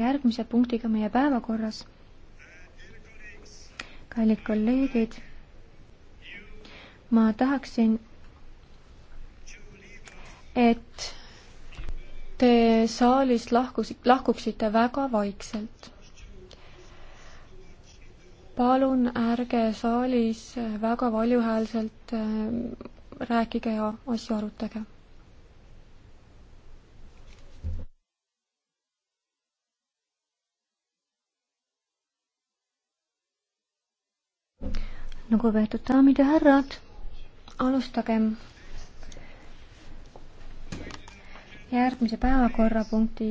järgmise punktiga meie päevakorras. kallid kolleegid, ma tahaksin, et te saalist lahkusid, lahkuksite väga vaikselt. palun ärge saalis väga valjuhäälselt äh, rääkige ja asju arutage lugupeetud daamid ja härrad, alustagem järgmise päevakorrapunkti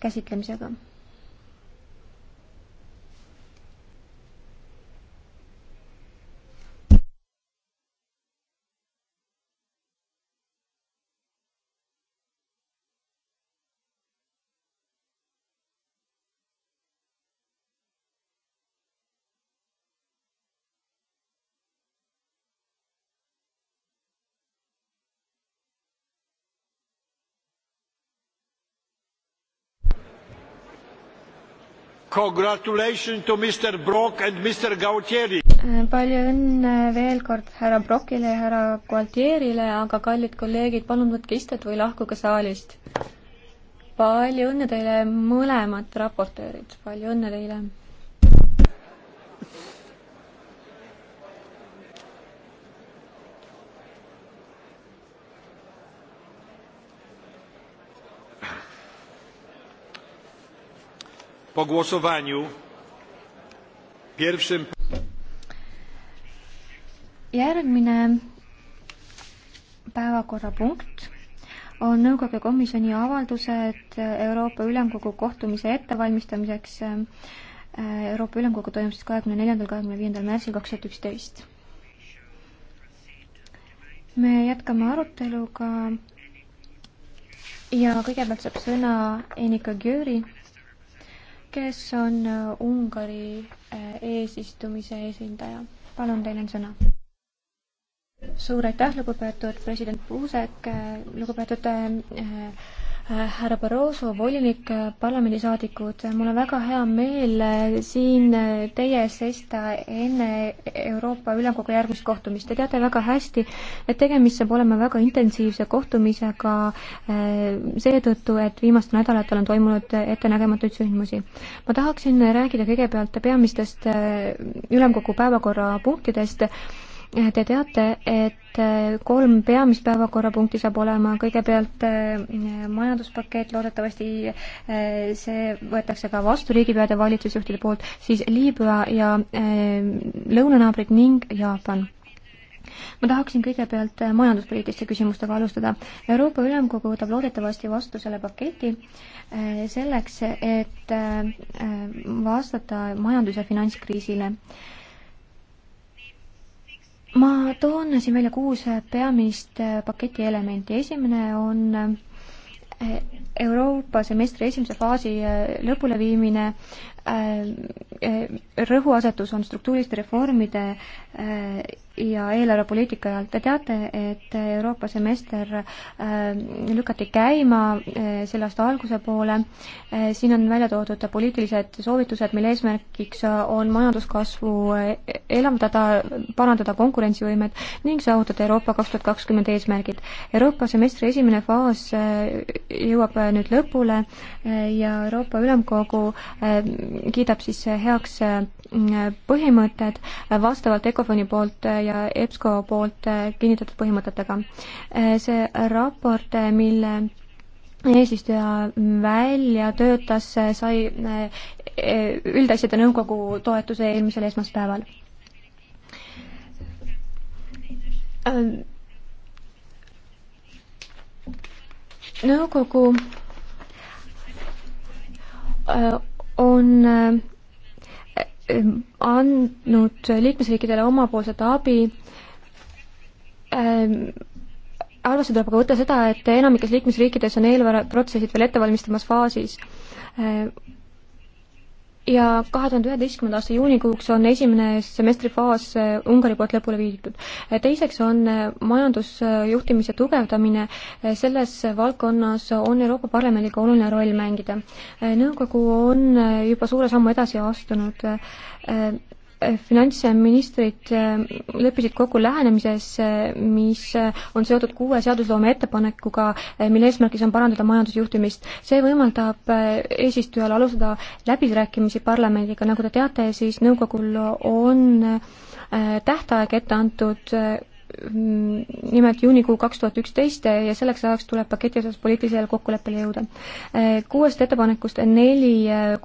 käsitlemisega Congratulations to Mr Brock and Mr Gautieri. Äh, palju õnne veel kord härra Brockile ja härra Gautierile, aga kallid kolleegid, palun võtke istet või lahkuge saalist. palju õnne teile mõlemad raportöörid, palju õnne teile po głosowaniu pierwszym järgmine päevakorrapunkt on nõukogu komisjoni avaldused Euroopa Ülemkogu kohtumise ettevalmistamiseks. Euroopa Ülemkogu toimub siis kahekümne neljandal, kahekümne viiendal märtsil kaks tuhat üksteist. me jätkame aruteluga ja kõigepealt saab sõna Enika Gjöri kes on äh, Ungari äh, eesistumise esindaja. palun, teil on sõna. suur aitäh, lugupeetud president Puusek, äh, lugupeetud Äh, härra Barroso, volinik, äh, parlamendisaadikud, mul on väga hea meel äh, siin teie ees seista enne Euroopa Ülemkogu järgmist kohtumist. Te teate väga hästi, et tegemist saab olema väga intensiivse kohtumisega seetõttu, et viimastel nädalatel on toimunud ettenägematuid sündmusi. ma tahaksin rääkida kõigepealt peamistest Ülemkogu päevakorrapunktidest Te teate, et äh, kolm peamist päevakorrapunkti saab olema kõigepealt äh, majanduspakett, loodetavasti äh, see võetakse ka vastu riigipeade valitsusjuhtide poolt, siis Liibüa ja lõunanaabrid ning Jaapan ma tahaksin kõigepealt majanduspoliitiliste küsimustega alustada. Euroopa Ülemkogu võtab loodetavasti vastu selle paketi selleks, et vastata majandus- ja finantskriisile ma toon siin välja kuus peamist äh, paketi elementi. esimene on äh, Euroopa semestri esimese faasi äh, lõpuleviimine, rõhuasetus on struktuuriliste reformide ja eelarvepoliitika ajal. Te teate, et Euroopa semester äh, lükati käima äh, selle aasta alguse poole. Äh, siin on välja toodud poliitilised soovitused, mille eesmärgiks on majanduskasvu elavdada, parandada konkurentsivõimet ning saavutada Euroopa kaks tuhat kakskümmend eesmärgid. Euroopa semestri esimene faas jõuab nüüd lõpule ja Euroopa Ülemkogu kiidab siis heaks põhimõtted vastavalt Ecofoni poolt ja EBSCO poolt kinnitatud põhimõtetega. see raport, mille eesistuja välja töötas, sai eh, üldasjade nõukogu toetuse eelmisel esmaspäeval. nõukogu eh, on eh, Ähm, andnud liikmesriikidele omapoolset abi ähm,. arvesse tuleb aga võtta seda, et enamikes liikmesriikides on eelarveprotsessid veel ettevalmistamas faasis ähm, ja kahe tuhande üheteistkümnenda aasta juunikuuks on esimene semestrifaas äh, Ungari poolt lõpule viidud. Äh, teiseks on äh, majandusjuhtimise tugevdamine, selles valdkonnas on Euroopa Parlamendiga oluline roll mängida. nõukogu on juba suure sammu edasi astunud finantsministrid äh, leppisid kokku lähenemises, äh, mis äh, on seotud kuue seadusloome ettepanekuga, mille eesmärgis on parandada majandusjuhtimist. see võimaldab eesistujal alustada läbirääkimisi parlamendiga, nagu te teate, siis nõukogul on tähtaeg ette antud nimelt juunikuu kaks tuhat üksteist ja selleks ajaks tuleb paketi osas poliitilisele kokkuleppele jõuda. Kuuest ettepanekust neli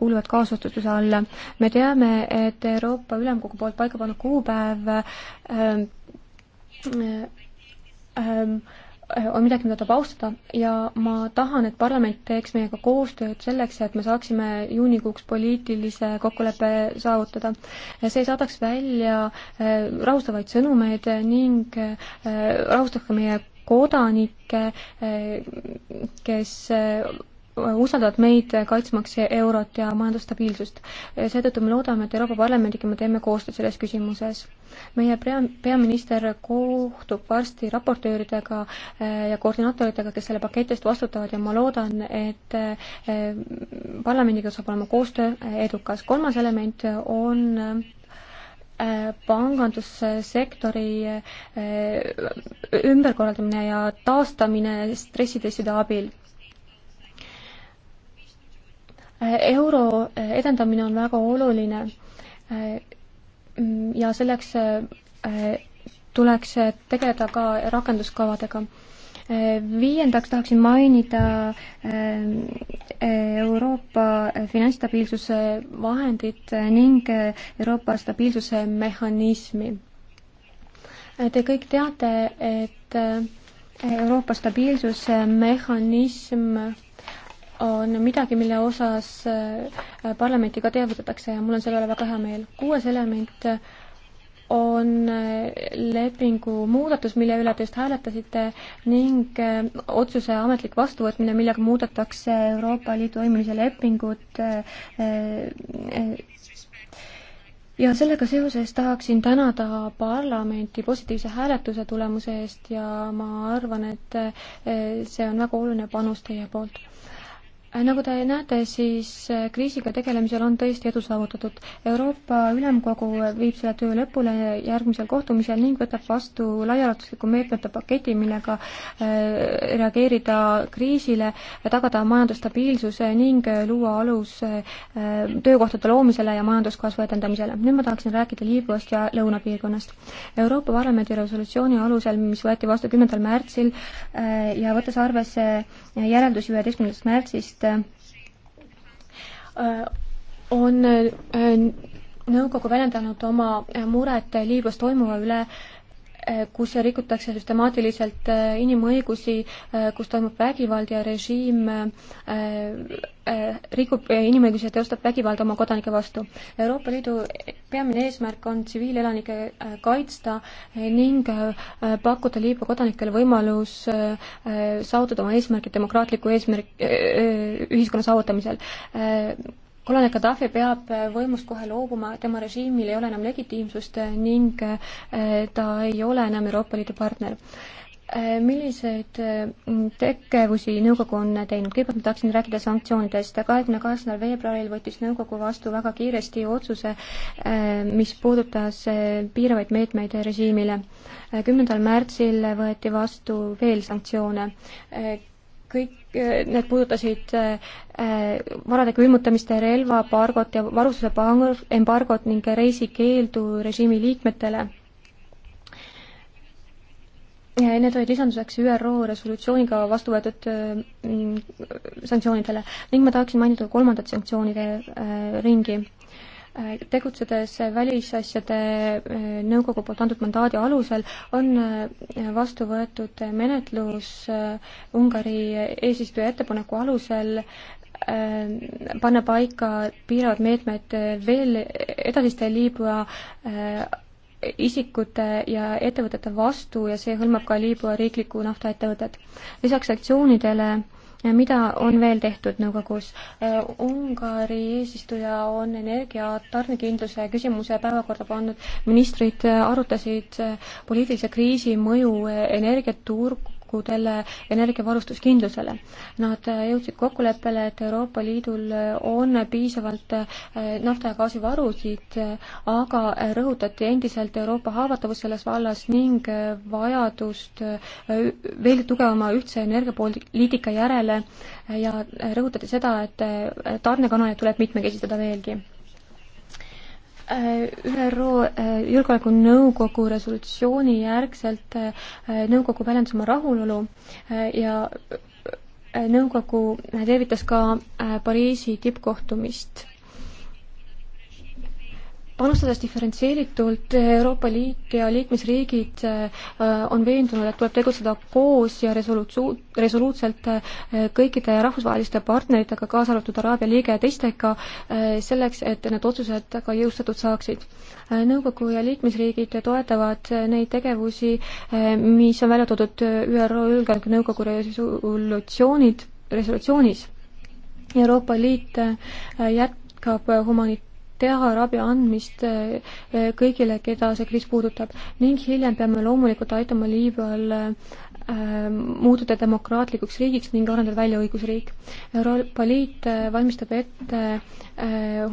kuuluvad kaasotsustuse alla. me teame, et Euroopa Ülemkogu poolt paika pandud kuupäev ähm, ähm, on midagi, mida tuleb austada ja ma tahan, et parlament teeks meiega koostööd selleks, et me saaksime juunikuuks poliitilise kokkuleppe saavutada. see saadaks välja äh, rahustavaid sõnumeid ning äh, rahustaks ka meie kodanikke, äh, kes usaldavad meid kaitsmaks eurot ja majandusstabiilsust. seetõttu me loodame, et Euroopa Parlamendiga me teeme koostööd selles küsimuses. meie pea, peaminister kohtub varsti raportööridega eh, ja koordinaatoritega, kes selle paketi eest vastutavad ja ma loodan, et eh, parlamendiga saab olema koostöö eh, edukas. kolmas element on pangandussektori ümberkorraldamine ja taastamine stressitestide abil euro edendamine on väga oluline ja selleks eh, tuleks tegeleda ka rakenduskavadega. Viiendaks tahaksin mainida eh, Euroopa finantsstabiilsuse vahendit ning Euroopa stabiilsuse mehhanismi. Te kõik teate, et Euroopa stabiilsusmehhanism on midagi, mille osas äh, parlamenti ka teavitatakse ja mul on selle üle väga hea meel. kuues element on äh, lepingu muudatus, mille üle te just hääletasite ning äh, otsuse ametlik vastuvõtmine, millega muudetakse Euroopa Liidu toimimise lepingut. ja sellega seoses tahaksin tänada parlamenti positiivse hääletuse tulemuse eest ja ma arvan, et see on väga oluline panus teie poolt Äh, nagu te näete, siis äh, kriisiga tegelemisel on tõesti edu saavutatud. Euroopa Ülemkogu äh, viib selle töö lõpule järgmisel kohtumisel ning võtab vastu laiaulatusliku meetmete paketi, millega reageerida kriisile, tagada majandusstabiilsuse ning luua alus töökohtade loomisele ja majanduskasvu edendamisele. nüüd ma tahaksin rääkida Liibüast ja lõunapiirkonnast. Euroopa Parlamendi resolutsiooni alusel, mis võeti vastu kümnendal märtsil ja võttes arvesse järeldusi üheteistkümnendast märtsist, tegemist äh, on äh, nõukogu väljendanud oma muret Liibüas toimuva üle Eh, kus rikutakse süstemaatiliselt eh, inimõigusi, eh, kus toimub vägivald ja režiim rikub inimõigusi ja teostab vägivalda oma kodanike vastu. Euroopa Liidu peamine eesmärk on tsiviilelanike kaitsta ning pakkuda Liibüa kodanikele võimalus saavutada oma eesmärgid demokraatliku eesmärk, ühiskonna saavutamisel kolonel Gaddafi peab äh, võimust kohe loobuma, tema režiimil ei ole enam legitiimsust äh, ning äh, ta ei ole enam Euroopa Liidu partner. milliseid tegevusi nõukogu on teinud? kõigepealt ma tahaksin rääkida sanktsioonidest. kahekümne kaheksandal veebruaril võttis nõukogu vastu väga kiiresti otsuse, mis puudutas piiravaid meetmeid režiimile. kümnendal märtsil võeti vastu veel sanktsioone kõik need puudutasid äh, varade külmutamist, relvapargot ja varustuse embargot ning reisikeeldu režiimi liikmetele. Need olid lisanduseks ÜRO resolutsiooniga vastu võetud mm, sanktsioonidele ning ma tahaksin mainida kolmandat sanktsioonide äh, ringi tegutsedes Välisasjade eh, Nõukogu poolt antud mandaadi alusel, on eh, vastu võetud menetlus eh, Ungari eesistuja ettepaneku alusel panna paika piiravad meetmed veel edasiste Liibüa isikute ja ettevõtete vastu ja see hõlmab ka Liibüa riiklikku naftaettevõtet. lisaks sanktsioonidele äh, mida on veel tehtud nõukogus? Äh, Ungari eesistuja on energia tarnekindluse küsimuse päevakorda pannud, ministrid äh, arutasid äh, poliitilise kriisi mõju energiaturgu turgudele, energiavarustuskindlusele. Nad äh, jõudsid kokkuleppele, et Euroopa Liidul äh, on piisavalt äh, nafta- ja gaasivarusid, aga rõhutati endiselt Euroopa haavatavust selles vallas ning vajadust veelgi tugevama ühtse energiapoliitika järele ja rõhutati seda, et tarnekanaleid tuleb mitmekesistada veelgi Äh, ÜRO äh, Julgeolekunõukogu resolutsiooni järgselt äh, nõukogu väljendas oma rahulolu ja nõukogu tervitas ka Pariisi tippkohtumist panustades diferentseeritult, Euroopa Liit ja liikmesriigid äh, on veendunud, et tuleb tegutseda koos ja resoluutsu-, resoluutselt äh, kõikide rahvusvaheliste partneritega, kaasa arvatud Araabia liige ja teistega, äh, selleks, et need otsused ka jõustatud saaksid. nõukogu ja liikmesriigid toetavad neid tegevusi, mis on välja toodud ÜRO Julgeolekunõukogu resolutsioonid, resolutsioonis. Euroopa Liit jätkab humanit-, teaarabi andmist eh, eh, kõigile, keda see kriis puudutab ning hiljem peame loomulikult aitama Liibüal eh, muutuda demokraatlikuks riigiks ning arendada välja õigusriik. Euroopa Liit valmistab ette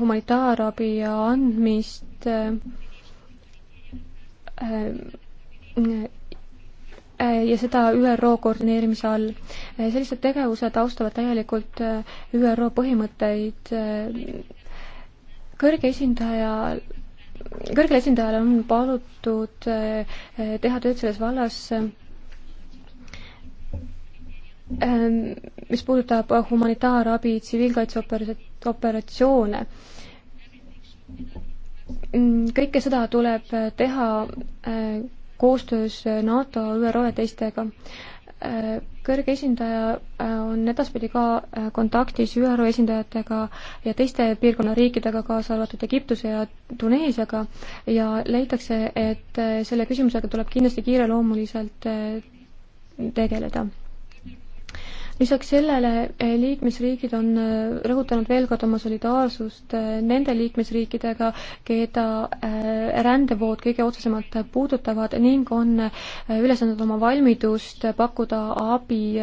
humanitaarabi andmist ja seda ÜRO koordineerimise all. sellised tegevused austavad täielikult ÜRO põhimõtteid kõrge esindaja kõrgele esindajale on palutud eh, teha tööd selles vallas, ehm, mis puudutab humanitaarabi tsiviilkaitseoperatsioone. Mm, kõike seda tuleb teha eh, koostöös NATO, ÜRO ja teistega. Äh, kõrge esindaja äh, on edaspidi ka äh, kontaktis ÜRO esindajatega ja teiste piirkonna riikidega, kaasa arvatud Egiptuse ja Tuneesiaga, ja leitakse, et selle küsimusega tuleb kindlasti kiireloomuliselt tegeleda lisaks sellele eh, liikmesriigid on eh, rõhutanud veel kord oma solidaarsust eh, nende liikmesriikidega, keda rändevood kõige otsesemalt puudutavad ning on üles andnud oma valmidust pakkuda abi,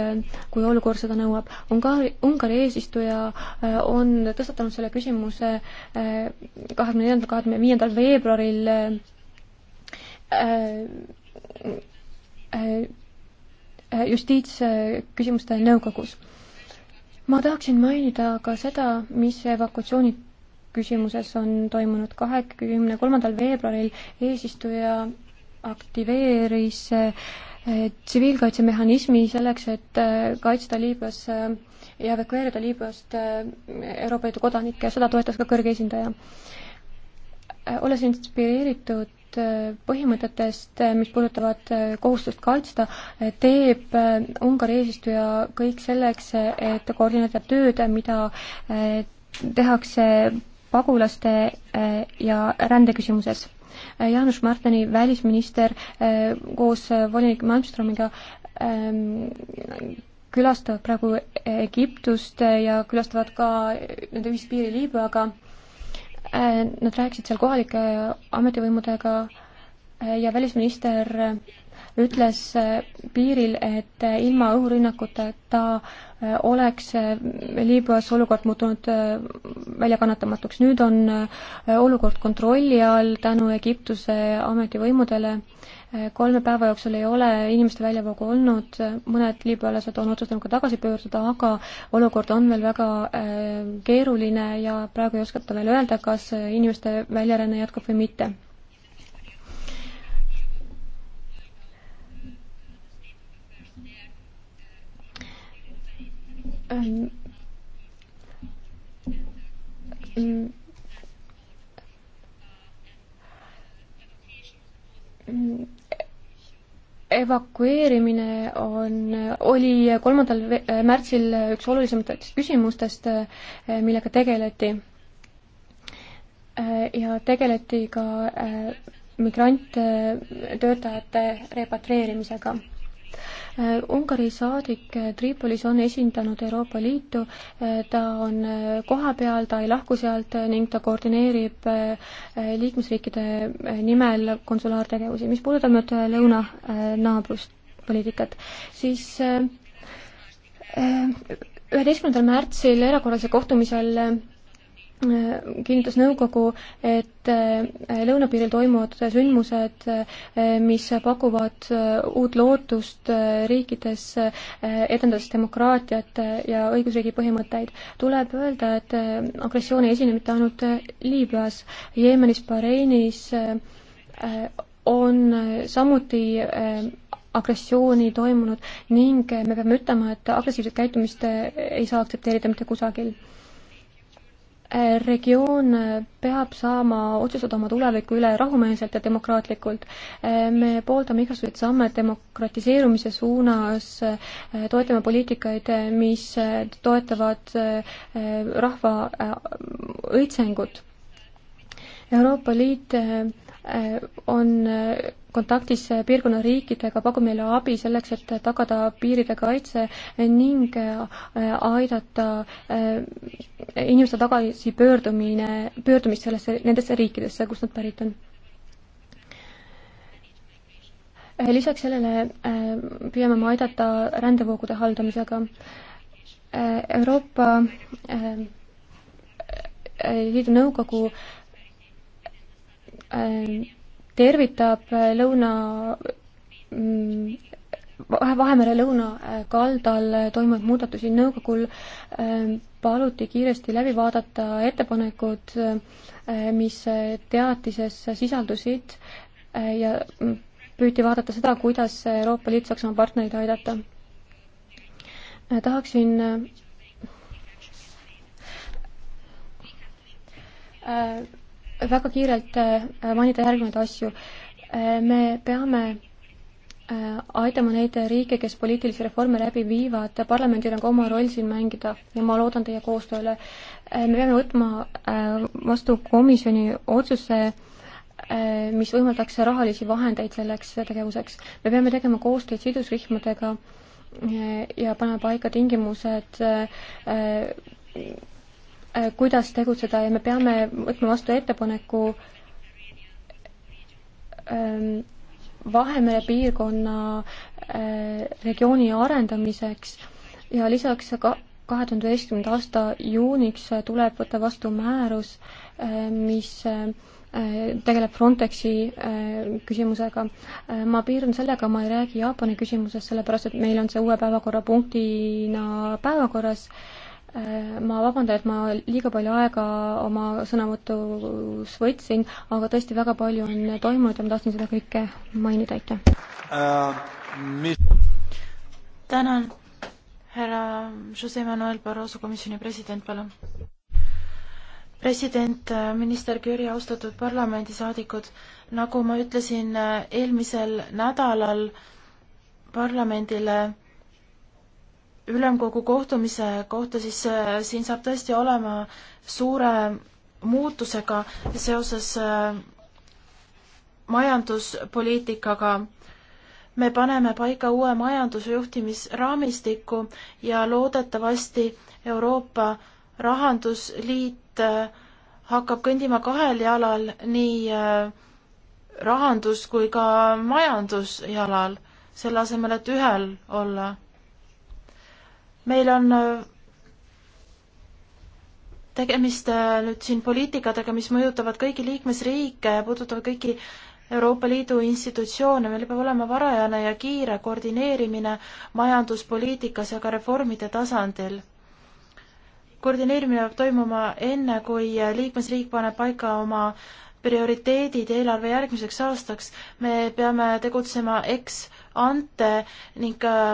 kui olukord seda nõuab. Ungari, Ungari eesistuja on tõstatanud selle küsimuse kahekümne neljandal, kahekümne viiendal veebruaril justiitsküsimuste nõukogus. ma tahaksin mainida ka seda, mis evakuatsiooni küsimuses on toimunud kahekümne kolmandal veebruaril eesistuja aktiveeris eh, tsiviilkaitsemehhanismi selleks, et eh, kaitsta Liibüas eh, ja evakueerida Liibüast Euroopa Liidu kodanikke, seda toetas ka kõrge esindaja. olles inspireeritud nüüd äh, põhimõtetest, äh, mis puudutavad äh, kohustust kaitsta, teeb Ungari eesistuja kõik selleks, et koordineerida tööd, mida tehakse pagulaste ja rändeküsimuses. Jaanus Martini välisminister koos volinik Malmströmiga ähm, külastavad praegu Egiptust ja külastavad ka nende ühispiiri Liibüaga nad rääkisid seal kohalike ametivõimudega äh, ja välisminister ütles äh, piiril, et äh, ilma õhurünnakuteta oleks Liibüas olukord muutunud väljakannatamatuks. nüüd on olukord kontrolli all tänu Egiptuse ametivõimudele kolme päeva jooksul ei ole inimeste väljavoogu olnud, mõned liibüalased on otsustanud ka tagasi pöörduda, aga olukord on veel väga äh, keeruline ja praegu ei osata veel öelda, kas inimeste väljaränne jätkub või mitte. Um, um, um evakueerimine on, oli kolmandal märtsil üks olulisematest küsimustest, millega tegeleti. ja tegeleti ka äh, migranttöötajate repatrieerimisega Eh, Ungari saadik eh, Tripolis on esindanud Euroopa Liitu, eh, ta on kohapeal, ta ei lahku sealt ning ta koordineerib liikmesriikide nimel konsulaartegevusi. mis puudutab nüüd lõunanaabruspoliitikat, siis üheteistkümnendal märtsil erakorralisel kohtumisel kinnitas nõukogu, et äh, lõunapiiril toimuvad sündmused, äh, mis pakuvad äh, uut lootust riikides, edendades demokraatiat ja õigusriigi põhimõtteid. tuleb öelda, et agressioon ei esine mitte ainult Liibüas, Jeemenis, Bahreinis on samuti agressiooni toimunud ning me peame ütlema, et agressiivset käitumist ei saa aktsepteerida mitte kusagil regioon peab saama otsustada oma tuleviku üle rahumeelselt ja demokraatlikult. me pooldame igasuguseid samme demokratiseerumise suunas, toetame poliitikaid, mis toetavad eh, rahva eh, õitsengut. Euroopa Liit eh, on kontaktis piirkonna riikidega, pakub meile abi selleks, et tagada piiride kaitse ning äh, aidata äh, inimeste tagasipöördumine, pöördumist sellesse, nendesse riikidesse, kust nad pärit on äh, lisaks sellele püüame me aidata rändevoogude haldamisega. Euroopa Liidu Nõukogu tervitab äh, lõuna mm, Vahemere lõunakaldal äh, äh, toimunud muudatusi nõukogul paluti kiiresti läbi vaadata ettepanekud, mis teatises sisaldusid ja mm, püüti vaadata seda, kuidas Euroopa Liit saaks oma partnereid aidata. tahaksin äh, väga kiirelt äh, mainida järgnevaid asju. Äh, me peame äh, aitama neid riike, kes poliitilisi reforme läbi viivad, parlamendil on ka oma roll siin mängida ja ma loodan teie koostööle. me peame võtma vastu komisjoni otsuse, mis võimaldaks rahalisi vahendeid selleks tegevuseks. me peame tegema koostööd sidusrühmadega ja panema paika tingimused Äh, kuidas tegutseda ja me peame võtma vastu ettepaneku ähm, Vahemere piirkonna äh, regiooni arendamiseks ja lisaks ka kahe tuhande üheksakümnenda aasta juuniks tuleb võtta vastu määrus, äh, mis tegeleb Frontexi küsimusega. ma piirdun sellega, ma ei räägi Jaapani küsimusest, sellepärast et meil on see uue päevakorrapunktina päevakorras ma vabandan, et ma liiga palju aega oma sõnavõtus võtsin, aga tõesti väga palju on toimunud ja ma tahtsin seda kõike mainida, aitäh uh,. Mis... tänan, härra Jose Manuel Barroso, komisjoni president, palun. president, äh, minister Jüri, austatud parlamendisaadikud, nagu ma ütlesin äh, eelmisel nädalal parlamendile ülemkogu kohtumise kohta, siis äh, siin saab tõesti olema suure muutusega seoses äh, majanduspoliitikaga. me paneme paika uue majandusjuhtimisraamistiku ja loodetavasti Euroopa Rahandusliit äh, hakkab kõndima kahel jalal, nii rahandus kui ka majandusjalal, selle asemel, et ühel olla meil on äh, tegemist äh, nüüd siin poliitikatega, mis mõjutavad kõigi liikmesriike ja puudutavad kõiki Euroopa Liidu institutsioone, meil peab olema varajane ja kiire koordineerimine majanduspoliitikas ja ka reformide tasandil. koordineerimine peab toimuma enne, kui liikmesriik paneb paika oma prioriteedid eelarve järgmiseks aastaks, me peame tegutsema ex ante ning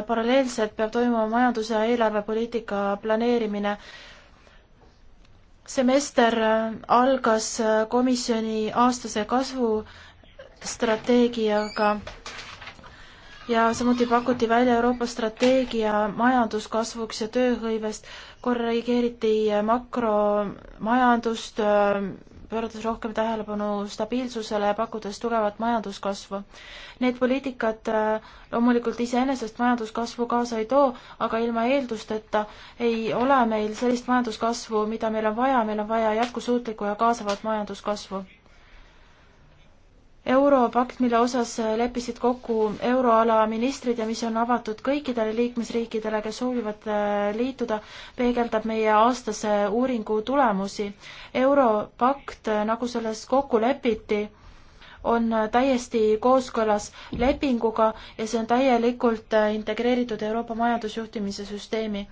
paralleelselt peab toimuma majanduse ja eelarvepoliitika planeerimine. semester algas komisjoni aastase kasvustrateegiaga ja samuti pakuti välja Euroopa strateegia majanduskasvuks ja tööhõivest, korrigeeriti makromajandust, pöörades rohkem tähelepanu stabiilsusele ja pakkudes tugevat majanduskasvu. Need poliitikad äh, loomulikult iseenesest majanduskasvu kaasa ei too, aga ilma eeldusteta ei ole meil sellist majanduskasvu, mida meil on vaja, meil on vaja jätkusuutlikku ja kaasavat majanduskasvu europakt, mille osas leppisid kokku euroala ministrid ja mis on avatud kõikidele liikmesriikidele, kes soovivad äh, liituda, peegeldab meie aastase uuringu tulemusi. europakt, äh, nagu selles kokku lepiti, on äh, täiesti kooskõlas lepinguga ja see on täielikult integreeritud Euroopa majandusjuhtimise süsteemi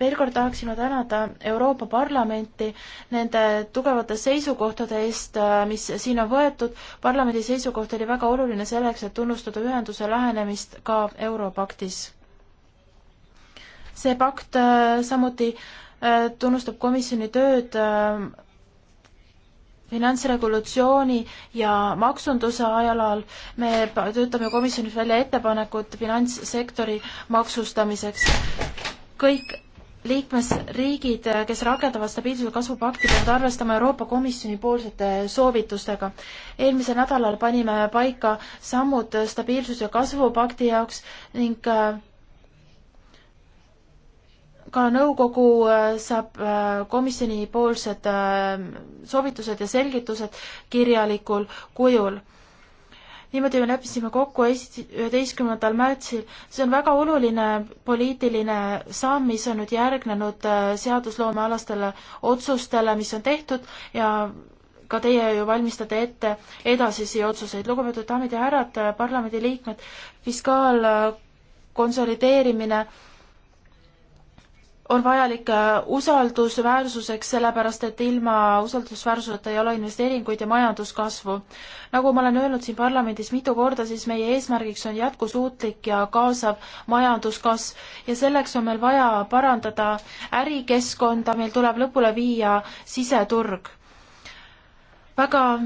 veel kord tahaksin ma tänada Euroopa Parlamenti nende tugevate seisukohtade eest, äh, mis siin on võetud. parlamendi seisukoht oli väga oluline selleks, et tunnustada ühenduse lähenemist ka Europaktis. see pakt äh, samuti äh, tunnustab komisjoni tööd finantsregulatsiooni ja maksunduse ajalal me töötame komisjonis välja ettepanekud finantssektori maksustamiseks. kõik liikmesriigid, kes rakendavad stabiilsuse kasvupakti, peavad arvestama Euroopa Komisjoni poolsete soovitustega. eelmisel nädalal panime paika sammud stabiilsuse ja kasvupakti jaoks ning äh, ka nõukogu äh, saab äh, komisjoni poolsed soovitused ja selgitused kirjalikul kujul niimoodi me leppisime kokku üheteistkümnendal märtsil. see on väga oluline poliitiline samm, mis on nüüd järgnenud äh, seadusloomealastele otsustele, mis on tehtud ja ka teie ju valmistate ette edasisi otsuseid. lugupeetud daamid ja härrad, äh, parlamendiliikmed, fiskaalkonsolideerimine äh, on vajalik äh, usaldusväärsuseks, sellepärast et ilma usaldusväärsuseta ei ole investeeringuid ja majanduskasvu. nagu ma olen öelnud siin parlamendis mitu korda, siis meie eesmärgiks on jätkusuutlik ja kaasav majanduskasv ja selleks on meil vaja parandada ärikeskkonda, meil tuleb lõpule viia siseturg. väga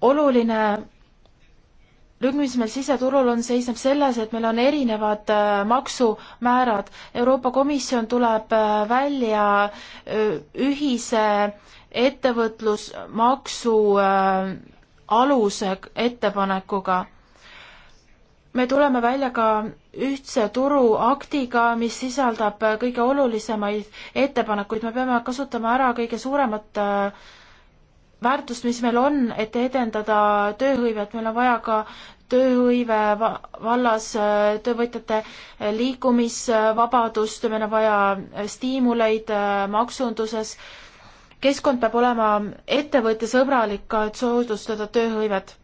oluline lünk, mis meil siseturul on, seisneb selles, et meil on erinevad äh, maksumäärad. Euroopa Komisjon tuleb äh, välja äh, ühise ettevõtlusmaksu aluse ettepanekuga. me tuleme välja ka ühtse turu aktiga, mis sisaldab kõige olulisemaid ettepanekuid, me peame kasutama ära kõige suuremat äh, väärtust, mis meil on, et edendada tööhõivet, meil on vaja ka tööhõive vallas äh, töövõtjate äh, liikumisvabadust, meil on vaja äh, stiimuleid maksunduses. keskkond peab olema ettevõtjasõbralik ka, et soodustada tööhõivet.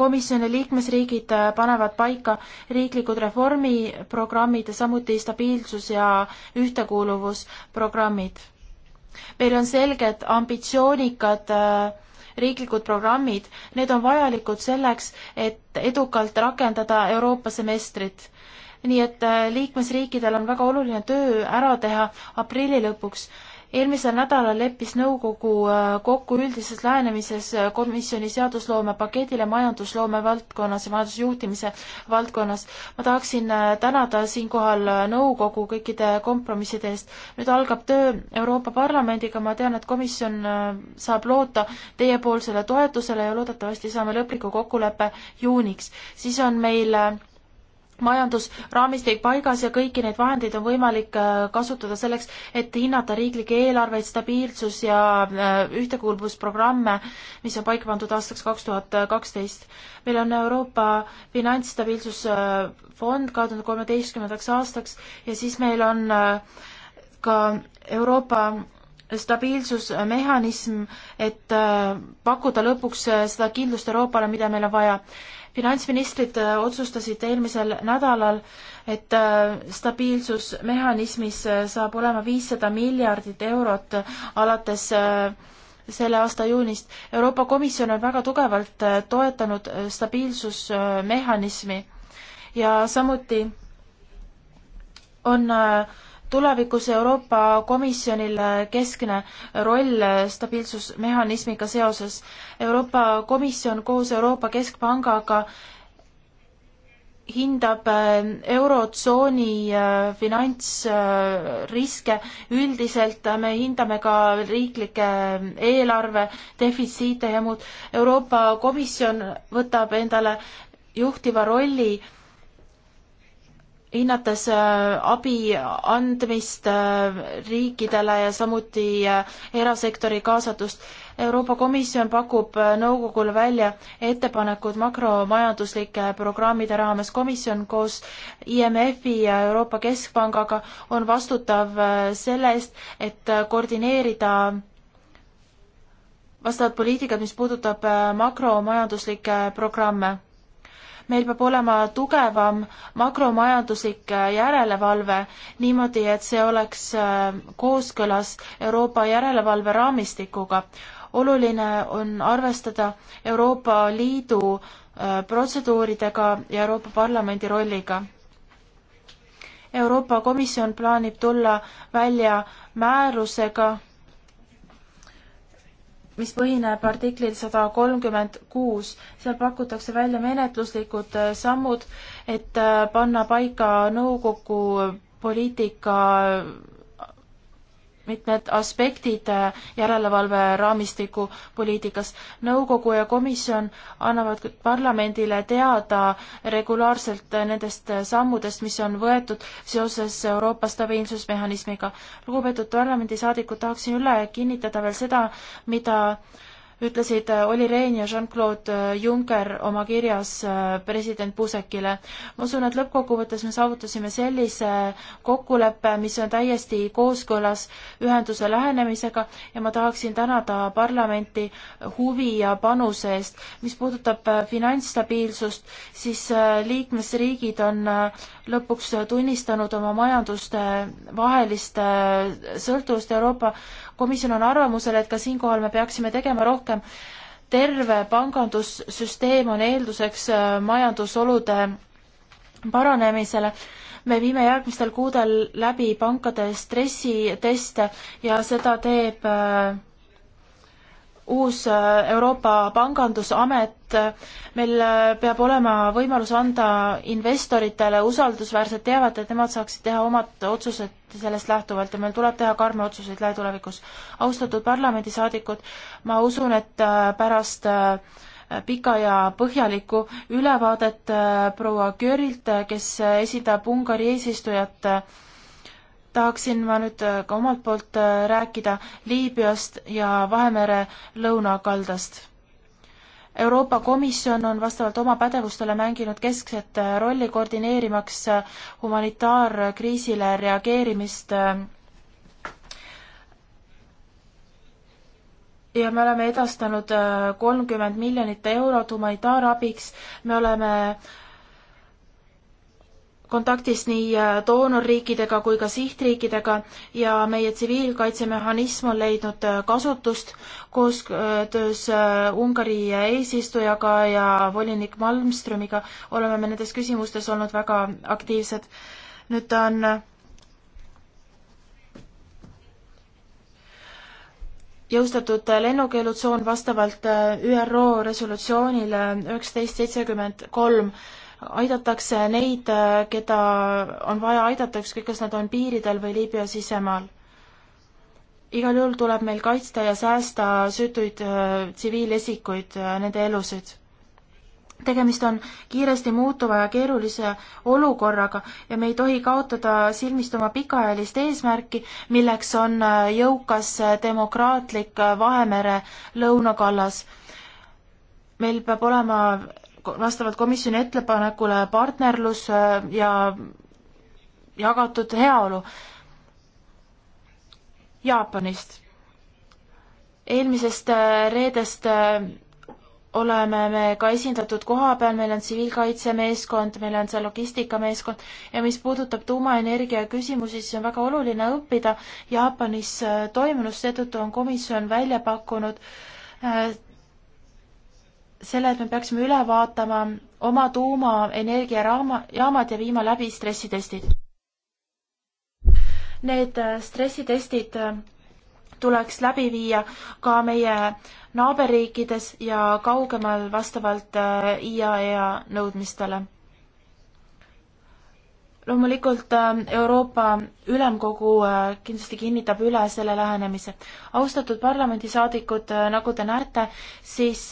komisjoni liikmesriigid panevad paika riiklikud reformiprogrammid ja samuti stabiilsus- ja ühtekuuluvusprogrammid meil on selged ambitsioonikad äh, riiklikud programmid, need on vajalikud selleks, et edukalt rakendada Euroopa semestrit. nii et äh, liikmesriikidel on väga oluline töö ära teha aprilli lõpuks eelmisel nädalal leppis nõukogu äh, kokku üldises lähenemises äh, komisjoni seadusloome paketile majandusloome valdkonnas ja majandusjuhtimise valdkonnas. ma tahaksin äh, tänada siinkohal nõukogu kõikide kompromisside eest. nüüd algab töö Euroopa Parlamendiga, ma tean, et komisjon saab loota teiepoolsele toetusele ja loodetavasti saame lõpliku kokkuleppe juuniks. siis on meil majandusraamistik paigas ja kõiki neid vahendeid on võimalik äh, kasutada selleks, et hinnata riiklikke eelarveid, stabiilsus ja äh, ühtekuuluvusprogramme, mis on paika pandud aastaks kaks tuhat äh, kaksteist. meil on Euroopa Finantsstabiilsusfond kahe tuhande kolmeteistkümnendaks aastaks ja siis meil on ka Euroopa stabiilsusmehhanism, et pakkuda lõpuks seda kindlust Euroopale, mida meil on vaja finantsministrid äh, otsustasid eelmisel nädalal, et äh, stabiilsusmehhanismis äh, saab olema viissada miljardit eurot alates selle aasta juunist. Euroopa Komisjon on väga tugevalt toetanud stabiilsusmehhanismi ja samuti on äh, tulevikus Euroopa Komisjonil keskne roll stabiilsusmehhanismiga seoses. Euroopa Komisjon koos Euroopa Keskpangaga hindab äh, Eurotsooni äh, finantsriske üldiselt, me hindame ka riiklikke äh, eelarve defitsiite ja muud. Euroopa Komisjon võtab endale juhtiva rolli hinnates äh, abi andmist äh, riikidele ja samuti äh, erasektori kaasatust. Euroopa Komisjon pakub nõukogule välja ettepanekud makromajanduslike programmide raames. komisjon koos IMF-i ja Euroopa Keskpangaga on vastutav selle eest, et koordineerida vastavad poliitikad, mis puudutab makromajanduslikke programme meil peab olema tugevam makromajanduslik äh, järelevalve niimoodi, et see oleks äh, kooskõlas Euroopa järelevalve raamistikuga. oluline on arvestada Euroopa Liidu äh, protseduuridega ja Euroopa Parlamendi rolliga. Euroopa Komisjon plaanib tulla välja määrusega mis põhineb artiklil sada kolmkümmend kuus. seal pakutakse välja menetluslikud äh, sammud, et äh, panna paika nõukogu poliitika mitmed aspektid äh, järelevalve raamistiku poliitikas. nõukogu ja komisjon annavad parlamendile teada regulaarselt äh, nendest äh, sammudest, mis on võetud seoses Euroopa stabiilsusmehhanismiga. lugupeetud parlamendisaadikud, tahaksin üle kinnitada veel seda, mida ütlesid äh, Olli Rehn ja Jean-Claude äh, Juncker oma kirjas äh, president Buzekile. ma usun, et lõppkokkuvõttes me saavutasime sellise kokkuleppe, mis on täiesti kooskõlas ühenduse lähenemisega ja ma tahaksin tänada parlamenti huvi ja panuse eest. mis puudutab finantsstabiilsust, siis liikmesriigid on lõpuks tunnistanud oma majanduste vahelist sõltuvust Euroopa komisjon on arvamusel, et ka siinkohal me peaksime tegema rohkem. terve pangandussüsteem on eelduseks äh, majandusolude paranemisele. me viime järgmistel kuudel läbi pankade stressiteste ja seda teeb äh, uus äh, Euroopa Pangandusamet, äh, meil äh, peab olema võimalus anda investoritele usaldusväärset teavet, et nemad saaksid teha omad otsused sellest lähtuvalt ja meil tuleb teha karme otsuseid lähitulevikus. austatud parlamendisaadikud, ma usun, et pärast pika ja põhjalikku ülevaadet proua Köörilt, kes esindab Ungari eesistujat tahaksin ma nüüd äh, ka omalt poolt äh, rääkida Liibüast ja Vahemere lõunakaldast. Euroopa Komisjon on vastavalt oma pädevustele mänginud keskset äh, rolli koordineerimaks humanitaarkriisile reageerimist ja me oleme edastanud kolmkümmend miljonit eurot humanitaarabiks, me oleme äh, kontaktis nii äh, doonorriikidega kui ka sihtriikidega ja meie tsiviilkaitsemehhanism on leidnud äh, kasutust koostöös äh, Ungari eesistujaga ja volinik Malmströmiga oleme me nendes küsimustes olnud väga aktiivsed. nüüd on jõustatud lennukeelutsoon vastavalt ÜRO resolutsioonile üheksateist seitsekümmend kolm aidatakse neid, keda on vaja aidata, ükskõik kas nad on piiridel või Liibüa sisemaal. igal juhul tuleb meil kaitsta ja säästa süütuid tsiviilisikuid äh,, nende elusid. tegemist on kiiresti muutuva ja keerulise olukorraga ja me ei tohi kaotada silmist oma pikaajalist eesmärki, milleks on jõukas demokraatlik Vahemere lõunakallas meil peab olema vastavalt komisjoni ettepanekule partnerlus äh, ja jagatud heaolu Jaapanist. eelmisest äh, reedest äh, oleme me ka esindatud koha peal, meil on tsiviilkaitsemeeskond, meil on seal logistikameeskond ja mis puudutab tuumaenergia küsimusi, siis on väga oluline õppida Jaapanis toimunust, seetõttu on komisjon välja pakkunud selle, et me peaksime üle vaatama oma tuumaenergiaraama, jaamad ja viima läbi stressitestid. Need äh, stressitestid äh, tuleks läbi viia ka meie naaberriikides ja kaugemal vastavalt äh, IAEA nõudmistele. loomulikult Euroopa Ülemkogu kindlasti kinnitab üle selle lähenemise. austatud parlamendisaadikud, nagu te näete, siis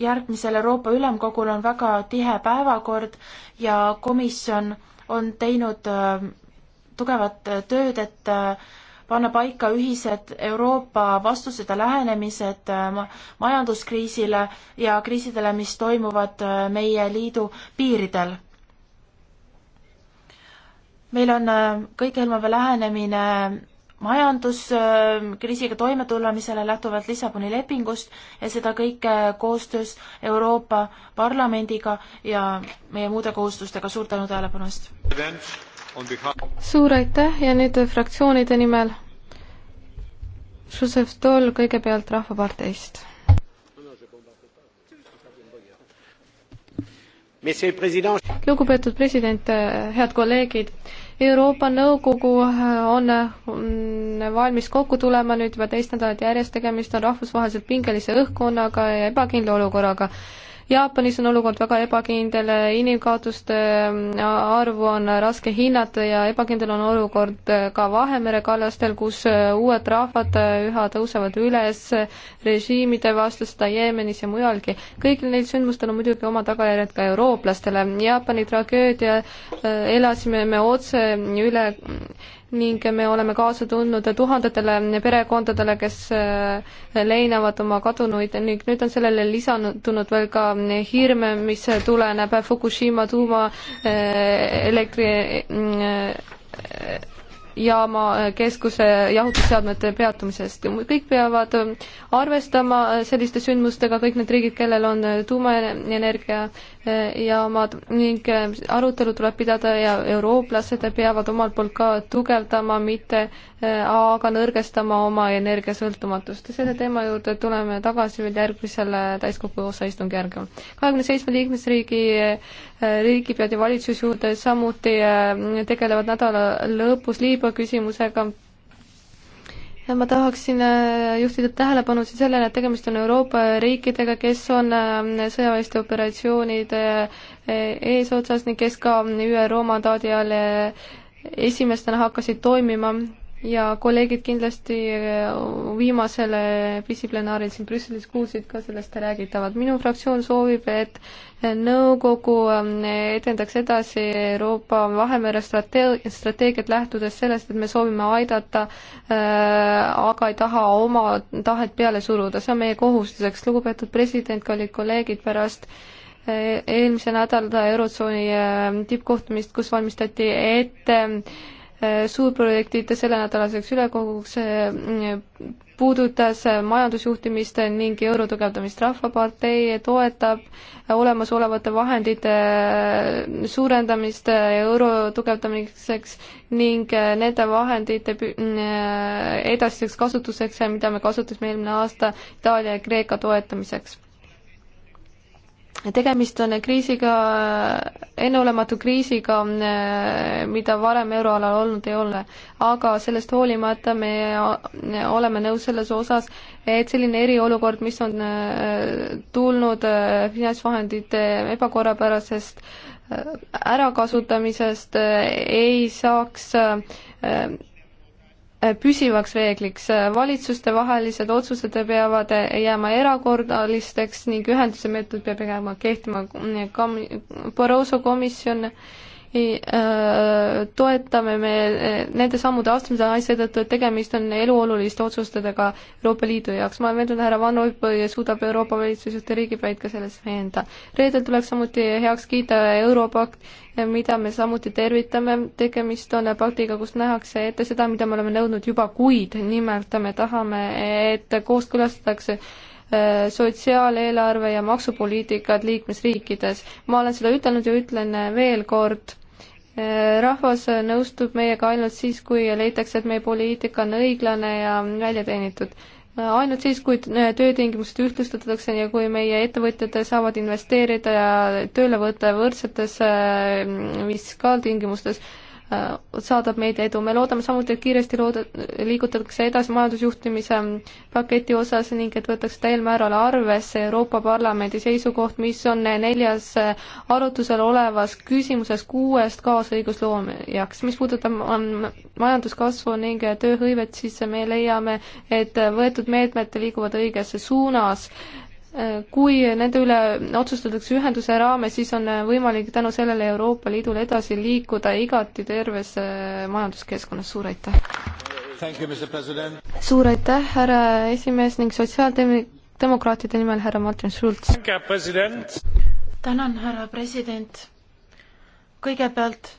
järgmisel Euroopa Ülemkogul on väga tihe päevakord ja komisjon on teinud äh, tugevat tööd, et äh, panna paika ühised Euroopa vastused ja lähenemised äh, majanduskriisile ja kriisidele, mis toimuvad meie liidu piiridel. meil on kõikehõlmav lähenemine majanduskriisiga äh, toimetulla, mis selle lähtuvalt Lissaboni lepingust ja seda kõike koostöös Euroopa Parlamendiga ja meie muude kohustustega. suur tänu tähelepanu eest! suur aitäh ja nüüd fraktsioonide nimel Joseph Toll kõigepealt Rahvaparteist. lugupeetud president, äh, head kolleegid, Euroopa Nõukogu äh, on mm, valmis kokku tulema nüüd juba teist nädalat järjest, tegemist on rahvusvaheliselt pingelise õhkkonnaga ja ebakindla olukorraga Jaapanis on olukord väga ebakindel, inimkaotuste ähm, arvu on raske hinnata ja ebakindel on olukord äh, ka Vahemere kallastel, kus äh, uued rahvad äh, üha tõusevad üles režiimide vastu, seda Jeemenis ja mujalgi. kõigil neil sündmustel on muidugi oma tagajärjed ka eurooplastele. Jaapani tragöödia elasime me otse üle ning me oleme kaasa tundnud tuhandetele perekondadele, kes äh, leinavad oma kadunuid ning nüüd on sellele lisandunud veel ka hirm, mis tuleneb Fukushima tuumaelektrijaama äh, äh, keskuse jahutusseadmete peatumisest. kõik peavad arvestama selliste sündmustega, kõik need riigid, kellel on tuumaenergia Äh, ja omad ning äh, arutelu tuleb pidada ja eurooplased peavad omalt poolt ka tugevdama, mitte äh, aga nõrgestama oma energiasõltumatust. selle teema juurde tuleme tagasi veel järgmisel täiskogu osaistungjärgul. kahekümne seitsme liikmesriigi riigipead ja valitsusjuhid samuti tegelevad nädala lõpus Liibüa küsimusega ma tahaksin äh, juhtida tähelepanu siin sellele, et tegemist on Euroopa riikidega, kes on äh, sõjaväeliste operatsioonide äh, eesotsas ning kes ka ÜRO mandaadi all esimestena hakkasid toimima ja kolleegid kindlasti äh, viimasel pissiplenaaril siin Brüsselis kuulsid ka sellest räägitavat. minu fraktsioon soovib, et äh, nõukogu äh, edendaks edasi Euroopa Vahemere strate-, strateegiat lähtudes sellest, et me soovime aidata äh,, aga ei taha oma tahet peale suruda, see on meie kohustuseks. lugupeetud president, kallid kolleegid, pärast eelmise nädala Eurotsooni tippkohtumist, kus valmistati ette äh, Äh, suurprojektid sellenädalaseks ülekoguks äh, puudutas äh, majandusjuhtimist ning euro tugevdamist. rahvapartei toetab olemasolevate vahendite suurendamist euro tugevdamiseks ning nende vahendite mm, edasiseks kasutuseks, mida me kasutasime eelmine aasta Itaalia ja Kreeka toetamiseks tegemist on kriisiga, enneolematu kriisiga, mida varem euroalal olnud ei ole. aga sellest hoolimata me oleme nõus selles osas, et selline eriolukord, mis on äh, tulnud äh, finantsvahendite ebakorrapärasest äh, ärakasutamisest, ei saaks püsivaks reegliks. valitsustevahelised otsused peavad jääma erakorralisteks ning ühenduse meetod peab jääma kehtima. Barroso komisjon äh, Äh, toetame me äh, nende sammude astumise seetõttu, et tegemist on eluoluliste otsustega Euroopa Liidu jaoks. ma olen veendunud, härra Van Rompuy suudab Euroopa valitsusjuhte riigipäid ka selles veenda. reedel tuleks samuti heaks kiita Europakt, äh, mida me samuti tervitame. tegemist on paktiga, kus nähakse ette seda, mida me oleme nõudnud juba kuid, nimelt me tahame, et kooskõlastatakse sotsiaaleelarve ja maksupoliitikad liikmesriikides. ma olen seda ütelnud ja ütlen veel kord, rahvas nõustub meiega ainult siis, kui leitakse, et meie poliitika on õiglane ja välja teenitud. ainult siis, kui töötingimused ühtlustatakse ja kui meie ettevõtjad saavad investeerida ja tööle võtta võrdsetes äh, fiskaaltingimustes äh,, Äh, saadab meid edu. me loodame samuti, et kiiresti looda, liigutatakse edasi majandusjuhtimise paketi osas ning et võetakse täiel määral arvesse Euroopa Parlamendi seisukoht, mis on neljas arutusel olevas küsimuses kuuest kaasõigusloomejaks. mis puudutab majanduskasvu ning tööhõivet, siis me leiame, et võetud meetmed liiguvad õiges suunas kui nende üle otsustatakse ühenduse raames, siis on võimalik tänu sellele Euroopa Liidul edasi liikuda igati terves äh, majanduskeskkonnas, suur aitäh! suur aitäh, härra esimees ning sotsiaaldemokraatide nimel härra Martin Schulz! tänan, härra president! kõigepealt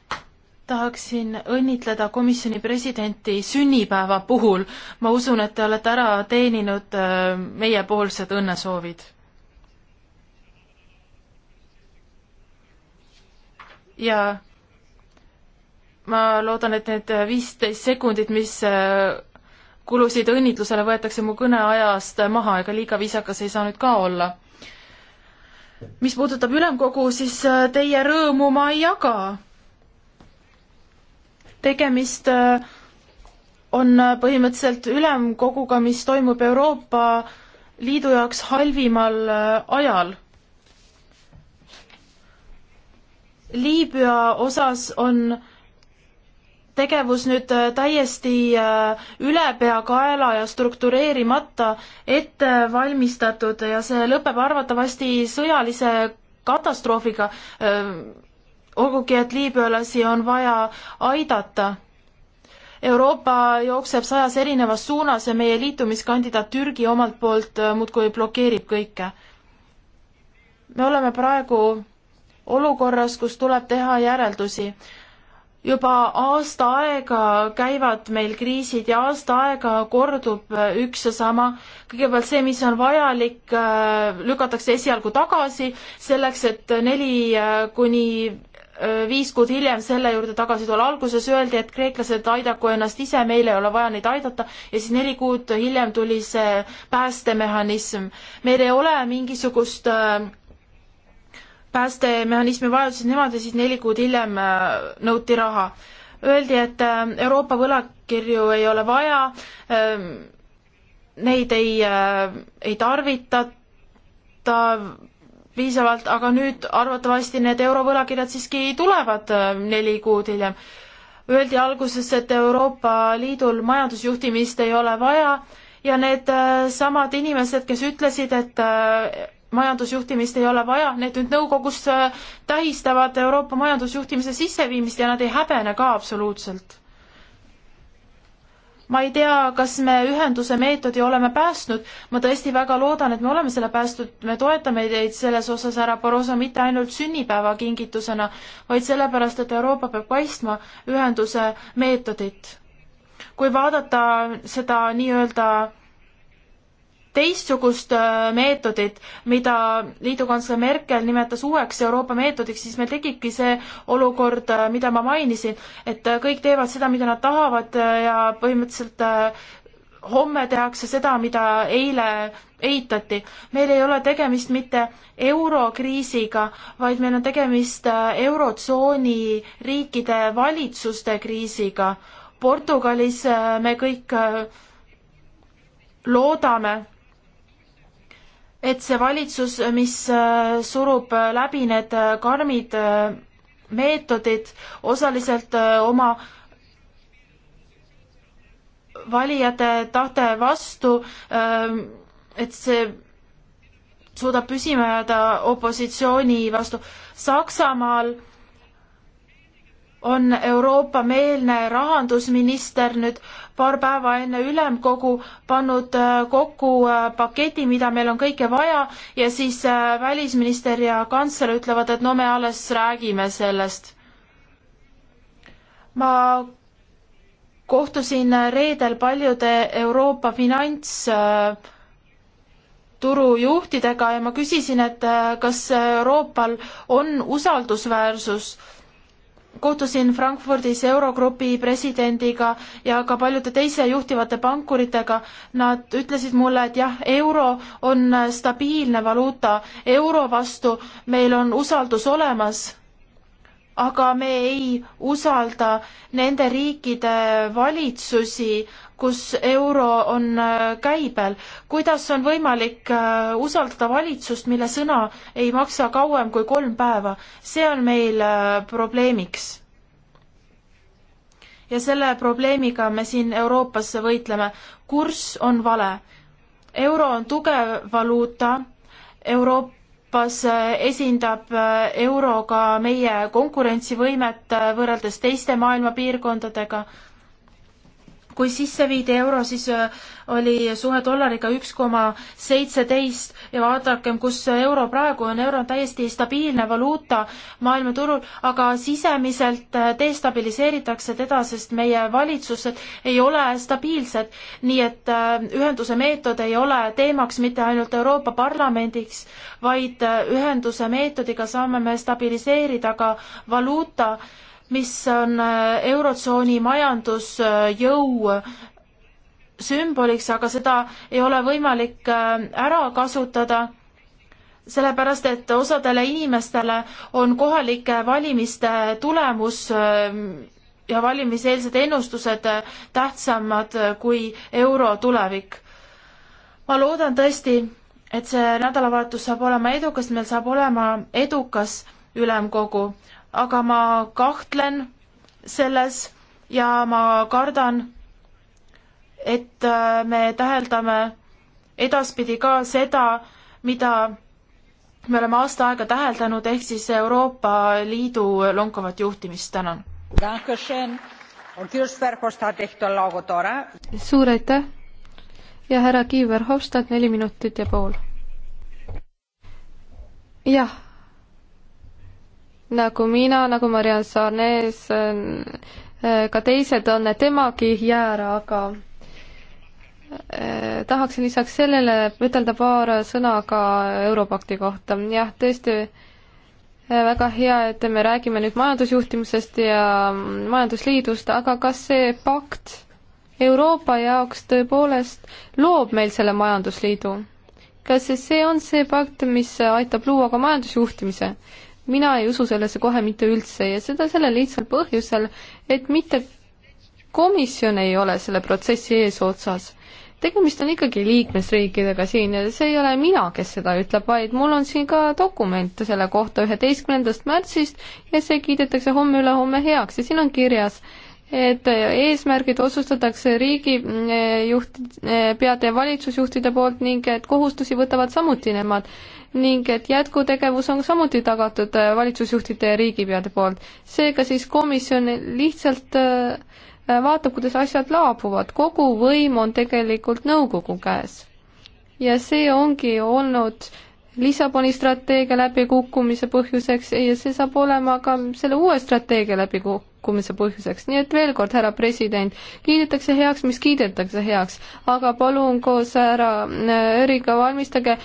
tahaksin õnnitleda komisjoni presidenti sünnipäeva puhul. ma usun, et te olete ära teeninud äh, meiepoolsed õnnesoovid. ja ma loodan, et need viisteist sekundit, mis äh, kulusid õnnitlusele, võetakse mu kõneajast maha, ega liiga viisakas ei saa nüüd ka olla. mis puudutab ülemkogu, siis äh, teie rõõmu ma ei jaga tegemist äh, on äh, põhimõtteliselt ülemkoguga, mis toimub Euroopa Liidu jaoks halvimal äh, ajal. Liibüa osas on tegevus nüüd täiesti ülepeakaela ja struktureerimata ette valmistatud ja see lõpeb arvatavasti sõjalise katastroofiga olgugi, et liibüalasi on vaja aidata. Euroopa jookseb sajas erinevas suunas ja meie liitumiskandidaat Türgi omalt poolt äh, muudkui blokeerib kõike. me oleme praegu olukorras, kus tuleb teha järeldusi. juba aasta aega käivad meil kriisid ja aasta aega kordub äh, üks ja sama. kõigepealt see, mis on vajalik, äh, lükatakse esialgu tagasi selleks, et neli kuni viis kuud hiljem selle juurde tagasi tulla. alguses öeldi, et kreeklased aidaku ennast ise, meil ei ole vaja neid aidata ja siis neli kuud hiljem tuli see päästemehhanism. meil ei ole mingisugust päästemehhanismi vajadusi, nemad ja siis neli kuud hiljem nõuti raha. Öeldi, et Euroopa võlakirju ei ole vaja, neid ei, ei tarvitata, piisavalt, aga nüüd arvatavasti need eurovõlakirjad siiski tulevad äh, neli kuud hiljem. Öeldi alguses, et Euroopa Liidul majandusjuhtimist ei ole vaja ja need äh, samad inimesed, kes ütlesid, et äh, majandusjuhtimist ei ole vaja, need nüüd nõukogus tähistavad Euroopa majandusjuhtimise sisseviimist ja nad ei häbene ka absoluutselt ma ei tea, kas me ühenduse meetodi oleme päästnud, ma tõesti väga loodan, et me oleme selle päästnud, me toetame teid selles osas, härra Barroso, mitte ainult sünnipäevakingitusena, vaid sellepärast, et Euroopa peab paistma ühenduse meetodit. kui vaadata seda nii-öelda teistsugust äh, meetodit, mida liidukantsler Merkel nimetas uueks Euroopa meetodiks, siis meil tekibki see olukord, äh, mida ma mainisin, et äh, kõik teevad seda, mida nad tahavad ja põhimõtteliselt homme tehakse seda, mida eile eitati. meil ei ole tegemist mitte eurokriisiga, vaid meil on tegemist Eurotsooni riikide valitsuste kriisiga. Portugalis me kõik loodame et see valitsus, mis äh, surub äh, läbi need äh, karmid meetodid, osaliselt oma valijate tahte vastu, ähm, et see suudab püsima jääda opositsiooni vastu. Saksamaal on Euroopa-meelne rahandusminister nüüd paar päeva enne ülemkogu pannud äh, kokku äh, paketi, mida meil on kõike vaja ja siis äh, välisminister ja kantsler ütlevad, et no me alles räägime sellest. ma kohtusin reedel paljude Euroopa finants turujuhtidega ja ma küsisin, et kas Euroopal on usaldusväärsus kohtusin Frankfurdis Eurogrupi presidendiga ja ka paljude teise juhtivate pankuritega. Nad ütlesid mulle, et jah, euro on stabiilne valuuta, euro vastu meil on usaldus olemas aga me ei usalda nende riikide valitsusi, kus euro on äh, käibel. kuidas on võimalik äh, usaldada valitsust, mille sõna ei maksa kauem kui kolm päeva? see on meil äh, probleemiks. ja selle probleemiga me siin Euroopas võitleme. kurss on vale. euro on tugev valuuta, Euroopa Euroopas äh, esindab äh, euro ka meie konkurentsivõimet äh, võrreldes teiste maailma piirkondadega. kui sisse viidi euro, siis oli suhe dollariga üks koma seitseteist ja vaadakem, kus euro praegu on, euro on täiesti stabiilne valuuta maailmaturul, aga sisemiselt äh, destabiliseeritakse teda, sest meie valitsused ei ole stabiilsed. nii et äh, ühenduse meetod ei ole teemaks mitte ainult Euroopa Parlamendiks, vaid äh, ühenduse meetodiga saame me stabiliseerida ka valuuta mis on Eurotsooni majandusjõu sümboliks, aga seda ei ole võimalik äh, ära kasutada, sellepärast et osadele inimestele on kohalike valimiste tulemus äh, ja valimiseelsed ennustused äh, tähtsamad kui euro tulevik. ma loodan tõesti, et see nädalavahetus saab olema edukas, meil saab olema edukas ülemkogu, aga ma kahtlen selles ja ma kardan, et äh, me täheldame edaspidi ka seda, mida me oleme aasta aega täheldanud, ehk siis Euroopa Liidu lonkavat juhtimist, tänan. suur aitäh ja härra Kiiver Hofstad, neli minutit ja pool. jah, nagu mina, nagu Marianne Sarnes, äh, ka teised on temagi jäära, aga Äh, tahaksin lisaks sellele ütelda paar sõna ka Europakti kohta. jah, tõesti äh, väga hea, et me räägime nüüd majandusjuhtimisest ja majandusliidust, aga kas see pakt Euroopa jaoks tõepoolest loob meil selle majandusliidu? kas see on see pakt, mis aitab luua ka majandusjuhtimise? mina ei usu sellesse kohe mitte üldse ja seda sellel lihtsal põhjusel, et mitte komisjon ei ole selle protsessi eesotsas tegemist on ikkagi liikmesriikidega siin ja see ei ole mina, kes seda ütleb, vaid mul on siin ka dokument selle kohta üheteistkümnendast märtsist ja see kiidetakse homme-ülehomme heaks ja siin on kirjas, et eesmärgid otsustatakse riigijuht, eh, eh, peade ja valitsusjuhtide poolt ning et kohustusi võtavad samuti nemad ning et jätkutegevus on samuti tagatud eh, valitsusjuhtide ja riigipeade poolt. seega siis komisjon lihtsalt äh, Äh, vaatab, kuidas asjad laabuvad, kogu võim on tegelikult nõukogu käes. ja see ongi olnud Lissaboni strateegia läbikukkumise põhjuseks ja see saab olema ka selle uue strateegia läbikukkumise sekkumise põhjuseks, nii et veel kord, härra president, kiidetakse heaks, mis kiidetakse heaks, aga palun koos härra Öriga äh, valmistage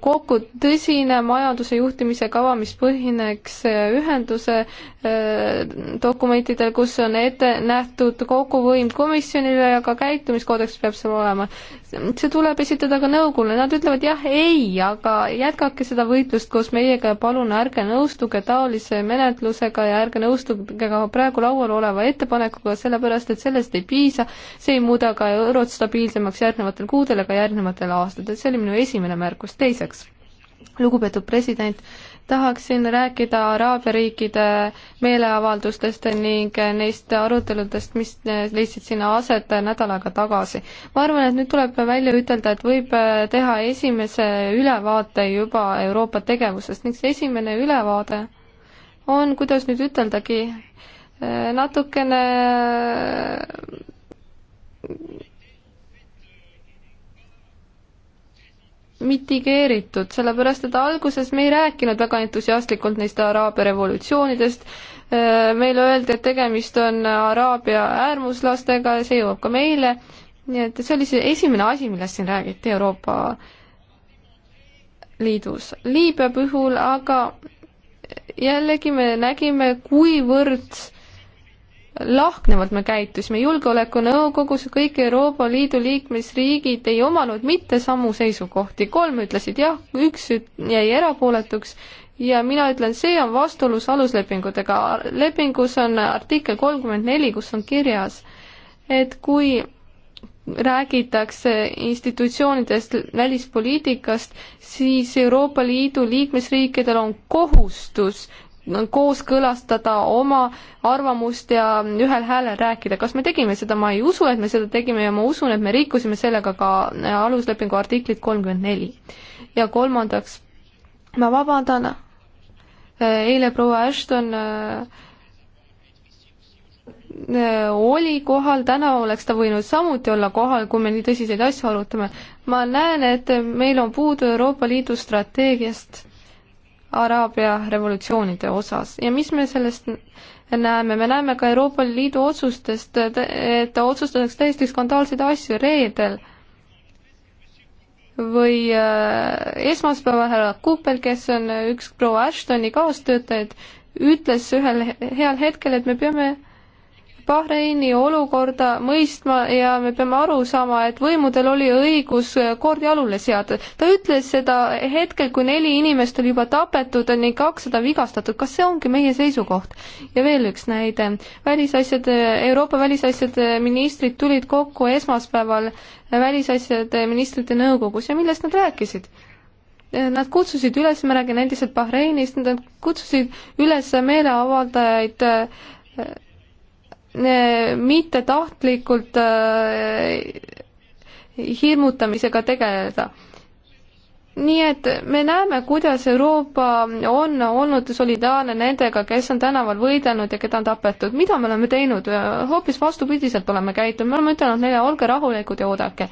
kokku tõsine majanduse juhtimise kava, mis põhineks äh, ühenduse äh, dokumentidel, kus on ette nähtud kogu võim komisjonile ja ka käitumiskoodeks peab seal olema. see tuleb esitada ka nõukogule, nad ütlevad jah, ei, aga jätkake seda võitlust koos meiega ja palun ärge nõustuge taolise menetlusega ja ärge nõustuge ka praegu praegu laual oleva ettepanekuga, sellepärast et sellest ei piisa, see ei muuda ka eurot stabiilsemaks järgnevatel kuudel ega järgnevatel aastatel, see oli minu esimene märkus, teiseks lugupeetud president, tahaksin rääkida Araabia riikide meeleavaldustest ning neist aruteludest, mis leidsid sinna aset nädal aega tagasi. ma arvan, et nüüd tuleb välja ütelda, et võib teha esimese ülevaate juba Euroopa tegevusest ning see esimene ülevaade on, kuidas nüüd üteldagi, natukene mitigeeritud, sellepärast et alguses me ei rääkinud väga entusiastlikult neist Araabia revolutsioonidest, meile öeldi, et tegemist on Araabia äärmuslastega ja see jõuab ka meile, nii et see oli see esimene asi, millest siin räägiti Euroopa Liidus. Liibüa puhul aga jällegi me nägime, kuivõrd äh, lahknevalt me käitusime. julgeolekunõukogus kõik Euroopa Liidu liikmesriigid ei omanud mitte samu seisukohti. kolm ütlesid jah, üks jäi erapooletuks ja mina ütlen, see on vastuolus aluslepingutega. lepingus on artikkel kolmkümmend neli, kus on kirjas, et kui räägitakse institutsioonidest, välispoliitikast, siis Euroopa Liidu liikmesriikidel on kohustus kooskõlastada oma arvamust ja ühel häälel rääkida. kas me tegime seda, ma ei usu, et me seda tegime ja ma usun, et me rikkusime sellega ka äh, aluslepingu artiklit kolmkümmend neli. ja kolmandaks, ma vabandan, äh, eile proua Ashton äh, oli kohal, täna oleks ta võinud samuti olla kohal, kui me nii tõsiseid asju arutame. ma näen, et meil on puudu Euroopa Liidu strateegiast Araabia revolutsioonide osas ja mis me sellest näeme, me näeme ka Euroopa Liidu otsustest, et otsustatakse täiesti skandaalseid asju reedel või äh, esmaspäeval härra Kuppel, kes on üks proua Ashtoni kaastöötajaid, ütles ühel heal hetkel, et me peame Bahreini olukorda mõistma ja me peame aru saama, et võimudel oli õigus kord jalule seada. ta ütles seda hetkel, kui neli inimest oli juba tapetud ning kakssada vigastatud, kas see ongi meie seisukoht? ja veel üks näide, välisasjade, Euroopa välisasjade ministrid tulid kokku esmaspäeval välisasjade ministrite nõukogus ja millest nad rääkisid? Nad kutsusid üles, ma räägin endiselt Bahreinist, nad kutsusid üles meeleavaldajaid äh, Äh, mitte tahtlikult äh, hirmutamisega tegeleda. nii et me näeme, kuidas Euroopa on olnud solidaarne nendega, kes on tänaval võidelnud ja keda on tapetud. mida me oleme teinud? hoopis vastupidiselt oleme käitunud, me oleme ütelnud neile, olge rahulikud ja oodake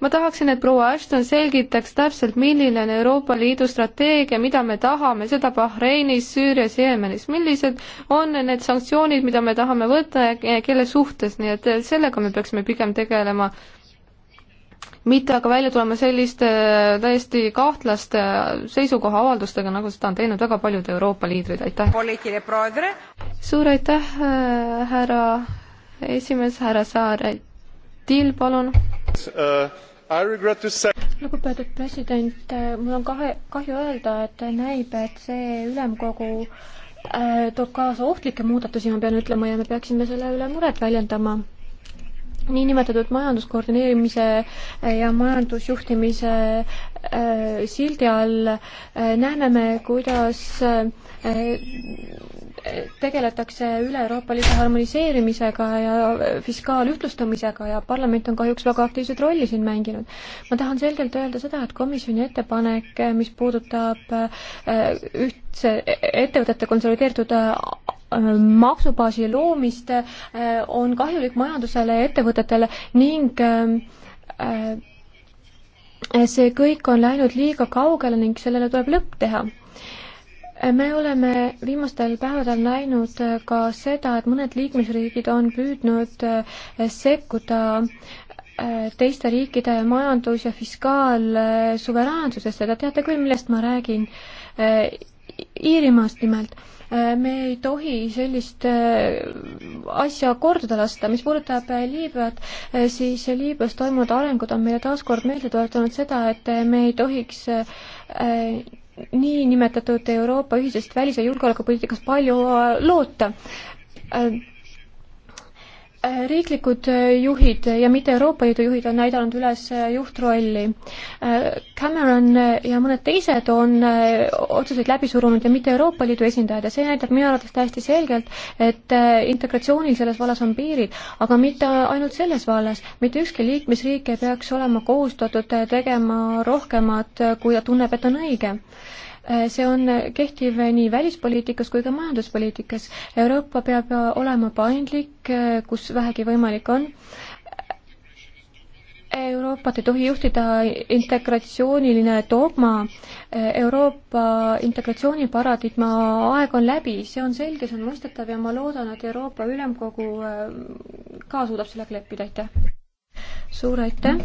ma tahaksin, et proua Ashton selgitaks täpselt, milline on Euroopa Liidu strateegia, mida me tahame, seda Bahreinis, Süürias, Jeemenis, millised on need sanktsioonid, mida me tahame võtta ja kelle suhtes, nii et sellega me peaksime pigem tegelema mitte aga välja tulema selliste äh, täiesti kahtlaste äh, seisukohaavaldustega, nagu seda on teinud väga paljud Euroopa liidrid, aitäh! suur aitäh, äh, härra esimees, härra Saar, Till, palun! Uh lugupeetud president, äh, mul on kahe, kahju öelda, et näib, et see ülemkogu äh, toob kaasa ohtlikke muudatusi, ma pean ütlema, ja me peaksime selle üle muret väljendama. niinimetatud majanduskoordineerimise äh, ja majandusjuhtimise sildi all näeme me, kuidas tegeletakse üle-euroopalise harmoniseerimisega ja fiskaalühtlustamisega ja parlament on kahjuks väga aktiivset rolli siin mänginud. ma tahan selgelt öelda seda, et komisjoni ettepanek, mis puudutab äh, ühtse ettevõtete konsolideeritud äh, maksubaasi loomist, äh, on kahjulik majandusele ja ettevõtetele ning see kõik on läinud liiga kaugele ning sellele tuleb lõpp teha me oleme viimastel päevadel näinud ka seda, et mõned liikmesriigid on püüdnud eh, sekkuda eh, teiste riikide majandus- ja fiskaalsuveräänsusesse, te teate küll, millest ma räägin, eh, Iirimaast nimelt me ei tohi sellist asja korda lasta. mis puudutab Liibüat, siis Liibüas toimunud arengud on meile taaskord meelde tuletanud seda, et me ei tohiks niinimetatud Euroopa ühisest välis- ja julgeolekupoliitikast palju äh, loota äh, riiklikud juhid ja mitte Euroopa Liidu juhid on näidanud üles juhtrolli. Cameron ja mõned teised on otsuseid läbi surunud ja mitte Euroopa Liidu esindajad ja see näitab minu arvates täiesti selgelt, et integratsioonil selles vallas on piirid, aga mitte ainult selles vallas, mitte ükski liikmesriik ei peaks olema kohustatud tegema rohkemat, kui ta tunneb, et on õige Äh, see on kehtiv nii välispoliitikas kui ka majanduspoliitikas. Euroopa peab olema paindlik, äh, kus vähegi võimalik on. Euroopat ei tohi juhtida integratsiooniline dogma. Äh, Euroopa integratsiooniparadigma aeg on läbi, see on selge, see on mõistetav ja ma loodan, et Euroopa Ülemkogu ka suudab sellega leppida, aitäh! suur aitäh!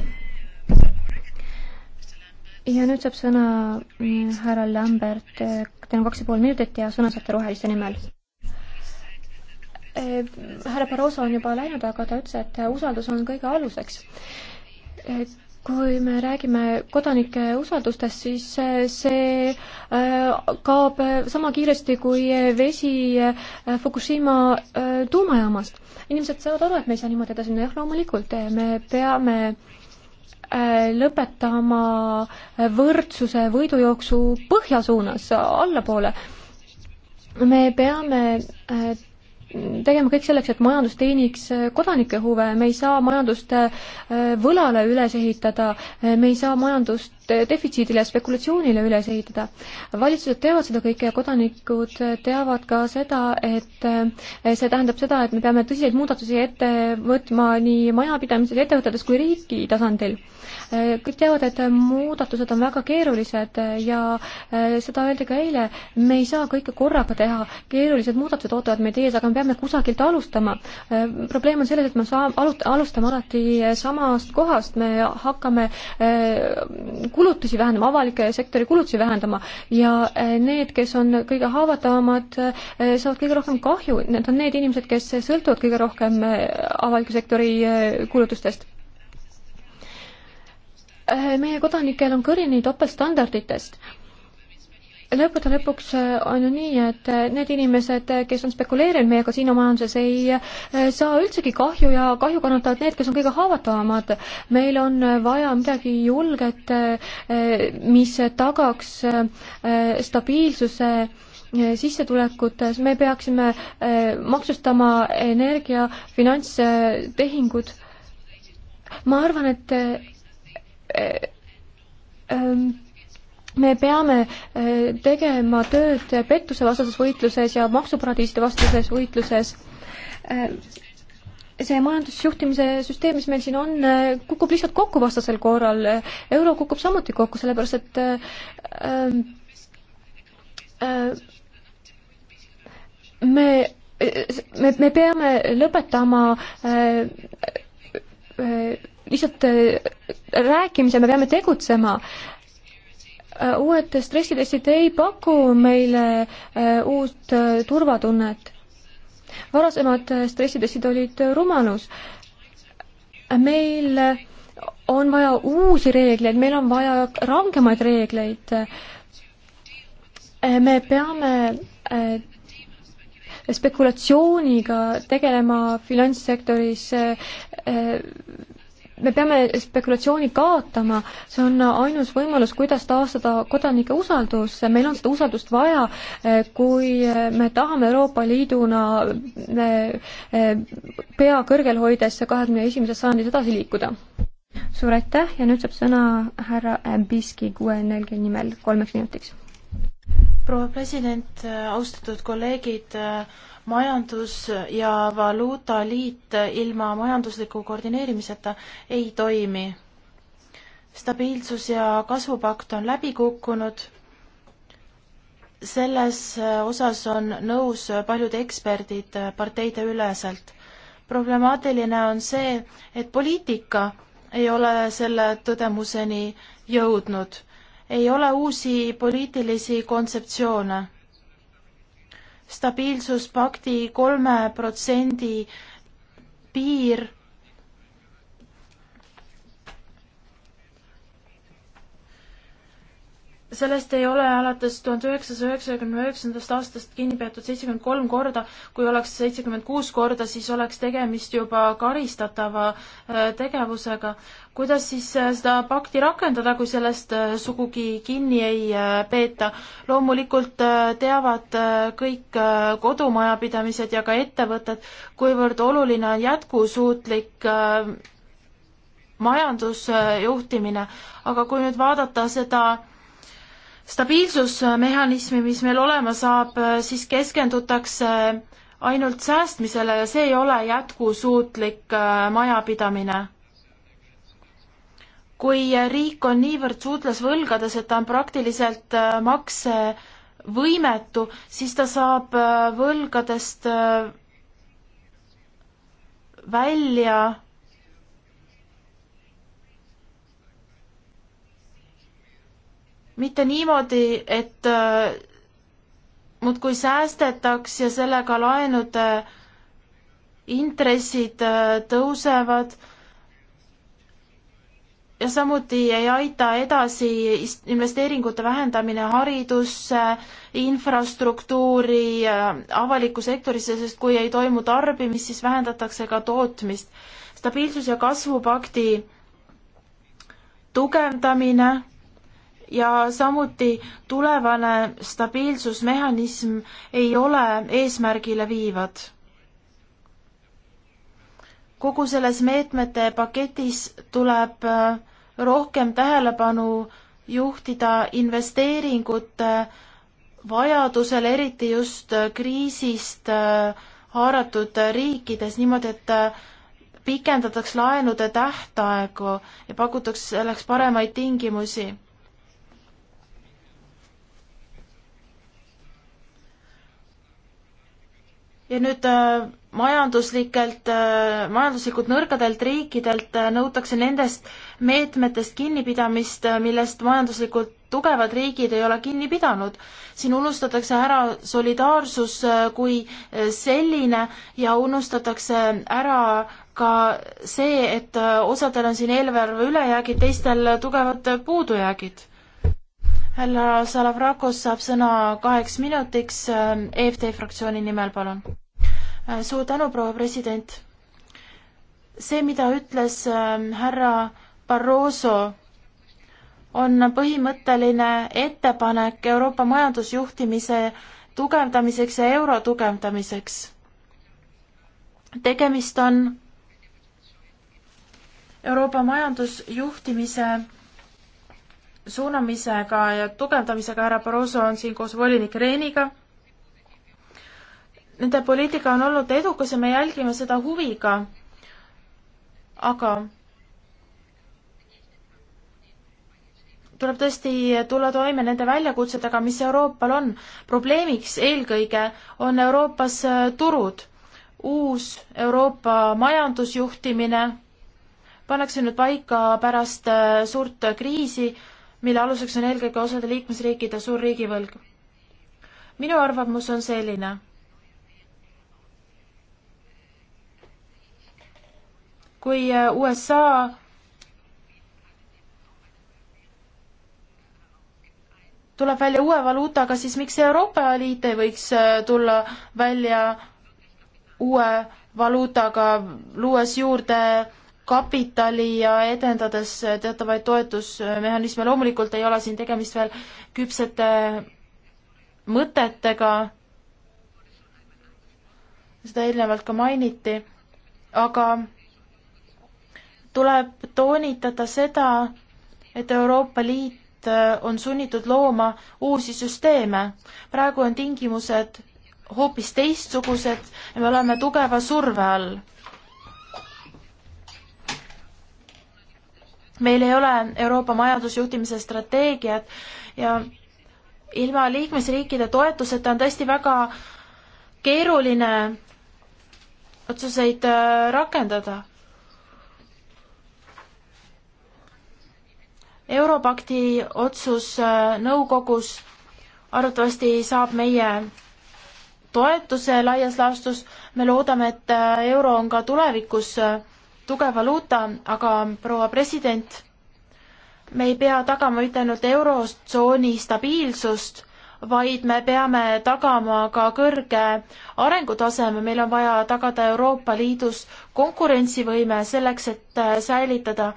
ja nüüd saab sõna mm, härra Lambert, teil on kaks ja pool minutit ja sõna saate roheliste nimel. Eh, härra Barroso on juba läinud, aga ta ütles, et usaldus on kõige aluseks eh, kui me räägime kodanike usaldustest, siis eh, see kaob sama kiiresti kui vesi Fukushima tuumajaamast. inimesed saavad aru, et me ei saa niimoodi edasi minna, jah, loomulikult me peame Äh, lõpetama võrdsuse võidujooksu põhja suunas, allapoole. me peame äh, tegema kõik selleks, et majandus teeniks äh, kodanike huve, me ei saa majandust võlale üles ehitada, me ei saa majandust Äh, defitsiidile ja spekulatsioonile üles ehitada. valitsused teavad seda kõike ja kodanikud äh, teavad ka seda, et äh, see tähendab seda, et me peame tõsiseid muudatusi ette võtma nii majapidamises, ettevõtetes kui riigi tasandil. kõik teavad, et muudatused on väga keerulised ja seda öeldi ka eile, me ei saa kõike korraga teha, keerulised muudatused ootavad meid ees, aga me peame kusagilt alustama. probleem on selles, et me saa-, alustame alati samast kohast, me hakkame kulutusi vähendama, avalike sektori kulutusi vähendama ja eh, need, kes on kõige haavatavamad, eh, saavad kõige rohkem kahju, need on need inimesed, kes sõltuvad kõige rohkem eh, avaliku sektori kulutustest. meie kodanikel on kõrini topeltstandarditest lõppude lõpuks äh, on ju nii, et äh, need inimesed, äh, kes on spekuleerinud meie kasiinomajanduses, ei saa üldsegi kahju ja kahju kannatavad need, kes on kõige haavatavamad. meil on vaja midagi julget, mis tagaks stabiilsuse sissetulekutes, me peaksime maksustama energia, finantstehingud. ma arvan, et ähm, me peame äh, tegema tööd pettusevastases võitluses ja maksuparadiiside vastases võitluses. Äh, see majandusjuhtimise süsteem, mis meil siin on, äh, kukub lihtsalt kokku vastasel korral. euro kukub samuti kokku, sellepärast et äh, äh, me, me, me peame lõpetama äh, äh, lihtsalt äh, rääkimise, me peame tegutsema äh, Äh, uued stressitestid ei paku meile äh, uut äh, turvatunnet. varasemad stressitestid olid rumalus. meil on vaja uusi reegleid, meil on vaja rangemaid reegleid. me peame spekulatsiooniga tegelema finantssektoris me peame spekulatsiooni kaotama, see on ainus võimalus, kuidas taastada kodanike usaldus, meil on seda usaldust vaja, eh, kui eh, me tahame Euroopa Liiduna eh, pea kõrgel hoides kahekümne esimeses sajandis edasi liikuda. suur aitäh ja nüüd saab sõna härra Biski QNL-i nimel kolmeks minutiks. proua president, austatud kolleegid, majandus- ja valuutaliit ilma majandusliku koordineerimiseta ei toimi. stabiilsus- ja kasvupakt on läbi kukkunud, selles osas on nõus paljud eksperdid parteideüleselt. problemaatiline on see, et poliitika ei ole selle tõdemuseni jõudnud. ei ole uusi poliitilisi kontseptsioone stabiilsuspakti kolme protsendi piir sellest ei ole alates tuhande üheksasaja üheksakümne üheksandast aastast kinni peetud seitsekümmend kolm korda, kui oleks seitsekümmend kuus korda, siis oleks tegemist juba karistatava äh, tegevusega. kuidas siis äh, seda pakti rakendada, kui sellest äh, sugugi kinni ei peeta? loomulikult teavad kõik kodumajapidamised ja ka ettevõtted, kuivõrd oluline on jätkusuutlik majandusjuhtimine, aga kui nüüd vaadata seda stabiilsusmehhanismi, mis meil olema saab, siis keskendutakse ainult säästmisele ja see ei ole jätkusuutlik äh, majapidamine. kui riik on niivõrd suudles võlgades, et ta on praktiliselt äh, maksevõimetu, siis ta saab äh, võlgadest välja mitte niimoodi, et äh, muudkui säästetaks ja sellega laenude intressid äh, tõusevad ja samuti ei aita edasi investeeringute vähendamine haridusse, infrastruktuuri, äh, avalikku sektorisse, sest kui ei toimu tarbimist, siis vähendatakse ka tootmist. stabiilsus- ja kasvupakti tugevdamine ja samuti tulevane stabiilsusmehhanism ei ole eesmärgile viivad. kogu selles meetmete paketis tuleb äh, rohkem tähelepanu juhtida investeeringute vajadusel, eriti just äh, kriisist äh, haaratud riikides, niimoodi et pikendataks laenude tähtaegu ja pakutaks selleks paremaid tingimusi ja nüüd äh, majanduslikelt, äh, majanduslikult nõrgadelt riikidelt äh, nõutakse nendest meetmetest kinnipidamist, millest majanduslikult tugevad riigid ei ole kinni pidanud. siin unustatakse ära solidaarsus kui selline ja unustatakse ära ka see, et osadel on siin eelarve ülejäägid, teistel tugevad puudujäägid härra Salavrakos saab sõna kaheks minutiks äh, EFD fraktsiooni nimel, palun. Äh, suur tänu, proua president. see, mida ütles ähm, härra Barroso, on põhimõtteline ettepanek Euroopa majandusjuhtimise tugevdamiseks ja euro tugevdamiseks. tegemist on Euroopa majandusjuhtimise suunamisega ja tugevdamisega, härra Barroso on siin koos volinik Rehniga. Nende poliitika on olnud edukas ja me jälgime seda huviga. aga tuleb tõesti tulla toime nende väljakutsetega, mis Euroopal on. probleemiks eelkõige on Euroopas äh, turud. uus Euroopa majandusjuhtimine pannakse nüüd paika pärast äh, suurt kriisi mille aluseks on eelkõige osade liikmesriikide suur riigivõlg. minu arvamus on selline. kui äh, USA tuleb välja uue valuutaga, siis miks Euroopa Liit ei võiks äh, tulla välja uue valuutaga, luues juurde kapitali ja edendades teatavaid toetusmehhanisme. loomulikult ei ole siin tegemist veel küpsete mõtetega, seda eelnevalt ka mainiti, aga tuleb toonitada seda, et Euroopa Liit on sunnitud looma uusi süsteeme. praegu on tingimused hoopis teistsugused ja me oleme tugeva surve all meil ei ole Euroopa majandusjuhtimise strateegiat ja ilma liikmesriikide toetuseta on tõesti väga keeruline otsuseid äh, rakendada. Europakti otsus äh, nõukogus arvatavasti saab meie toetuse laias laastus, me loodame, et äh, euro on ka tulevikus tugev valuuta, aga proua president, me ei pea tagama mitte ainult eurotsooni stabiilsust, vaid me peame tagama ka kõrge arengutaseme, meil on vaja tagada Euroopa Liidus konkurentsivõime selleks, et äh, säilitada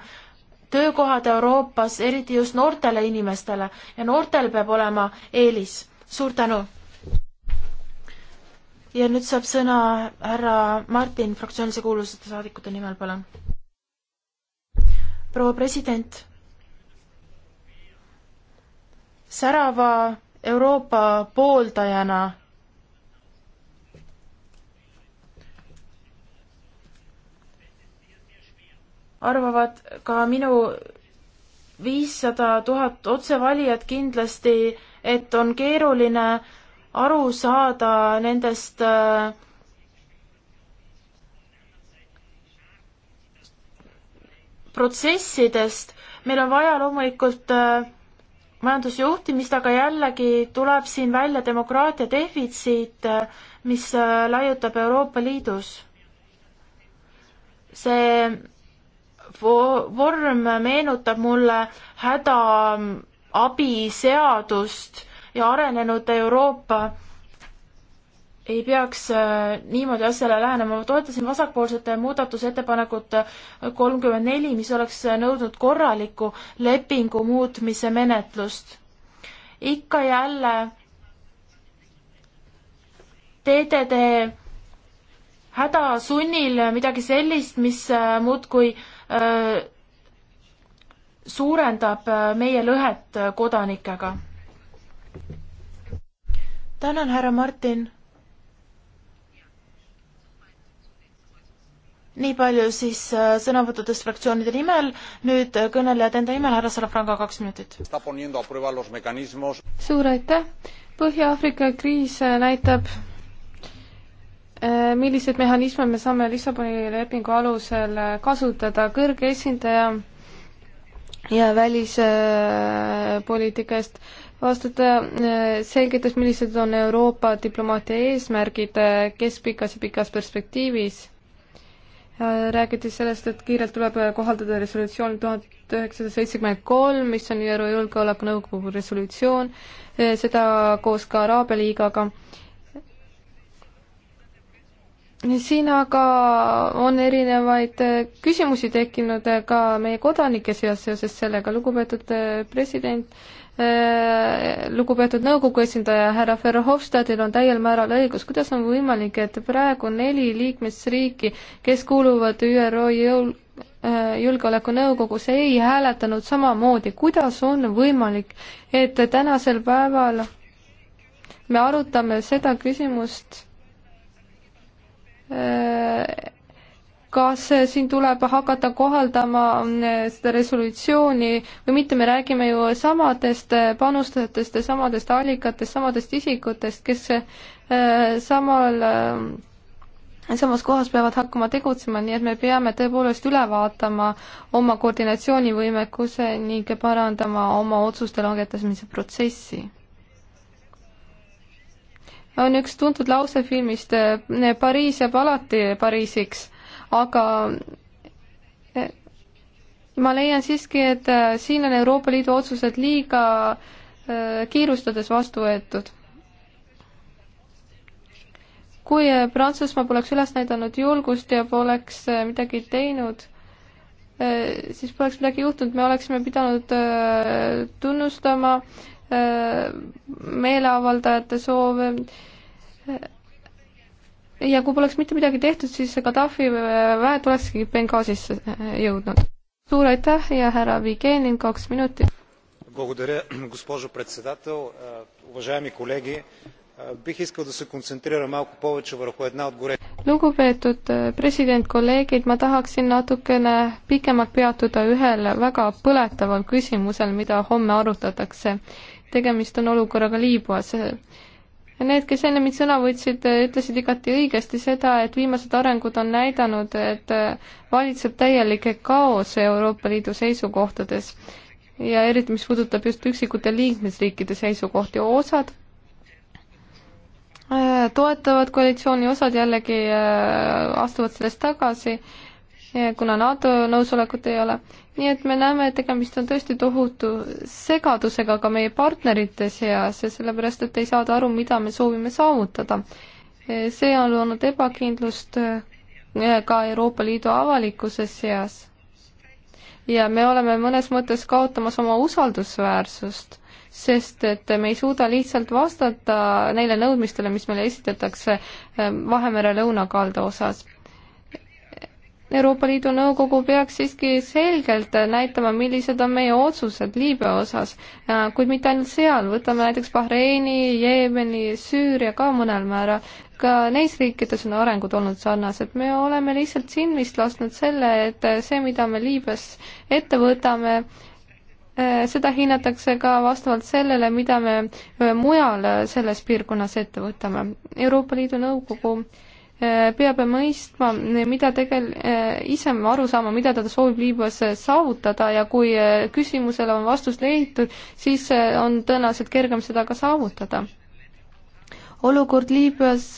töökohad Euroopas, eriti just noortele inimestele ja noortel peab olema eelis. suur tänu! ja nüüd saab sõna härra Martin fraktsioonilise kuulujate saadikute nimel, palun. proua president, särava Euroopa pooldajana arvavad ka minu viissada tuhat otsevalijat kindlasti, et on keeruline aru saada nendest äh, protsessidest, meil on vaja loomulikult äh, majandusjuhtimist, aga jällegi tuleb siin välja demokraatia defitsiit, äh, mis laiutab Euroopa Liidus. see vorm meenutab mulle hädaabiseadust ja arenenud Euroopa ei peaks äh, niimoodi asjale lähenema, ma toetasin vasakpoolsete muudatusettepanekut kolmkümmend neli, mis oleks nõudnud korralikku lepingu muutmise menetlust. ikka jälle teete te hädasunnil midagi sellist, mis äh, muudkui äh, suurendab meie lõhet kodanikega tänan, härra Martin. nii palju siis äh, sõnavõttudest fraktsioonide nimel, nüüd äh, kõnelejad enda nimel, härra Salafranca, kaks minutit. suur aitäh, Põhja-Aafrika kriis äh, näitab, milliseid mehhanisme me saame Lissaboni lepingu alusel kasutada, kõrge esindaja ja välispoliitika eest äh, vastata, eh, selgitas, millised on Euroopa diplomaatia eesmärgid eh, keskpikas ja pikas perspektiivis. Eh, räägiti sellest, et kiirelt tuleb kohaldada resolutsioon tuhat üheksasada seitsekümmend kolm, mis on ÜRO Julgeolekunõukogu resolutsioon, seda koos ka Araabia liigaga siin aga on erinevaid küsimusi tekkinud ka meie kodanike seas seoses sellega, lugupeetud president Äh, lugupeetud nõukogu esindaja härra Verhofstadil on täiel määral õigus, kuidas on võimalik, et praegu neli liikmesriiki, kes kuuluvad ÜRO jõul-, äh, julgeolekunõukogus, ei hääletanud samamoodi, kuidas on võimalik, et tänasel päeval me arutame seda küsimust äh, kas äh, siin tuleb hakata kohaldama mm, äh, seda resolutsiooni või mitte, me räägime ju samadest äh, panustajatest ja samadest allikatest, samadest isikutest, kes samal, samas kohas peavad hakkama tegutsema, nii et me peame tõepoolest üle vaatama oma koordinatsioonivõimekuse ning parandama oma otsuste langetamise protsessi on üks tuntud lause filmist Pariis jääb alati Pariisiks aga eh, ma leian siiski, et eh, siin on Euroopa Liidu otsused liiga eh, kiirustades vastu võetud. kui Prantsusmaa poleks üles näidanud julgust ja poleks midagi teinud, siis poleks midagi juhtunud, me oleksime pidanud tunnustama meeleavaldajate soove ja kui poleks mitte midagi tehtud, siis Gaddafi äh, väed olekski Benghazisse äh, jõudnud. suur aitäh ja härra Vigenin, kaks minutit. Благодаря, госпожо председател. Уважаеми колеги, бих искал да се концентрира малко повече върху една от горе... Lugupeetud president, kolleegid, ma tahaksin natukene pikemalt peatuda ühel väga põletaval küsimusel, mida homme arutatakse. tegemist on olukorraga Liibüas Need, kes enne mind sõna võtsid, eh, ütlesid igati õigesti seda, et viimased arengud on näidanud, et eh, valitseb täielik kaos Euroopa Liidu seisukohtades ja eriti, mis puudutab just üksikute liikmesriikide seisukohti, osad eh, toetavad koalitsiooni, osad jällegi astuvad sellest tagasi, kuna NATO nõusolekut ei ole nii et me näeme, et tegemist on tõesti tohutu segadusega ka meie partnerite seas ja sellepärast, et ei saada aru, mida me soovime saavutada. see on loonud ebakindlust eh, ka Euroopa Liidu avalikkuse seas. ja me oleme mõnes mõttes kaotamas oma usaldusväärsust, sest et me ei suuda lihtsalt vastata neile nõudmistele, mis meile esitatakse eh, Vahemere lõunakalda osas Euroopa Liidu Nõukogu peaks siiski selgelt näitama, millised on meie otsused Liibüa osas, kuid mitte ainult seal, võtame näiteks Bahreini, Jeemeni, Süüria ka mõnel määral, ka neis riikides on arengud olnud sarnased, me oleme lihtsalt silmist lasknud selle, et see, mida me Liibüas ette võtame, eh, seda hinnatakse ka vastavalt sellele, mida me eh, mujal selles piirkonnas ette võtame. Euroopa Liidu Nõukogu Äh, peab mõistma, mida tegel-, äh, ise aru saama, mida ta soovib Liibüas äh, saavutada ja kui küsimusele on vastus leitud, siis on tõenäoliselt kergem seda ka saavutada. olukord Liibüas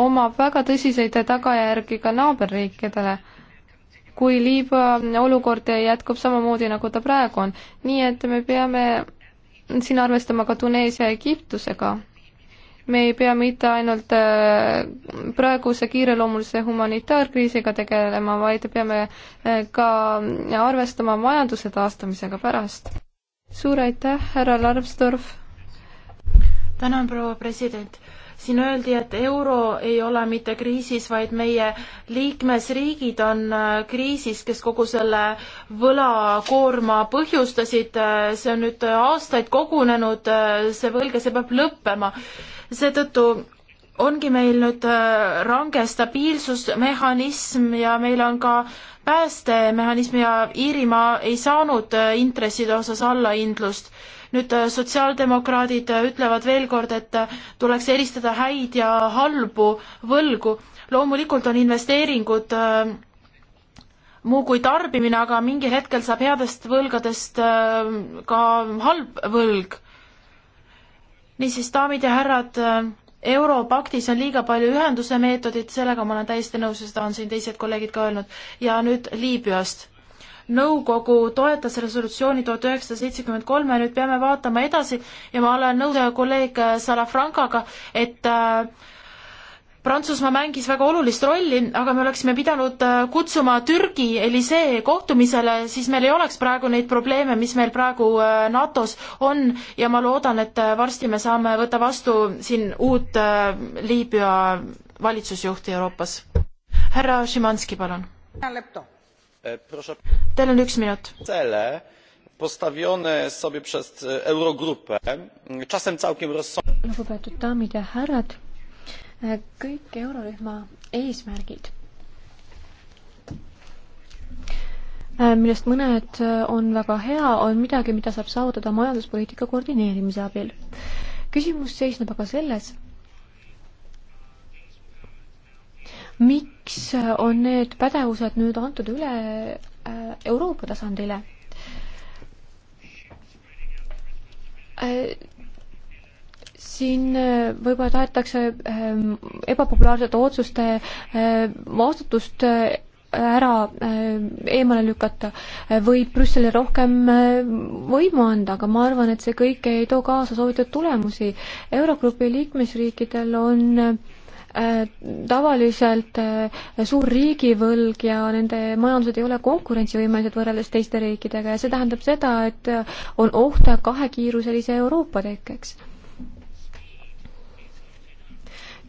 omab väga tõsiseid tagajärgi ka naaberriikidele kui Liibüa olukord jätkub samamoodi, nagu ta praegu on. nii et me peame siin arvestama ka Tuneesia ja Egiptusega me ei pea mitte ainult äh, praeguse kiireloomulise humanitaarkriisiga tegelema, vaid peame äh, ka arvestama majanduse taastamisega pärast. suur aitäh, härra Larmstorf! tänan, proua president! siin öeldi, et euro ei ole mitte kriisis, vaid meie liikmesriigid on äh, kriisis, kes kogu selle võlakoorma põhjustasid, see on nüüd aastaid kogunenud, see võlg ja see peab lõppema seetõttu ongi meil nüüd äh, range stabiilsusmehhanism ja meil on ka päästemehhanism ja Iirimaa ei saanud äh, intresside osas allahindlust. nüüd äh, sotsiaaldemokraadid ütlevad veel kord, et tuleks eristada häid ja halbu võlgu. loomulikult on investeeringud muu kui tarbimine, aga mingil hetkel saab headest võlgadest ka halb võlg niisiis, daamid ja härrad, äh, Europaktis on liiga palju ühenduse meetodit, sellega ma olen täiesti nõus ja seda on siin teised kolleegid ka öelnud. ja nüüd Liibüast. nõukogu toetas resolutsiooni tuhat üheksasada seitsekümmend kolm ja nüüd peame vaatama edasi ja ma olen nõus kolleeg Salafrankaga, et äh, Prantsusmaa mängis väga olulist rolli, aga me oleksime pidanud äh, kutsuma Türgi Elisee kohtumisele, siis meil ei oleks praegu neid probleeme, mis meil praegu äh, NATO-s on ja ma loodan, et äh, varsti me saame võtta vastu siin uut Liibüa valitsusjuhti Euroopas. härra Šimanski, palun. Teil on üks minut postawione sobie przez e, eurogrupę czasem całkiem rozsądnie kõik eurorühma eesmärgid millest mõned on väga hea, on midagi, mida saab saavutada majanduspoliitika koordineerimise abil. küsimus seisneb aga selles, miks on need pädevused nüüd antud üle äh, Euroopa tasandile? Äh, siin äh, võib-olla tahetakse ähm, ebapopulaarsete otsuste äh, vastutust äh, ära eemale lükata või Brüsselile rohkem võimu anda, aga ma arvan, et see kõik ei too kaasa soovitud tulemusi. Eurogrupi liikmesriikidel on tavaliselt suur riigivõlg ja nende majandused ei ole konkurentsivõimelised võrreldes teiste riikidega ja see tähendab seda, et on oht kahekiiruselise Euroopa tekkeks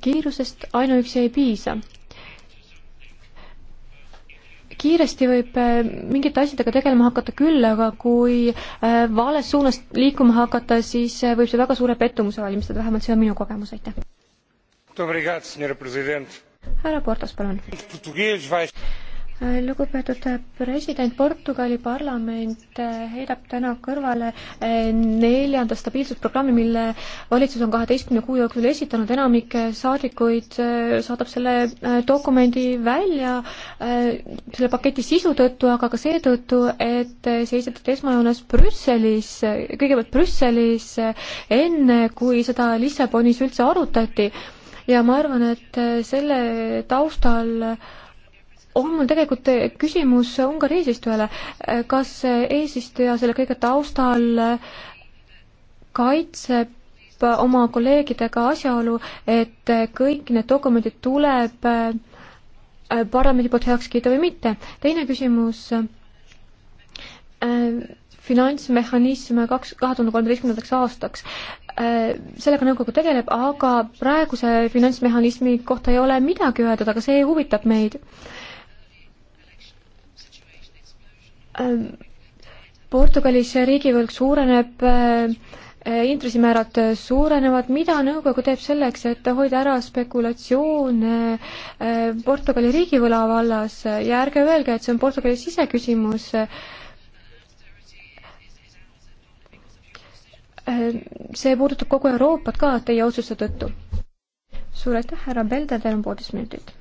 kiirusest ainuüksi ei piisa. kiiresti võib äh, mingite asjadega tegelema hakata küll, aga kui äh, vales suunas liikuma hakata, siis äh, võib see väga suure pettumuse valmistada, vähemalt see on minu kogemus, aitäh. härra Portas, palun lugupeetud president, Portugali parlament heidab täna kõrvale eh, neljanda stabiilsusprogrammi, mille valitsus on kaheteistkümne kuu jooksul esitanud, enamik saadikuid eh, saadab selle eh, dokumendi välja selle paketi sisu tõttu, aga ka seetõttu, et see esitati esmajoones Brüsselis, kõigepealt Brüsselis, enne kui seda Lissabonis üldse arutati. ja ma arvan, et selle taustal on mul tegelikult eh, küsimus Ungari eesistujale. Eh, kas eesistuja selle kõige taustal eh, kaitseb oma kolleegidega asjaolu, et kõik need dokumendid tuleb parlamendi poolt heaks kiita või mitte. teine küsimus finantsmehhanism kaks, kahe tuhande kolmeteistkümnendaks aastaks. Sellega nõukogu tegeleb, aga praeguse finantsmehhanismi kohta ei ole midagi öeldud, aga see huvitab meid. Ähm, Portugalis riigivõlg suureneb, äh, intressimäärad suurenevad, mida nõukogu teeb selleks, et hoida ära spekulatsioone äh, Portugali riigivõla vallas ja ärge öelge, et see on Portugali siseküsimus, äh, see puudutab kogu Euroopat ka teie otsuste tõttu. suur aitäh, härra Belder, teil on poolteist minutit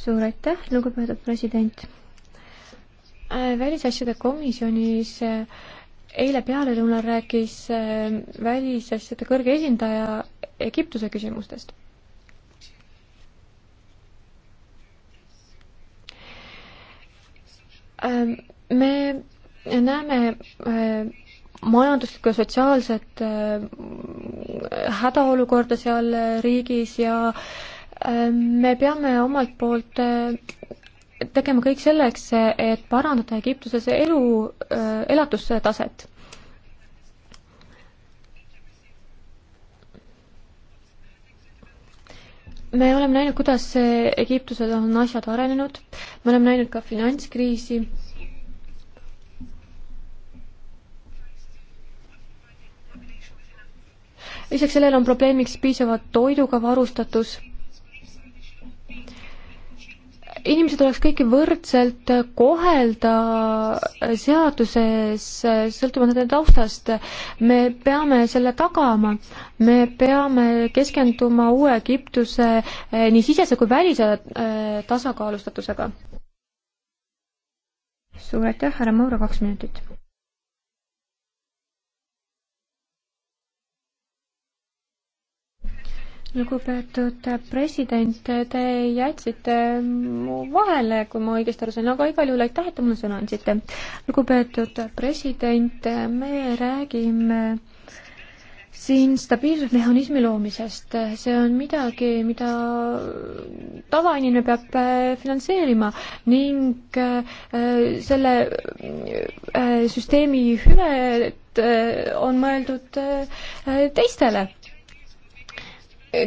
suur aitäh, lugupeetud president. Äh, välisasjade komisjonis äh, eile pealelõunal rääkis äh, välisasjade kõrge esindaja Egiptuse küsimustest. Ähm, me näeme majanduslikku ja sotsiaalset hädaolukorda seal riigis ja äh, Äh, me peame omalt poolt äh, tegema kõik selleks, et parandada Egiptuses elu, äh, elatustaset. me oleme näinud, kuidas Egiptuses on asjad arenenud, me oleme näinud ka finantskriisi lisaks sellele on probleemiks piisavalt toiduga varustatus inimesi tuleks kõiki võrdselt kohelda seaduses, sõltuvalt nende taustast. me peame selle tagama, me peame keskenduma uue Egiptuse eh, nii sisese kui välise eh, tasakaalustatusega. suur aitäh, härra Mauro, kaks minutit. lugupeetud president, te jätsite mu vahele, kui ma õigesti aru sain, aga igal juhul aitäh, et te mulle sõna andsite. lugupeetud president, me räägime siin stabiilsusmehhanismi loomisest, see on midagi, mida tavainimene peab äh, finantseerima ning äh, selle äh, süsteemi hüved on mõeldud teistele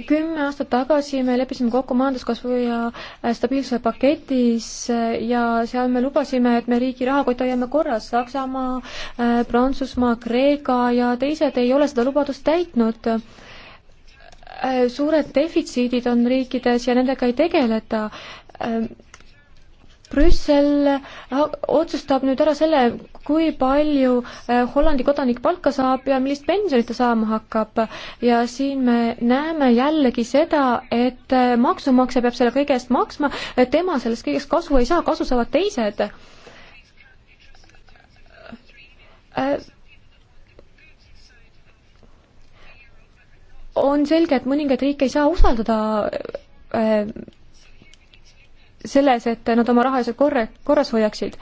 kümme aastat tagasi me leppisime kokku majanduskasvu ja äh, stabiilsuse paketis äh, ja seal me lubasime, et me riigi rahakott hoiame korras. Saksamaa, äh, Prantsusmaa, Kreeka ja teised ei ole seda lubadust täitnud. suured defitsiidid on riikides ja nendega ei tegeleta Brüssel äh, otsustab nüüd ära selle, kui palju äh, Hollandi kodanik palka saab ja millist pensionit ta saama hakkab. ja siin me näeme jällegi seda, et äh, maksumaksja peab selle kõige eest maksma, tema sellest kõigest kasu ei saa, kasu saavad teised on selge, et mõningaid riike ei saa usaldada selles, et nad oma rahaasjad korra, korras hoiaksid.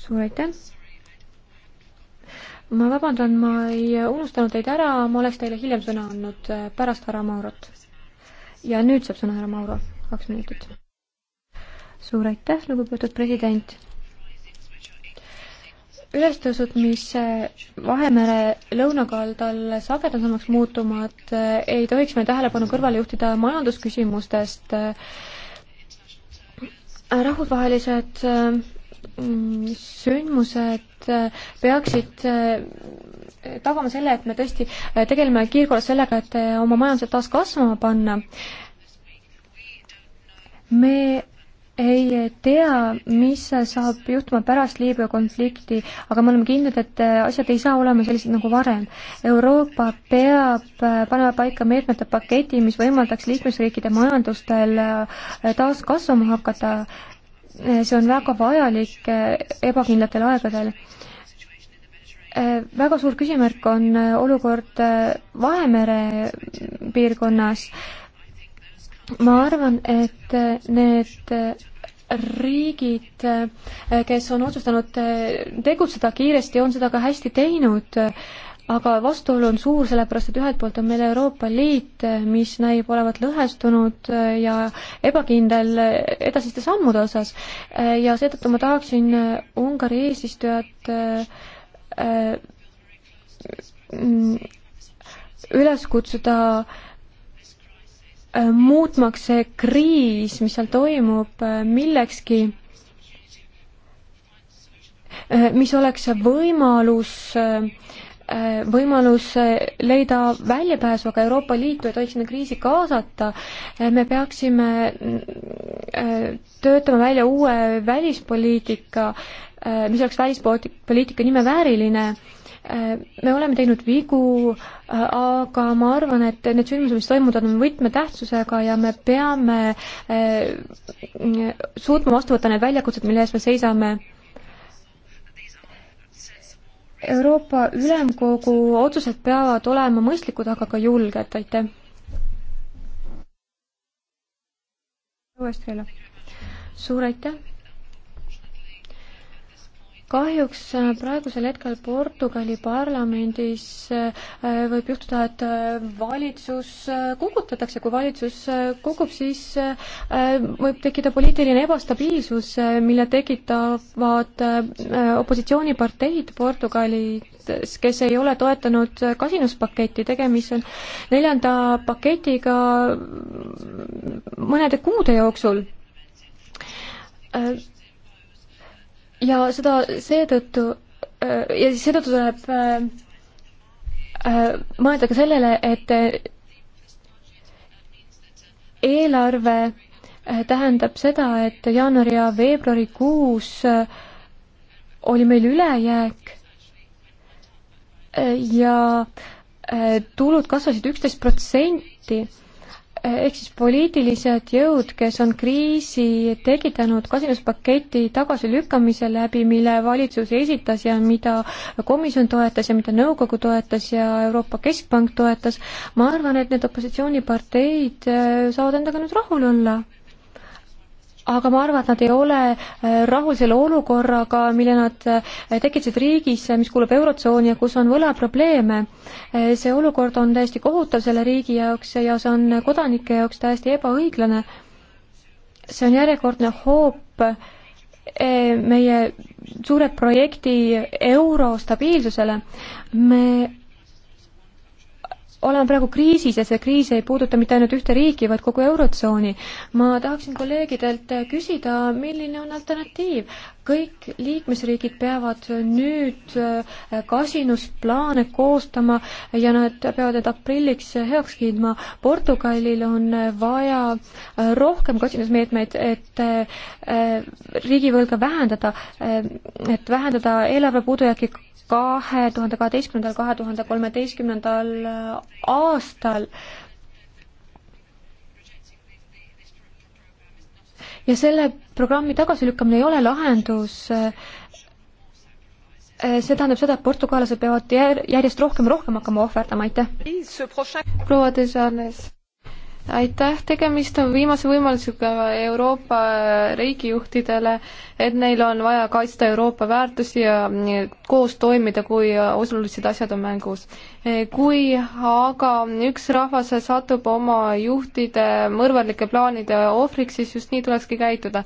suur aitäh! ma vabandan, ma ei unustanud teid ära, ma oleks teile hiljem sõna andnud äh, pärast härra Maurot. ja nüüd saab sõna härra Mauro, kaks minutit. suur aitäh, lugupeetud president ülestõusud, mis Vahemere lõunakaldal sagedasemaks muutuvad, eh, ei tohiks me tähelepanu kõrvale juhtida majandusküsimustest. Eh, rahvusvahelised eh, mm, sündmused peaksid tagama selle, et me tõesti tegeleme kiirkorras sellega, et oma majandused taas kasvama panna. me ei tea, mis saab juhtuma pärast Liibüa konflikti, aga me oleme kindlad, et asjad ei saa olema sellised nagu varem. Euroopa peab äh, panema paika meetmete paketi, mis võimaldaks liikmesriikide majandustel äh, taas kasvama hakata. see on väga vajalik äh, ebakindlatel aegadel väga suur küsimärk on olukord Vahemere piirkonnas. ma arvan, et need riigid, kes on otsustanud eh, tegutseda kiiresti, on seda ka hästi teinud, aga vastuolu on suur, sellepärast et ühelt poolt on meil Euroopa Liit, mis näib olevat lõhestunud ja ebakindel edasiste sammude osas ja seetõttu ma tahaksin Ungari eesistujat eh, mm, üles kutsuda äh, Äh, muutmaks see kriis, mis seal toimub, äh, millekski, äh, mis oleks võimalus, võimalus leida väljapääsu, aga Euroopa Liitu ei tohiks sinna kriisi kaasata. me peaksime töötama välja uue välispoliitika, mis oleks välispoliitika nime vääriline Äh, me oleme teinud vigu, äh, aga ma arvan, et need sündmused, mis toimuvad, on võtmetähtsusega ja me peame äh, suutma vastu võtta need väljakutsed, mille ees me seisame. Euroopa Ülemkogu otsused peavad olema mõistlikud, aga ka julged, aitäh. uuesti jälle. suur aitäh kahjuks äh, praegusel hetkel Portugali parlamendis äh, võib juhtuda, et äh, valitsus kukutatakse, kui valitsus kukub, siis võib tekkida poliitiline ebastabiilsus, mille tekitavad opositsiooniparteid Portugalis, kes ei ole toetanud kasinuspaketti, tegemist on neljanda paketiga mm, mõnede kuude jooksul ja seda seetõttu äh, ja siis seetõttu tuleb äh, äh, mõelda ka sellele, et eelarve tähendab seda, et jaanuari ja veebruarikuus oli meil ülejääk ja tulud kasvasid üksteist protsenti ehk siis poliitilised jõud, kes on kriisi tekitanud kasinuspaketi tagasilükkamise läbi, mille valitsus esitas ja mida komisjon toetas ja mida nõukogu toetas ja Euroopa Keskpank toetas, ma arvan, et need opositsiooniparteid äh, saavad endaga nüüd rahul olla aga ma arvan, et nad ei ole äh, rahul selle olukorraga, mille nad äh, tekitasid riigis, äh, mis kuulub Eurotsooni ja kus on võlaprobleeme. see olukord on täiesti kohutav selle riigi jaoks ja see on kodanike jaoks täiesti ebaõiglane. see on järjekordne hoop meie suure projekti euro stabiilsusele. me oleme praegu kriisis ja see kriis ei puuduta mitte ainult ühte riiki, vaid kogu Eurotsooni. ma tahaksin kolleegidelt küsida, milline on alternatiiv? kõik liikmesriigid peavad nüüd äh, kasinusplaane koostama ja nad peavad need aprilliks heaks kiitma. Portugalil on vaja äh, rohkem kasinusmeetmeid, et äh, riigivõlga vähendada, et vähendada eelarve puudujääki kahe tuhande kaheteistkümnendal, kahe tuhande kolmeteistkümnendal aastal. ja selle programmi tagasilükkamine ei ole lahendus see tähendab seda, et portugallased peavad järjest rohkem, rohkem hakkama ohverdama, aitäh. proua Dejanes aitäh, tegemist on viimase võimalusega Euroopa riigijuhtidele, et neil on vaja kaitsta Euroopa väärtusi ja koos toimida, kui olulised asjad on mängus. kui aga üks rahvas satub oma juhtide mõrvarlike plaanide ohvriks, siis just nii tulekski käituda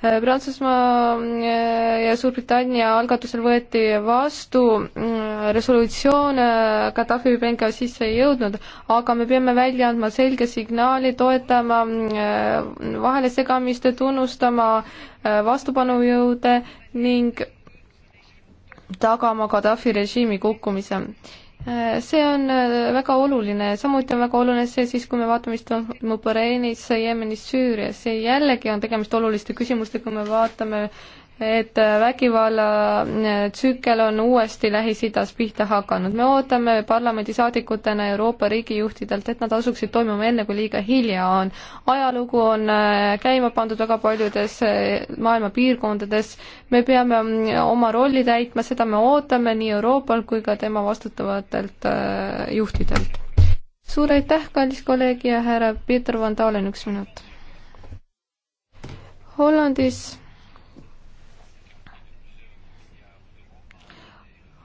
Prantsusmaa äh, ja Suurbritannia algatusel võeti vastu äh, resolutsioon, äh, Gaddafi peenkeha sisse ei jõudnud, aga me peame välja andma selge signaali, toetama vahelesegamist, tunnustama vastupanujõude ning tagama Gaddafi režiimi kukkumise see on äh, väga oluline, samuti on väga oluline see siis, kui me vaatame, mis toimub Bahreinis, Jeemenis, Süürias, jällegi on tegemist oluliste küsimustega, kui me vaatame et äh, vägivalla äh, tsükkel on uuesti Lähis-Idas pihta hakanud. me ootame parlamendisaadikutena Euroopa riigijuhtidelt, et nad asuksid toimuma enne, kui liiga hilja on. ajalugu on äh, käima pandud väga paljudes maailma piirkondades, me peame mm, oma rolli täitma, seda me ootame nii Euroopal kui ka tema vastutavatelt juhtidelt. suur aitäh, kallis kolleeg ja härra Peeter Van Dalen, üks minut. Hollandis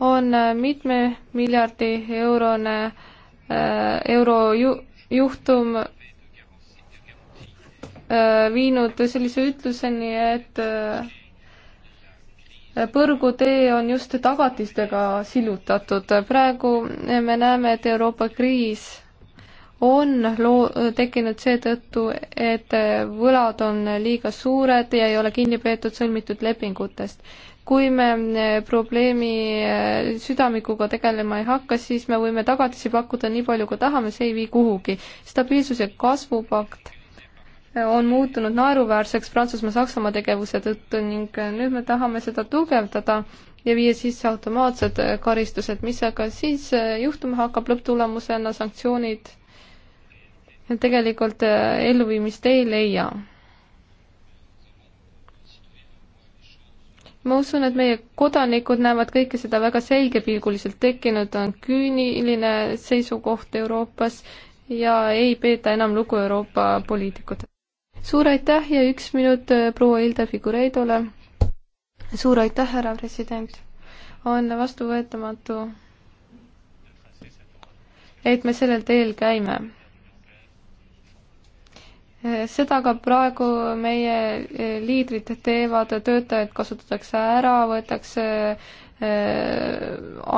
on äh, mitme miljardi eurone, äh, euro ju, juhtum äh, viinud sellise ütluseni, et põrgutee on just tagatistega sillutatud. praegu me näeme, et Euroopa kriis on loo-, tekkinud seetõttu, et võlad on liiga suured ja ei ole kinni peetud sõlmitud lepingutest kui me eh, probleemi eh, südamikuga tegelema ei hakka, siis me võime tagatisi pakkuda nii palju, kui tahame, see ei vii kuhugi. stabiilsuse kasvupakt eh, on muutunud naeruväärseks Prantsusmaa-Saksamaa tegevuse tõttu ning nüüd me tahame seda tugevdada ja viia sisse automaatsed karistused, mis aga siis juhtuma hakkab lõpptulemusena, sanktsioonid tegelikult elluviimist ei leia ma usun, et meie kodanikud näevad kõike seda väga selgepilguliselt, tekkinud on küüniline seisukoht Euroopas ja ei peeta enam lugu Euroopa poliitikutele. suur aitäh ja üks minut äh, proua Hilda Figureidole. suur aitäh, härra president. on vastuvõetamatu, et me sellel teel käime seda ka praegu meie e, liidrid teevad, töötajaid kasutatakse ära, võetakse e,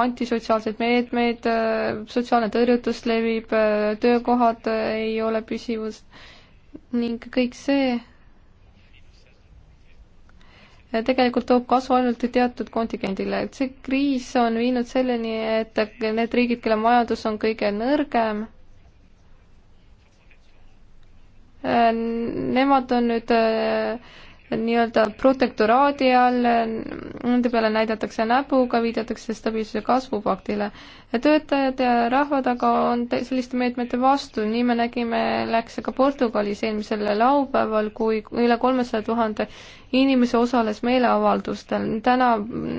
antisotsiaalseid meetmeid, e, sotsiaalne tõrjutus levib, töökohad ei ole püsivust ning kõik see tegelikult toob kasu ainult teatud kontingendile, et see kriis on viinud selleni, et need riigid, kelle majandus on kõige nõrgem, Äh, nemad on nüüd äh, nii-öelda protektoraadi all, nende peale näidatakse näpuga, viidatakse stabiilsuse kasvupaktile. töötajad ja rahvad aga on selliste meetmete vastu, nii me nägime, läks ka Portugalis eelmisel laupäeval, kui üle kolmesaja tuhande inimese osales meeleavaldustel. täna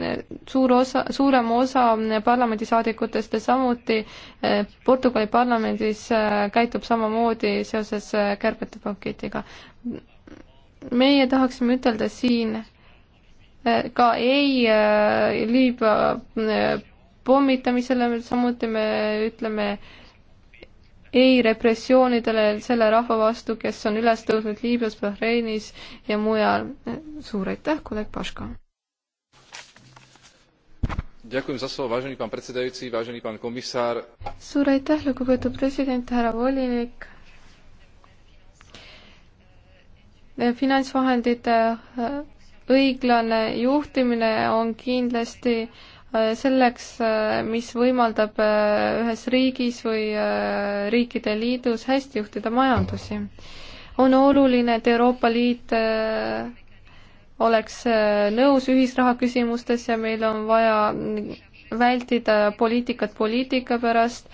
eh, suur osa, suurem osa eh, parlamendisaadikutest ja samuti eh, Portugali parlamendis käitub samamoodi seoses kärbete paketiga meie tahaksime ütelda siin ka ei äh, Liibüa äh, pommitamisele, samuti me ütleme ei repressioonidele selle rahva vastu, kes on üles tõusnud Liibüas, Bahreinis ja mujal. suur aitäh, kolleeg Paška! suur aitäh, lugupeetud president, härra volinik! finantsvahendite äh, õiglane juhtimine on kindlasti äh, selleks, äh, mis võimaldab ühes riigis või riikide liidus hästi juhtida majandusi. on oluline, et Euroopa Liit oleks nõus ühisraha küsimustes ja meil on vaja vältida poliitikat poliitika pärast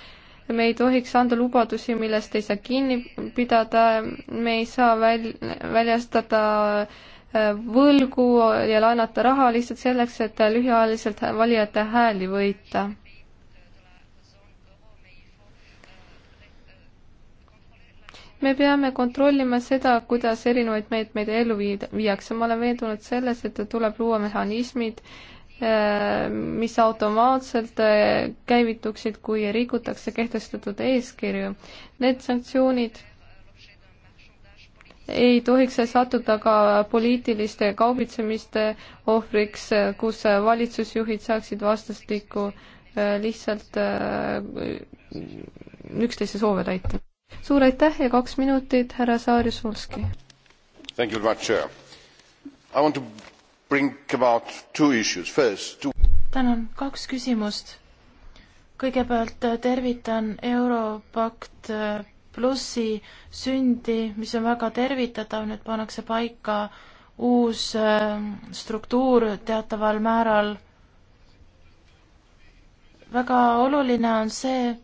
me ei tohiks anda lubadusi, millest ei saa kinni pidada, me ei saa väl-, väljastada äh, võlgu ja laenata raha lihtsalt selleks, et lühiajaliselt valijate hääli võita. me peame kontrollima seda, kuidas erinevaid meetmeid ellu viid-, viiakse, ma olen veendunud selles, et tuleb luua mehhanismid äh, Äh, mis automaatselt äh, käivituksid, kui rikutakse kehtestatud eeskirju. Need sanktsioonid ei tohiks sattuda ka poliitiliste kaubitsemiste ohvriks, äh, kus valitsusjuhid saaksid vastastikku lihtsalt üksteise soove täita. suur aitäh ja kaks minutit, härra Saarjus-Volski! tänan, kaks küsimust. kõigepealt äh, tervitan Europakt äh, plussi sündi, mis on väga tervitatav, nüüd pannakse paika uus äh, struktuur teataval määral. väga oluline on see,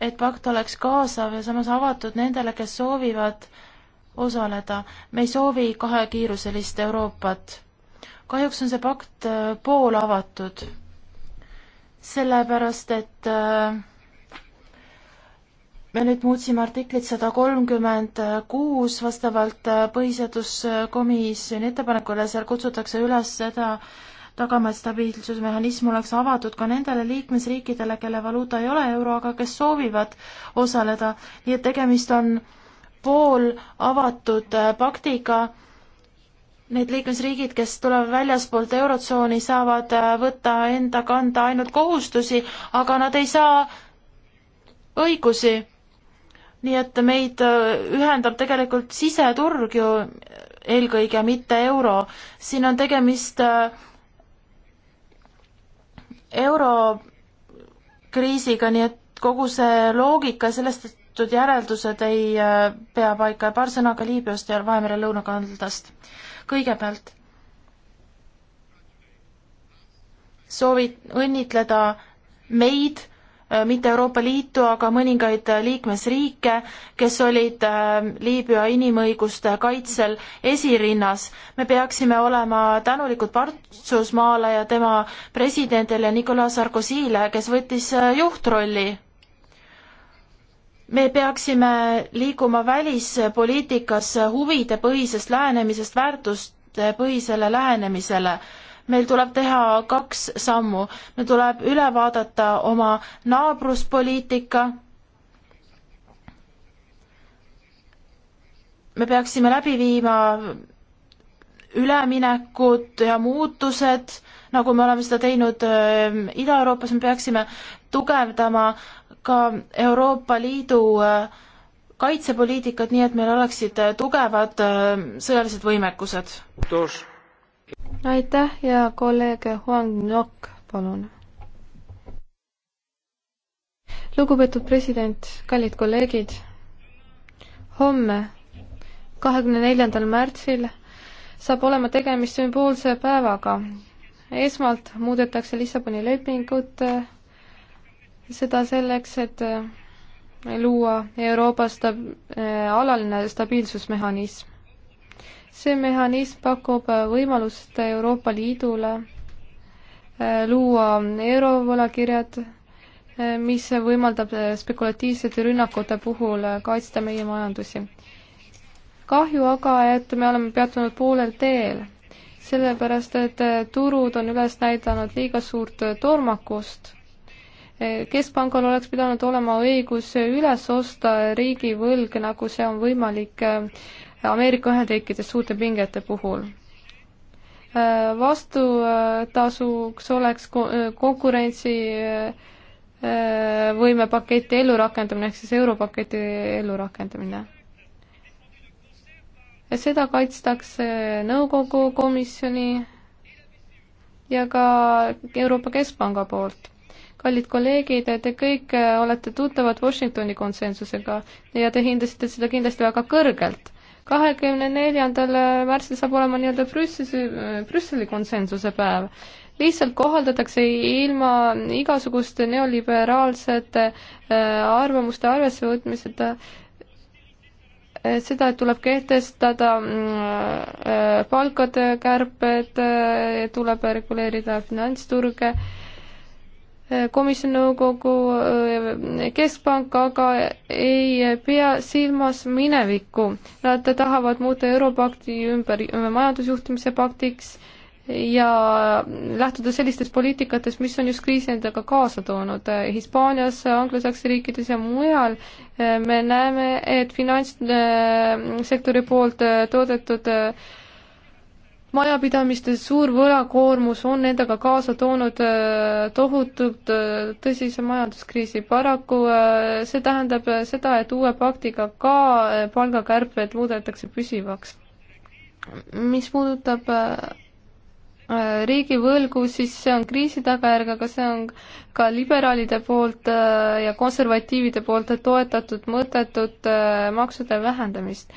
et pakt oleks kaasav ja samas avatud nendele, kes soovivad osaleda. me ei soovi kahekiiruselist Euroopat. kahjuks on see pakt äh, poolavatud, sellepärast et äh, me nüüd muutsime artiklit sada kolmkümmend kuus vastavalt äh, põhiseaduskomisjoni ettepanekule, seal kutsutakse üles seda tagama, et stabiilsusmehhanism oleks avatud ka nendele liikmesriikidele, kelle valuuta ei ole euro, aga kes soovivad osaleda, nii et tegemist on äh, pool avatud äh, paktiga need liikmesriigid, kes tulevad väljaspoolt Eurotsooni, saavad äh, võtta enda kanda ainult kohustusi, aga nad ei saa õigusi. nii et meid äh, ühendab tegelikult siseturg ju eelkõige, mitte euro. siin on tegemist eurokriisiga, nii et kogu see loogika sellest, et tehtud järeldused ei äh, pea paika ja paar sõna ka Liibüast ja Vahemere lõunakaldast. kõigepealt soovin õnnitleda meid, äh, mitte Euroopa Liitu, aga mõningaid äh, liikmesriike, kes olid Liibüa inimõiguste kaitsel esirinnas. me peaksime olema tänulikud Partsusmaale ja tema presidendile Nicolas Sarkozyle, kes võttis juhtrolli me peaksime liikuma välispoliitikasse huvidepõhisest lähenemisest väärtustepõhisele lähenemisele. meil tuleb teha kaks sammu, meil tuleb üle vaadata oma naabruspoliitika, me peaksime läbi viima üleminekud ja muutused, nagu me oleme seda teinud äh, Ida-Euroopas, me peaksime tugevdama ka Euroopa Liidu äh, kaitsepoliitikat, nii et meil oleksid äh, tugevad äh, sõjalised võimekused. aitäh ja kolleeg Huang Nok, palun. lugupeetud president, kallid kolleegid, homme, kahekümne neljandal märtsil saab olema tegemist sümboolse päevaga. esmalt muudetakse Lissaboni lepingut seda selleks, et äh, luua Euroopa sta-, äh, alaline stabiilsusmehhanism. see mehhanism pakub äh, võimalust Euroopa Liidule luua eurovõlakirjad, mis võimaldab spekulatiivsete rünnakute puhul kaitsta meie majandusi. kahju aga, et me oleme peatunud poolel teel, sellepärast et turud on üles näidanud liiga suurt toormakust keskpangal oleks pidanud olema õigus üles osta riigivõlg, nagu see on võimalik äh, Ameerika Ühendriikides suurte pingete puhul. Äh, vastutasuks oleks äh, konkurentsi võimepaketi ellurakendamine ehk siis europaketi ellurakendamine. seda kaitstakse nõukogu komisjoni ja ka Euroopa Keskpanga poolt kallid kolleegid, te kõik äh, olete tuttavad Washingtoni konsensusega ja te hindasite seda kindlasti väga kõrgelt. kahekümne neljandal äh, märtsil saab olema nii-öelda Brüsseli, äh, Brüsseli konsensuse päev lihtsalt kohaldatakse ilma igasuguste neoliberaalsete arvamuste arvessevõtmiseta seda, et tuleb kehtestada mm, palkade kärped, tuleb reguleerida finantsturge komisjon, nõukogu, äh, keskpank aga ei pea silmas minevikku. Nad tahavad muuta Europakti ümber majandusjuhtimise paktiks ja lähtuda sellistest poliitikatest, mis on just kriisi endaga kaasa toonud. Hispaanias, anglosaksi riikides ja mujal äh, me näeme, et finantssektori poolt toodetud äh, majapidamistes suur võlakoormus on endaga kaasa toonud äh, tohutult äh, tõsise majanduskriisi. paraku äh, see tähendab seda, et uue paktiga ka palgakärped muudetakse püsivaks. mis puudutab riigivõlgu, siis see on kriisi tagajärg, aga see on ka liberaalide poolt ja konservatiivide poolt toetatud mõttetut maksude vähendamist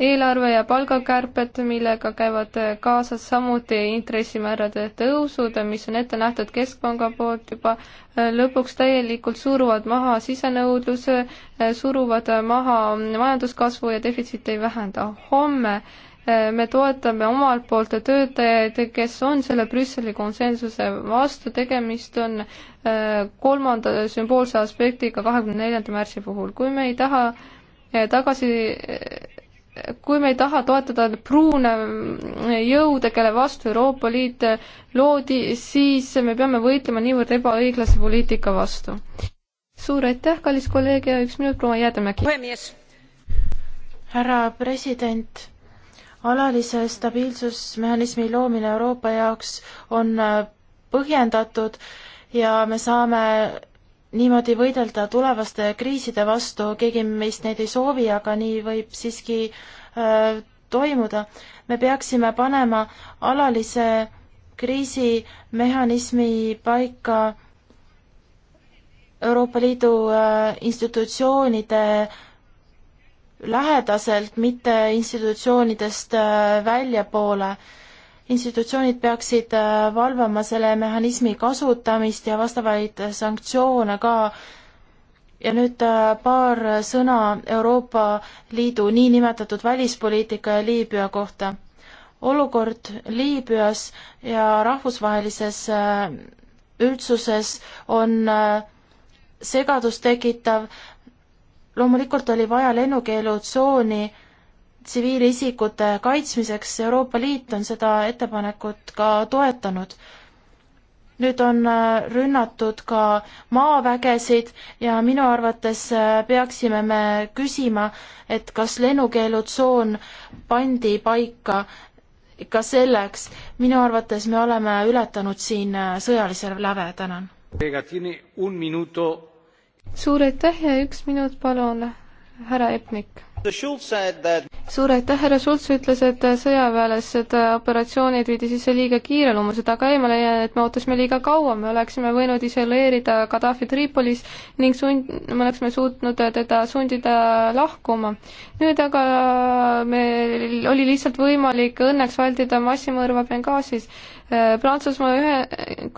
eelarve ja palgakärped, millega käivad kaasas samuti intressimäärade tõusud, mis on ette nähtud Keskpanga poolt juba, äh, lõpuks täielikult suruvad maha sisenõudluse, äh, suruvad maha majanduskasvu ja defitsiit ei vähenda. homme äh, me toetame omalt poolt töötajaid, kes on selle Brüsseli konsensuse vastu, tegemist on kolmanda sümboolse aspektiga kahekümne neljanda märtsi puhul, kui me ei taha tagasi kui me ei taha toetada pruune jõude, kelle vastu Euroopa Liit loodi, siis me peame võitlema niivõrd ebaõiglase poliitika vastu. suur aitäh, kallis kolleeg ja üks minut, proua Jäädemägi. härra president, alalise stabiilsusmehhanismi loomine Euroopa jaoks on põhjendatud ja me saame niimoodi võidelda tulevaste kriiside vastu, keegi meist neid ei soovi, aga nii võib siiski äh, toimuda. me peaksime panema alalise kriisimehhanismi paika Euroopa Liidu äh, institutsioonide lähedaselt, mitte institutsioonidest äh, väljapoole institutsioonid peaksid äh, valvama selle mehhanismi kasutamist ja vastavaid sanktsioone ka. ja nüüd äh, paar sõna Euroopa Liidu niinimetatud välispoliitika ja Liibüa kohta. olukord Liibüas ja rahvusvahelises äh, üldsuses on segadust tekitav. loomulikult oli vaja lennukeelutsooni tsiviilisikute kaitsmiseks, Euroopa Liit on seda ettepanekut ka toetanud. nüüd on äh, rünnatud ka maavägesid ja minu arvates äh, peaksime me küsima, et kas lennukeelutsoon pandi paika ka selleks, minu arvates me oleme ületanud siin äh, sõjalise läve, tänan. suur aitäh ja üks minut palun, härra Epnik suur aitäh, härra Schultz ütles, et sõjaväelased operatsioonid viidi sisse liiga kiireloomuliselt, aga ei, ma leian, et me ootasime liiga kaua, me oleksime võinud isoleerida Gaddafi Tripolis ning sund, me oleksime suutnud teda sundida lahkuma. nüüd aga meil oli lihtsalt võimalik õnneks vältida massimõrva Benghazis. Prantsusmaa ühe,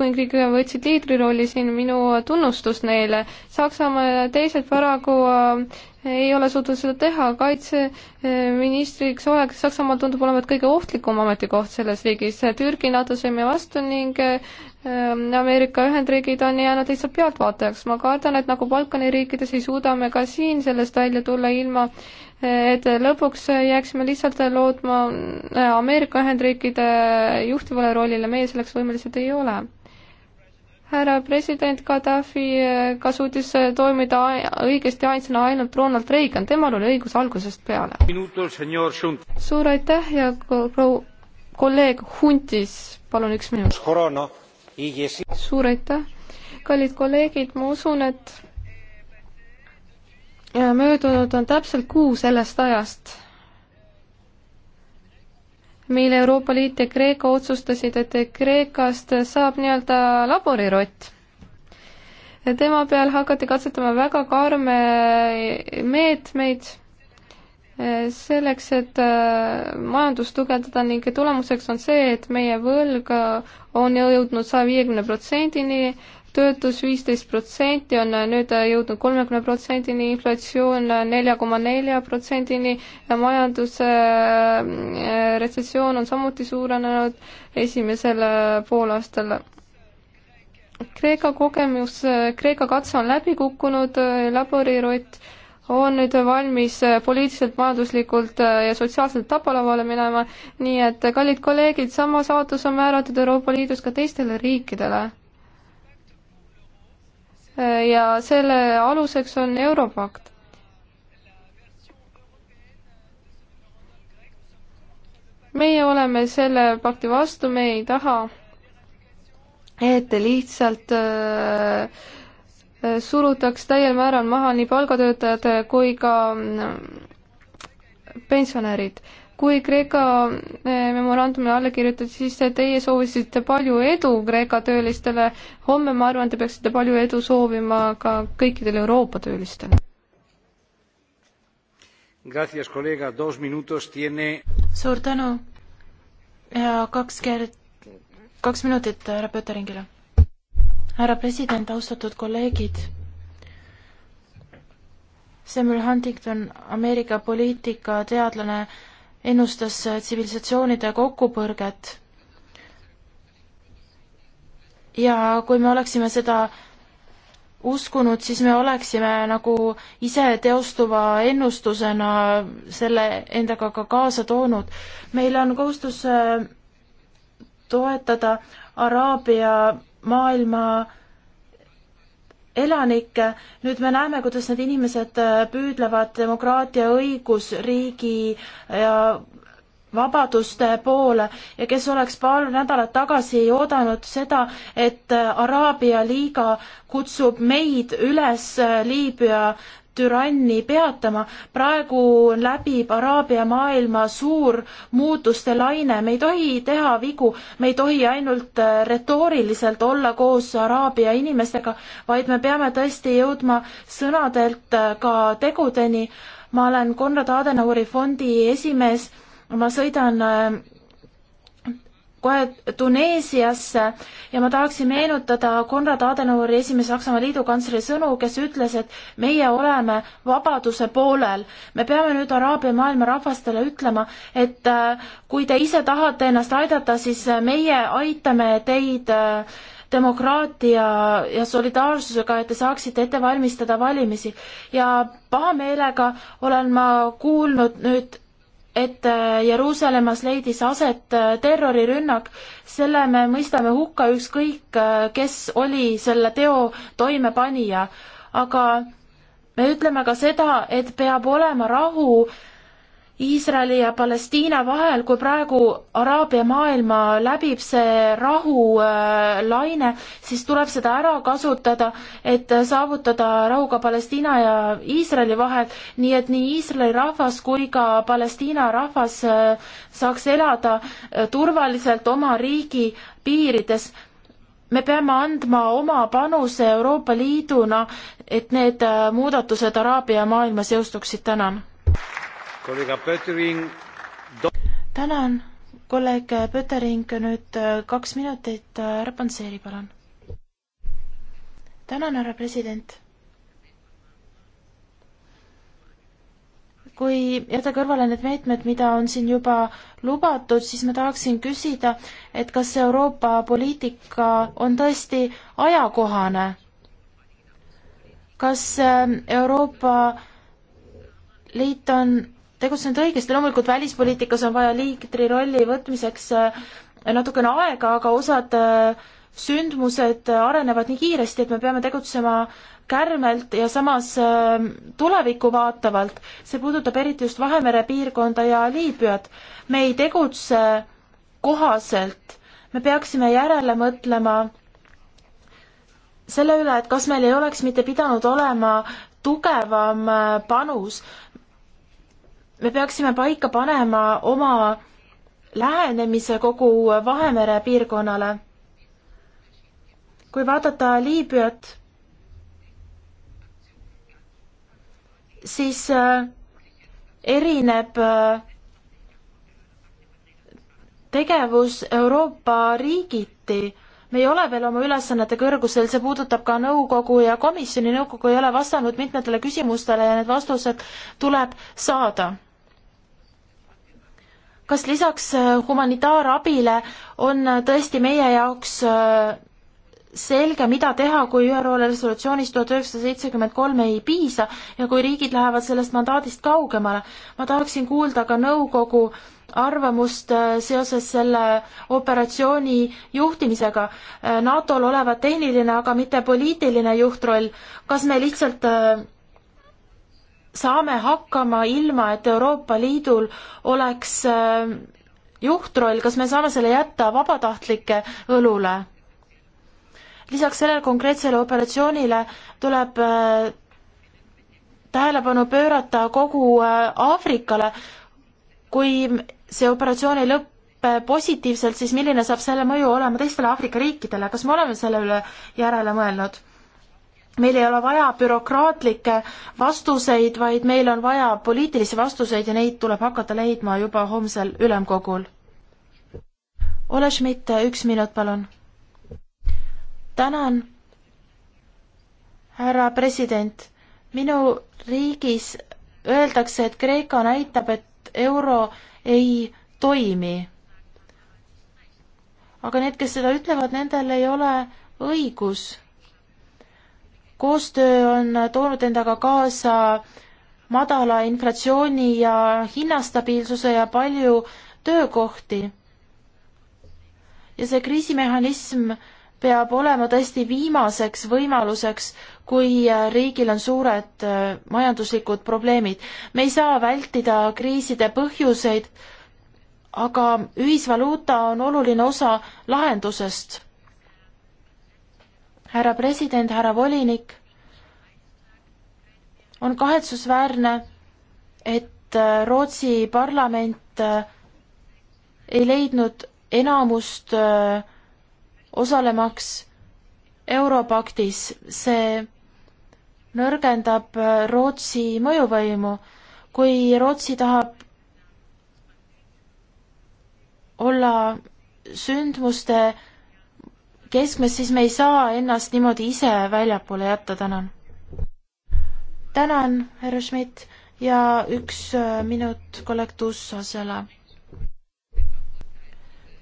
kuningriigiga võtsid liidrirolli siin, minu tunnustus neile. Saksamaa ja teised paraku äh, ei ole suutnud seda teha, kaitseministriks olek Saksamaal tundub olevat kõige ohtlikum ametikoht selles riigis. Türgi NATO-s ei meie vastu ning äh, Ameerika Ühendriigid on jäänud lihtsalt pealtvaatajaks. ma kardan, et nagu Balkani riikides ei suuda me ka siin sellest välja tulla ilma, et lõpuks jääksime lihtsalt lootma äh, Ameerika Ühendriikide juhtivale rollile, meie selleks võimelised ei ole härra president Gaddafi eh, ka suutis eh, toimida õigesti ainsana ainult Ronald Reagan, temal oli õigus algusest peale. suur aitäh ja proua kolleeg Huntis, palun üks minut. suur aitäh, kallid kolleegid, ma usun, et eh, möödunud on täpselt kuu sellest ajast mille Euroopa Liit ja Kreeka otsustasid, et Kreekast saab nii-öelda laborirott. tema peal hakati katsetama väga karme meetmeid e, selleks, et e, majandust tugevdada ning tulemuseks on see, et meie võlg on jõudnud saja viiekümne protsendini, töötus viisteist protsenti on nüüd jõudnud kolmekümne protsendini, inflatsioon nelja koma nelja protsendini ja majanduse äh, äh, retsessioon on samuti suurenenud esimesel äh, poolaastal. Kreeka kogemus, Kreeka katse on läbi kukkunud, laborirott on nüüd valmis poliitiliselt, majanduslikult ja sotsiaalselt tapalavale minema, nii et kallid kolleegid, sama saatus on määratud Euroopa Liidus ka teistele riikidele ja selle aluseks on Europakt. meie oleme selle pakti vastu, me ei taha, et lihtsalt äh, äh surutaks täiel määral maha nii palgatöötajate kui ka äh, pensionärid. kui Kreeka eh, memorandumile alla kirjutati, siis teie soovisite palju edu Kreeka töölistele. homme, ma arvan, te peaksite palju edu soovima ka kõikidele Euroopa töölistele. Tiene... suur tänu ja kaks keer, kaks minutit härra Pöteringile. härra president, austatud kolleegid Samuel Huntington, Ameerika poliitikateadlane, ennustas tsivilisatsioonide kokkupõrget. ja kui me oleksime seda uskunud, siis me oleksime nagu ise teostuva ennustusena selle endaga ka kaasa toonud. meil on kohustus äh, toetada Araabia maailma elanikke. nüüd me näeme, kuidas need inimesed äh, püüdlevad demokraatia, õigusriigi ja äh, vabaduste poole ja kes oleks paar nädalat tagasi oodanud seda, et äh, Araabia liiga kutsub meid üles Liibüa türanni peatama. praegu läbib Araabia maailma suur muutuste laine, me ei tohi teha vigu, me ei tohi ainult äh, retooriliselt olla koos Araabia inimestega, vaid me peame tõesti jõudma sõnadelt äh, ka tegudeni. ma olen Konrad Adenauri fondi esimees, ma sõidan äh, kohe Tuneesiasse ja ma tahaksin meenutada Konrad Adenaueri esimese Saksamaa liidukantsleri sõnu, kes ütles, et meie oleme vabaduse poolel. me peame nüüd Araabia maailma rahvastele ütlema, et äh, kui te ise tahate ennast aidata, siis äh, meie aitame teid äh, demokraatia ja solidaarsusega, et te saaksite ette valmistada valimisi. ja pahameelega olen ma kuulnud nüüd et äh, Jeruusalemmas leidis aset äh, terrorirünnak, selle me mõistame hukka, ükskõik äh, kes oli selle teo toimepanija. aga me ütleme ka seda, et peab olema rahu Iisraeli ja Palestiina vahel, kui praegu Araabia maailma läbib see rahulaine, äh, siis tuleb seda ära kasutada, et saavutada rahu ka Palestiina ja Iisraeli vahel, nii et nii Iisraeli rahvas kui ka Palestiina rahvas äh, saaks elada äh, turvaliselt oma riigi piirides me peame andma oma panuse Euroopa Liiduna, et need muudatused Araabia maailmas jõustuksid, tänan tänan, kolleeg Pöttering, nüüd äh, kaks minutit, äh, härra Panseri, palun. tänan, härra president. kui jätta kõrvale need meetmed, mida on siin juba lubatud, siis ma tahaksin küsida, et kas Euroopa poliitika on tõesti ajakohane? kas äh, Euroopa Liit on tegutsenud õigesti, loomulikult välispoliitikas on vaja liigri rolli võtmiseks äh, natukene aega, aga osad äh, sündmused äh, arenevad nii kiiresti, et me peame tegutsema kärmelt ja samas tulevikku vaatavalt. see puudutab eriti just Vahemere piirkonda ja Liibüat. me ei tegutse kohaselt, me peaksime järele mõtlema selle üle, et kas meil ei oleks mitte pidanud olema tugevam panus me peaksime paika panema oma lähenemise kogu Vahemere piirkonnale. kui vaadata Liibüat, siis äh, erineb äh, tegevus Euroopa riigiti. me ei ole veel oma ülesannete kõrgusel, see puudutab ka nõukogu ja komisjoni, nõukogu ei ole vastanud mitmetele küsimustele ja need vastused tuleb saada kas lisaks äh, humanitaarabile on äh, tõesti meie jaoks äh, selge, mida teha, kui ÜRO resolutsioonist tuhat üheksasada seitsekümmend kolm ei piisa ja kui riigid lähevad sellest mandaadist kaugemale. ma tahaksin kuulda ka nõukogu arvamust seoses selle operatsiooni juhtimisega. NATO-l olevat tehniline, aga mitte poliitiline juhtroll. kas me lihtsalt saame hakkama ilma, et Euroopa Liidul oleks äh, juhtroll, kas me saame selle jätta vabatahtlike õlule? lisaks sellele konkreetsele operatsioonile tuleb äh, tähelepanu pöörata kogu äh, Aafrikale. kui see operatsioon ei lõppe positiivselt, siis milline saab selle mõju olema teistele Aafrika riikidele, kas me oleme selle üle järele mõelnud? meil ei ole vaja bürokraatlikke vastuseid, vaid meil on vaja poliitilisi vastuseid ja neid tuleb hakata leidma juba homsel ülemkogul. Ole Schmidt, üks minut, palun. tänan, härra president. minu riigis öeldakse, et Kreeka näitab, et euro ei toimi. aga need, kes seda ütlevad, nendel ei ole õigus koostöö on toonud endaga kaasa madala inflatsiooni ja hinnastabiilsuse ja palju töökohti. ja see kriisimehhanism peab olema tõesti viimaseks võimaluseks, kui riigil on suured äh, majanduslikud probleemid. me ei saa vältida kriiside põhjuseid, aga ühisvaluuta on oluline osa lahendusest härra president, härra volinik, on kahetsusväärne, et äh, Rootsi parlament äh, ei leidnud enamust äh, osalemaks Europaktis, see nõrgendab Rootsi mõjuvõimu. kui Rootsi tahab olla sündmuste keskmes, siis me ei saa ennast niimoodi ise väljapoole jätta, tänan. tänan, härra Schmidt ja üks äh, minut kolleeg Tussasele.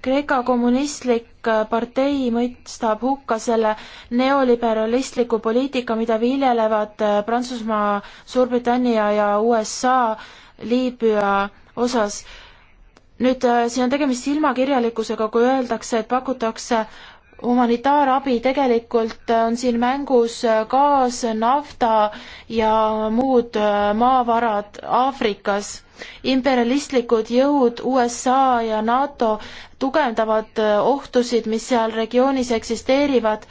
Kreeka kommunistlik äh, partei mõistab hukka selle neoliberalistliku poliitika, mida viljelevad äh, Prantsusmaa, Suurbritannia ja USA Liibüa osas nüüd siin on tegemist silmakirjalikkusega, kui öeldakse, et pakutakse humanitaarabi tegelikult on siin mängus gaas, nafta ja muud äh, maavarad Aafrikas. imperialistlikud jõud USA ja NATO tugevdavad äh, ohtusid, mis seal regioonis eksisteerivad.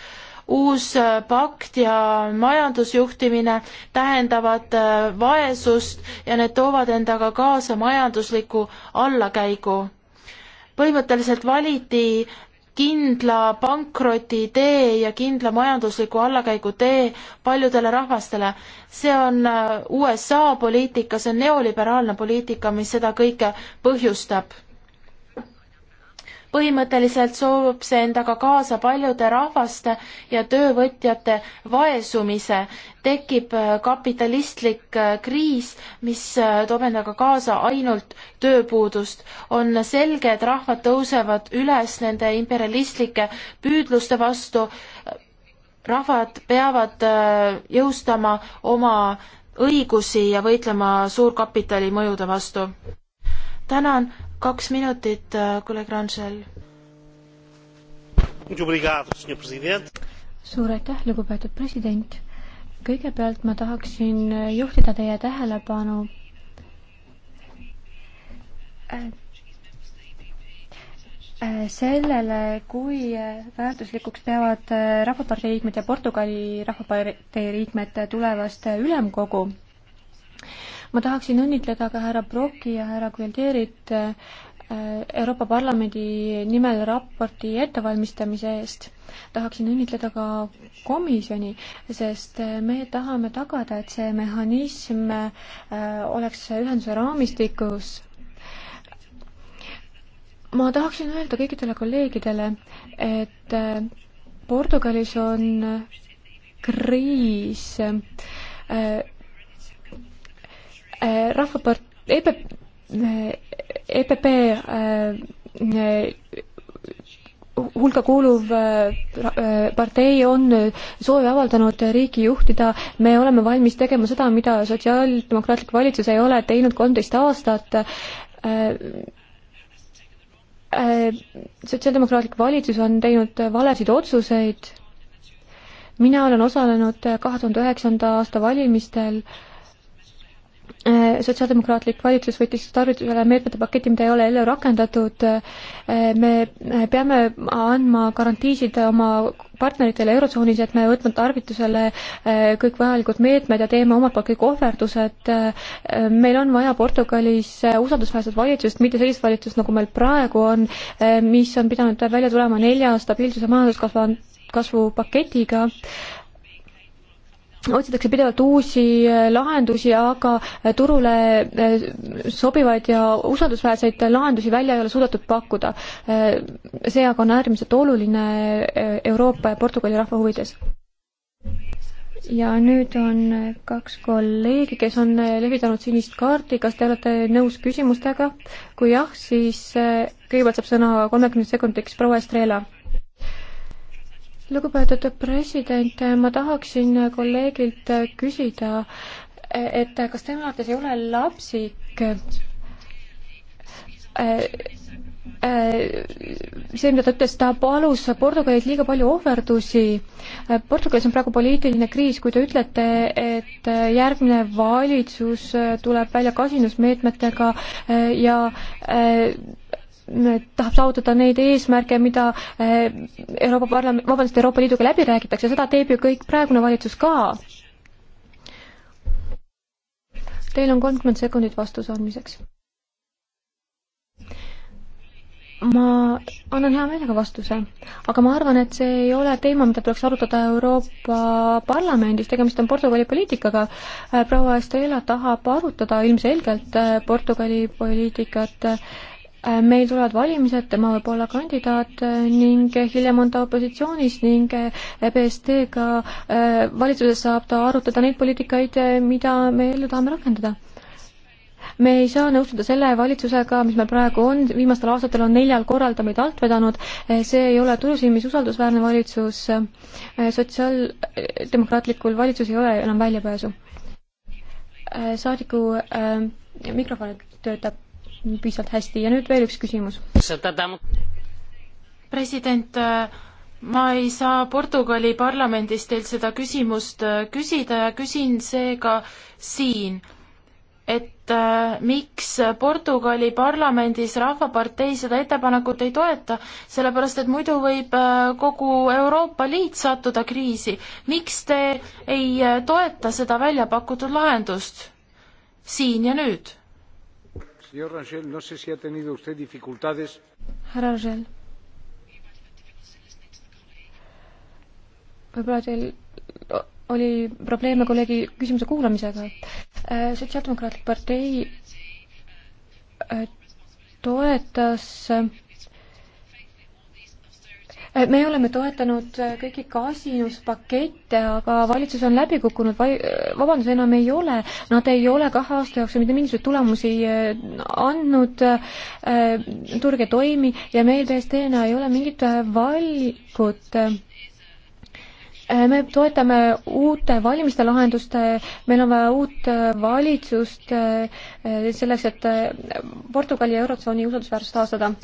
uus äh, pakt ja majandusjuhtimine tähendavad vaesust ja need toovad endaga kaasa majandusliku allakäigu põhimõtteliselt valiti kindla pankroti tee ja kindla majandusliku allakäigu tee paljudele rahvastele. see on äh, USA poliitika, see on neoliberaalne poliitika, mis seda kõike põhjustab põhimõtteliselt soovib see endaga kaasa paljude rahvaste ja töövõtjate vaesumise. tekib äh, kapitalistlik äh, kriis, mis äh, toob endaga kaasa ainult tööpuudust. on selge, et rahvad tõusevad üles nende imperialistlike püüdluste vastu. rahvad peavad jõustama oma õigusi ja võitlema suurkapitali mõjude vastu tänan, kaks minutit, äh, kolleeg Randžel. suur aitäh, lugupeetud president. kõigepealt ma tahaksin äh, juhtida teie tähelepanu äh, sellele, kui väärtuslikuks peavad Rahvapartei liikmed ja Portugali Rahvapartei liikmed tulevast ülemkogu ma tahaksin õnnitleda ka härra Brocki ja härra Gualtierit äh, Euroopa Parlamendi nimel raporti ettevalmistamise eest. tahaksin õnnitleda ka komisjoni, sest äh, me tahame tagada, et see mehhanism äh, oleks ühenduse raamistikus. ma tahaksin öelda kõikidele kolleegidele, et Portugalis on kriis Eh, rahvapart-, EPP, EPP eh, e eh, hulka kuuluv partei on soovi avaldanud riiki juhtida, me oleme valmis tegema seda, mida sotsiaaldemokraatlik valitsus ei ole teinud kolmteist aastat. sotsiaaldemokraatlik valitsus on teinud valesid otsuseid. mina olen osalenud kahe tuhande üheksanda aasta valimistel Äh, sotsiaaldemokraatlik valitsus võttis tarvitusele meetmete paketi, mida ei ole ellu rakendatud. Äh, me äh, peame andma garantiisid oma partneritele Eurotsoonis, et me võtame tarvitusele kõik vajalikud meetmed ja teeme omalt poolt kõik ohverdused. meil on vaja Portugalis usaldusväärset valitsust, mitte sellist valitsust, nagu meil praegu on, mis on pidanud välja tulema nelja stabiilsuse majanduskasvu kasvupaketiga otsitakse pidevalt uusi äh, lahendusi, aga äh, turule äh, sobivaid ja usaldusväärseid lahendusi välja ei ole suudetud pakkuda. see aga on äärmiselt oluline Euroopa ja Portugali rahva huvides. ja nüüd on kaks kolleegi, kes on levitanud sinist kaarti, kas te olete nõus küsimustega? kui jah, siis kõigepealt saab sõna kolmekümneks sekundiks proua Estrela lugupeetud president, ma tahaksin kolleegilt küsida, et kas teie arvates ei ole lapsik äh, äh, see, mida ta ütles, ta palus Portugalis liiga palju ohverdusi. Portugalis on praegu poliitiline kriis, kui te ütlete, et järgmine valitsus tuleb välja kasinusmeetmetega äh, ja tahab saavutada neid eesmärke, mida eh, Euroopa Parlament, vabandust, Euroopa Liiduga läbi räägitakse, seda teeb ju kõik praegune valitsus ka. Teil on kolmkümmend sekundit vastuse andmiseks. ma annan hea meelega vastuse, aga ma arvan, et see ei ole teema, mida tuleks arutada Euroopa Parlamendis, tegemist on Portugali poliitikaga. Eh, proua Estela tahab arutada ilmselgelt eh, Portugali poliitikat äh, Äh, meil tulevad valimised, tema võib olla kandidaat äh, ning hiljem on ta opositsioonis ning äh, BSD-ga valitsuses saab ta arutada neid poliitikaid, mida me ellu tahame rakendada me ei saa nõustuda selle valitsusega, mis meil praegu on, viimastel aastatel on neljal korral ta meid alt vedanud, see ei ole tulusilmis usaldusväärne valitsus, sotsiaaldemokraatlikul valitsus ei ole enam väljapääsu. saadiku mikrofon töötab piisavalt hästi ja nüüd veel üks küsimus. president, ma ei saa Portugali parlamendis teilt seda küsimust äh, küsida ja küsin seega siin, et äh, miks Portugali parlamendis Rahvapartei seda ettepanekut ei toeta, sellepärast et muidu võib äh, kogu Euroopa Liit sattuda kriisi. miks te ei toeta seda välja pakutud lahendust siin ja nüüd? härra Rangel. võib-olla teil oli probleeme kolleegi küsimuse kuulamisega. Äh, sotsiaaldemokraatlik partei äh, toetas äh, Äh, me oleme toetanud äh, kõiki kasinuspakette, aga valitsus on läbi kukkunud, äh, vabandust, enam ei ole. Nad ei ole kahe aasta jooksul mitte mingisuguseid tulemusi andnud, turg ei toimi ja meil BSD-na ei ole mingit valikut me toetame uute valimiste lahenduste, meil on vaja uut valitsust selleks, et Portugali ja Eurotsooni usaldusväärsust taastada.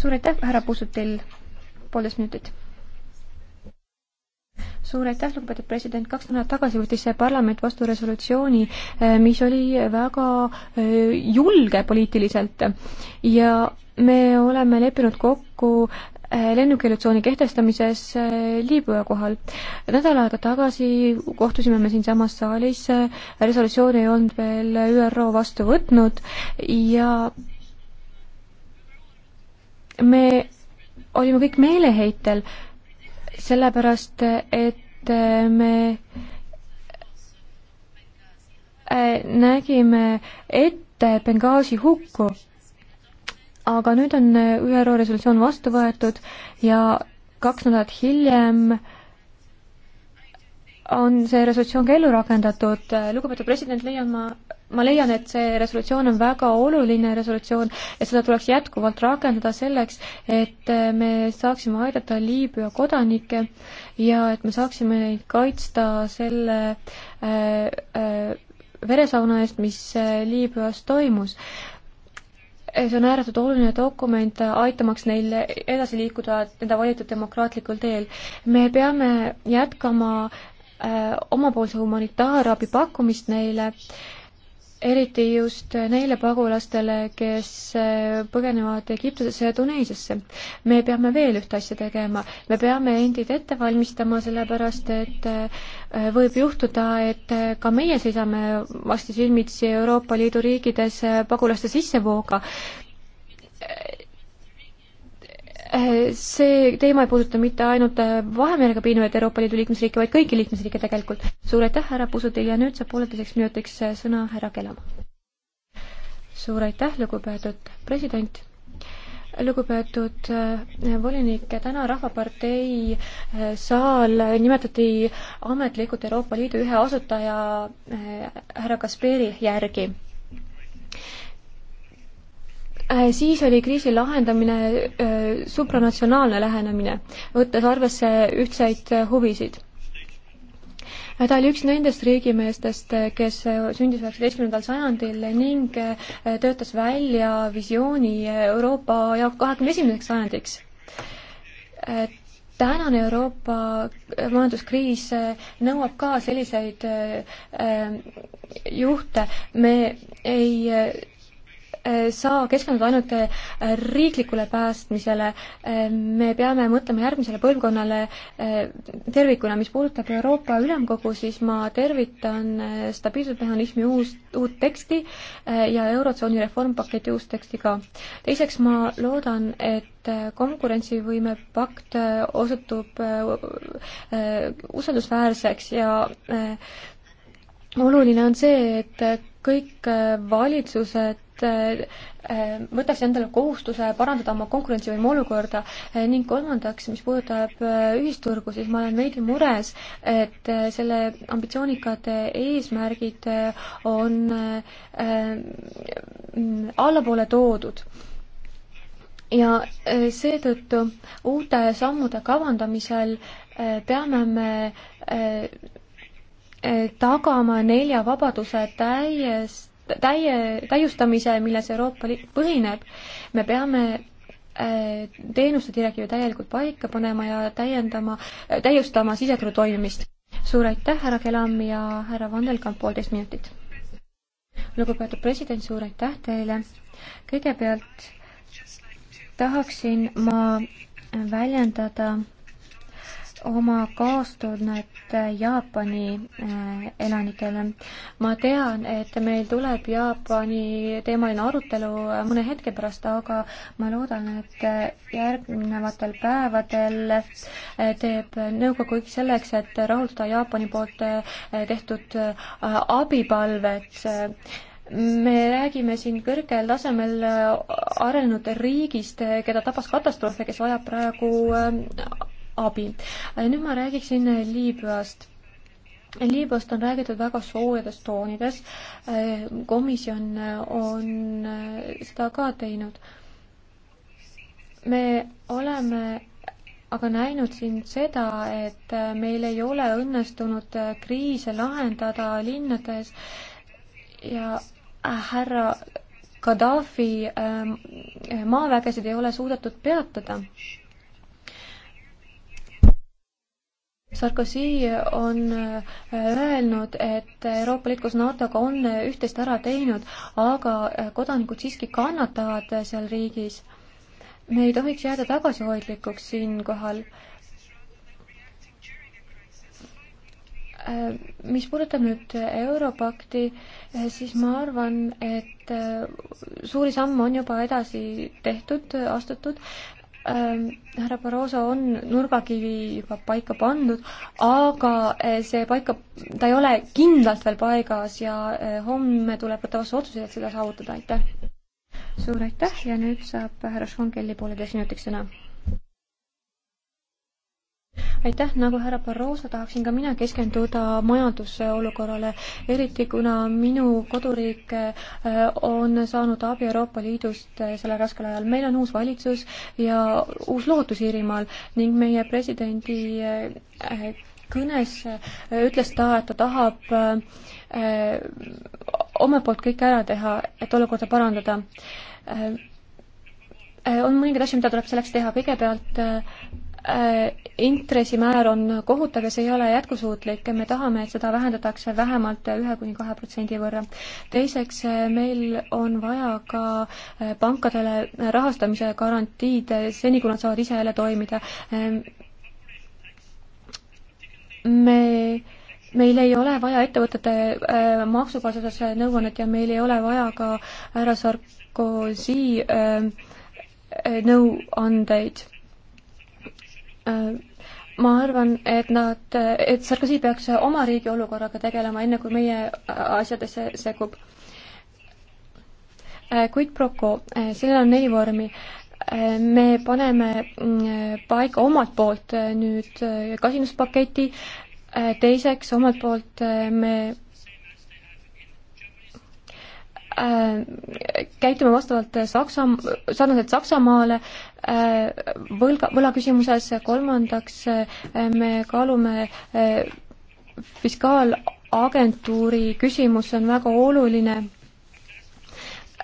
suur aitäh, härra Pusutil! poolteist minutit suur aitäh, lugupeetud president, kaks nädalat tagasi võttis see parlament vastu resolutsiooni, eh, mis oli väga eh, julge poliitiliselt ja me oleme leppinud kokku eh, lennukeelutsooni kehtestamises Liibüa kohal. nädal aega tagasi kohtusime me siinsamas saalis, resolutsiooni ei olnud veel ÜRO vastu võtnud ja me olime kõik meeleheitel, sellepärast et äh, me äh, nägime ette Benghazi hukku. aga nüüd on äh, ÜRO resolutsioon vastu võetud ja kaks nädalat hiljem on see resolutsioon ka ellu rakendatud. lugupeetud president, leian ma, ma leian, et see resolutsioon on väga oluline resolutsioon ja seda tuleks jätkuvalt rakendada selleks, et me saaksime aidata Liibüa kodanikke ja et me saaksime neid kaitsta selle äh, äh, veresauna eest, mis äh, Liibüas toimus see on ääretult oluline dokument, aitamaks neil edasi liikuda nende valitud demokraatlikul teel. me peame jätkama äh, omapoolse humanitaarabi pakkumist neile äh, eriti just neile pagulastele, kes äh, põgenevad Egiptusesse ja Tuneesiasse. me peame veel ühte asja tegema, me peame endid ette valmistama, sellepärast et äh, võib juhtuda, et äh, ka meie seisame varsti silmitsi Euroopa Liidu riikides pagulaste sissevooga see teema ei puuduta mitte ainult Vahemerega piirnevaid Euroopa Liidu liikmesriike, vaid kõiki liikmesriike tegelikult. suur aitäh, härra Pusutil ja nüüd saab pooleteiseks minutiks sõna härra Kelam. suur aitäh, lugupeetud president lugupeetud äh, volinik, täna Rahvapartei äh, saal nimetati ametlikult Euroopa Liidu ühe asutaja äh, härra Kasperi järgi Äh, siis oli kriisi lahendamine äh, supranatsionaalne lähenemine, võttes arvesse ühtseid äh, huvisid ta oli üks nendest riigimeestest, kes sündis üheksateistkümnendal sajandil ning töötas välja visiooni Euroopa jaoks kahekümne esimeseks sajandiks. tänane Euroopa majanduskriis nõuab ka selliseid juhte, me ei saa keskenduda ainult äh, riiklikule päästmisele, äh, me peame mõtlema järgmisele põlvkonnale äh, tervikuna, mis puudutab Euroopa Ülemkogu, siis ma tervitan stabiilsusmehhanismi uus, uut teksti ja Eurotsooni reformpaketi uus teksti ka. teiseks ma loodan, et konkurentsivõime pakt osutub usaldusväärseks ja oluline on see, et kõik valitsused Äh, võtaks endale kohustuse parandada oma konkurentsivõime olukorda äh, ning kolmandaks, mis puudutab äh, ühisturgu, siis ma olen veidi mures, et selle ambitsioonikad eesmärgid on mm, allapoole toodud ja seetõttu uute sammude kavandamisel peame me tagama nelja vabaduse täiest täie, täiustamise, milles Euroopa Liit põhineb, me peame äh, teenuste direktiivi täielikult paika panema ja täiendama, äh, täiustama siseturu toimimist. suur aitäh, härra Kelam ja härra Vandelkamp, poolteist minutit. lugupeetud president, suur aitäh teile. kõigepealt tahaksin ma väljendada oma kaastunnet äh, Jaapani äh, elanikele. ma tean, et meil tuleb Jaapani teemaline arutelu äh, mõne hetke pärast, aga ma loodan, et järgnevatel päevadel teeb nõukogu kõik selleks, et rahuldada Jaapani poolt tehtud abipalvet me räägime siin kõrgel tasemel arenenud riigist, keda tabas katastroof ja kes vajab praegu abi. nüüd ma räägiksin Liibüast Liibüast on räägitud väga soojades toonides. komisjon on seda ka teinud. me oleme aga näinud siin seda, et meil ei ole õnnestunud kriise lahendada linnades ja äh, härra Gaddafi ähm, maavägesid ei ole suudetud peatada Sarkozy on äh, öelnud, et Euroopa Liit koos NATO-ga on äh, üht-teist ära teinud, aga äh, kodanikud siiski kannatavad seal riigis. me ei tohiks jääda tagasihoidlikuks siinkohal. mis puudutab nüüd Europakti, siis ma arvan, et suuri samme on juba edasi tehtud, astutud Ähm, härra Barroso on nurgakivi juba paika pandud, aga äh, see paika, ta ei ole kindlalt veel paigas ja äh, homme tuleb võtta vastu otsuseid, et seda saavutada, aitäh! suur aitäh ja nüüd saab härra Schongeli pooleteist minutiks sõna aitäh, nagu härra Barroso tahaksin ka mina keskenduda majanduse olukorrale, eriti kuna minu koduriik äh, on saanud abi Euroopa Liidust äh, sellel raskel ajal. meil on uus valitsus ja uus lootus Iirimaal ning meie presidendi äh, kõnes ütles ta, et ta tahab omalt poolt kõike ära teha, et olukorda parandada. on mõningaid asju, mida tuleb selleks teha, kõigepealt Äh, intressimäär on kohutav ja see ei ole jätkusuutlik, me tahame, et seda vähendatakse vähemalt ühe kuni kahe protsendi võrra. teiseks, äh, meil on vaja ka äh, pankadele rahastamise garantiid seni, kui nad saavad ise jälle toimida. me meil ei ole vaja ettevõtete äh, maksubaasuses nõuannet ja meil ei ole vaja ka härra Sarkozy äh, nõuandeid ma arvan, et nad, et Sarkozy peaks oma riigi olukorraga tegelema, enne kui meie asjadesse segub. kuid Proko, sellel on neli vormi. me paneme mm, paika omalt poolt nüüd kasinduspaketi, teiseks omalt poolt me Äh, käituma vastavalt Saksa, sarnaselt Saksamaale äh, võlga, võlaküsimuses, kolmandaks äh, me kaalume fiskaalagentuuri küsimus, see on väga oluline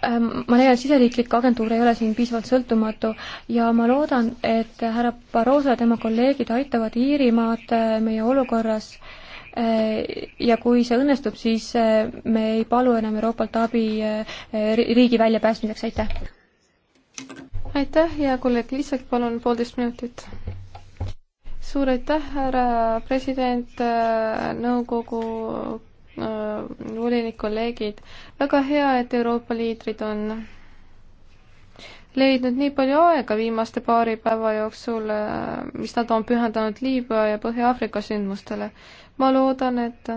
ma leian, et siseriiklik agentuur ei ole siin piisavalt sõltumatu ja ma loodan, et härra Barroso ja tema kolleegid aitavad Iirimaad meie olukorras äh, Äh, ja kui see õnnestub, siis äh, me ei palu enam Euroopalt abi äh, riigi väljapäästmiseks, aitäh! aitäh, hea kolleeg Liisak, palun poolteist minutit. suur aitäh, härra president, nõukogu volinik, kolleegid, väga hea, et Euroopa liidrid on leidnud nii palju aega viimaste paari päeva jooksul, äh, mis nad on pühendanud Liibüa ja Põhja-Aafrika sündmustele. ma loodan, et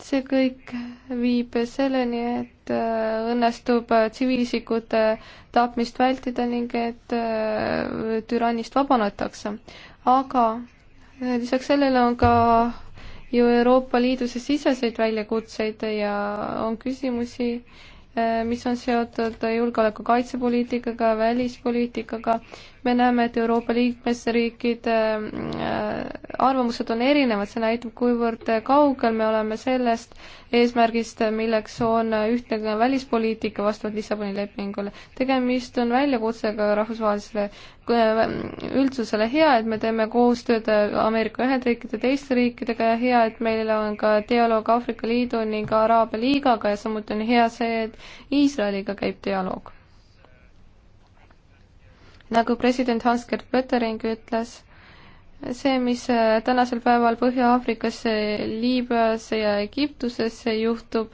see kõik viib selleni, et äh, õnnestub äh, tsiviilisikute tapmist vältida ning et türannist vabanetakse. aga lisaks sellele on ka ju Euroopa Liidu siseseid väljakutseid ja on küsimusi, mis on seotud julgeoleku kaitsepoliitikaga, välispoliitikaga me näeme, et Euroopa liikmesriikide äh, arvamused on erinevad, see näitab, kuivõrd kaugel me oleme sellest eesmärgist, milleks on ühtne välispoliitika vastavalt Lissaboni lepingule. tegemist on väljakutsega rahvusvahelisele äh, üldsusele, hea, et me teeme koostööd Ameerika Ühendriikide, teiste riikidega ja hea, et meil on ka dialoog Aafrika Liidu ning Araabia Liigaga ja samuti on hea see, et Iisraeliga käib dialoog nagu president Hans-Gert Pöttering ütles, see, mis äh, tänasel päeval Põhja-Aafrikas, Liibüas ja Egiptuses juhtub,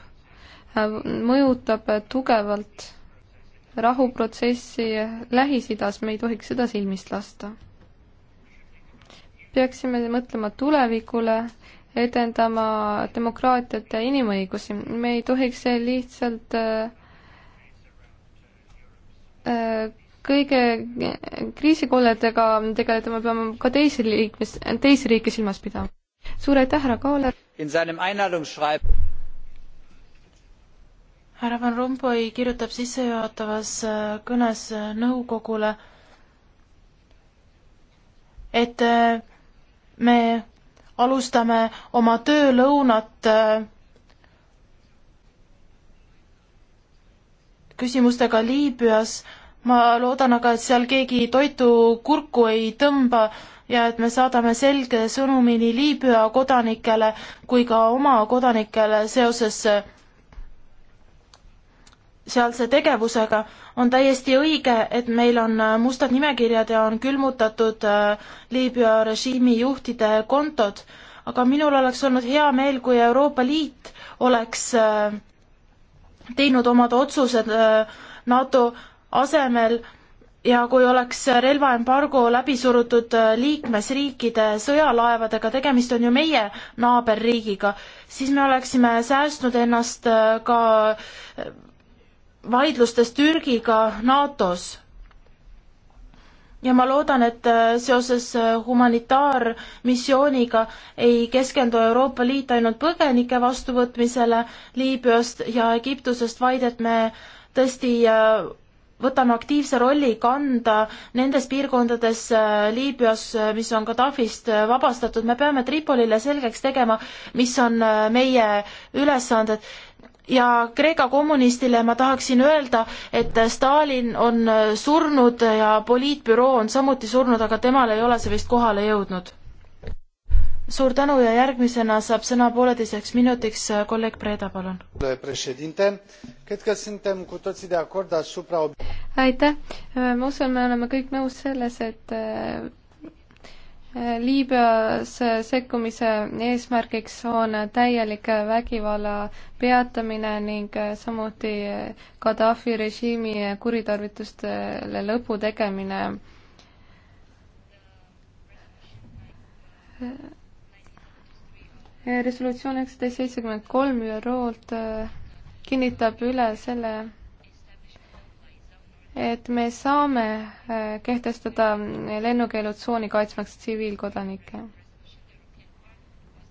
äh, mõjutab äh, tugevalt rahuprotsessi Lähis-Idas, me ei tohiks seda silmist lasta. peaksime mõtlema tulevikule, edendama demokraatiat ja inimõigusi, me ei tohiks lihtsalt äh, kõige kriisikolletega tegeleda, me peame ka teisi liikmes, teisi riike silmas pidama. suur aitäh, härra Kaaler! härra Van Rompuy kirjutab sissejuhatavas äh, kõnes äh, nõukogule, et äh, me alustame oma töölõunat küsimustega Liibüas ma loodan aga, et seal keegi toitu kurku ei tõmba ja et me saadame selge sõnumi nii Liibüa kodanikele kui ka oma kodanikele seoses sealse tegevusega, on täiesti õige, et meil on mustad nimekirjad ja on külmutatud äh, Liibüa režiimi juhtide kontod, aga minul oleks olnud hea meel, kui Euroopa Liit oleks äh, teinud omad otsused äh, NATO asemel ja kui oleks relvaembargo läbi surutud äh, liikmesriikide sõjalaevadega, tegemist on ju meie naaberriigiga, siis me oleksime säästnud ennast äh, ka äh, vaidlustes Türgiga NATO-s. ja ma loodan, et seoses humanitaarmissiooniga ei keskendu Euroopa Liit ainult põgenike vastuvõtmisele Liibüast ja Egiptusest, vaid et me tõesti võtame aktiivse rolli kanda nendes piirkondades äh, Liibüas, äh, mis on Gaddafist äh, vabastatud, me peame Tripolile selgeks tegema, mis on meie ülesanded ja Kreeka kommunistile ma tahaksin öelda, et Stalin on surnud ja poliitbüroo on samuti surnud, aga temale ei ole see vist kohale jõudnud suur tänu ja järgmisena saab sõna pooleteiseks minutiks äh, kolleeg Preda, palun. aitäh, äh, ma usun, me oleme kõik nõus selles, et äh, Liibüas sekkumise eesmärgiks on täielik vägivalla peatamine ning samuti Gaddafi režiimi kuritarvitustele lõpu tegemine resolutsioon üksteist seitsekümmend kolm ÜRO-lt äh, kinnitab üle selle, et me saame äh, kehtestada lennukeelutsooni kaitsmaks tsiviilkodanikke.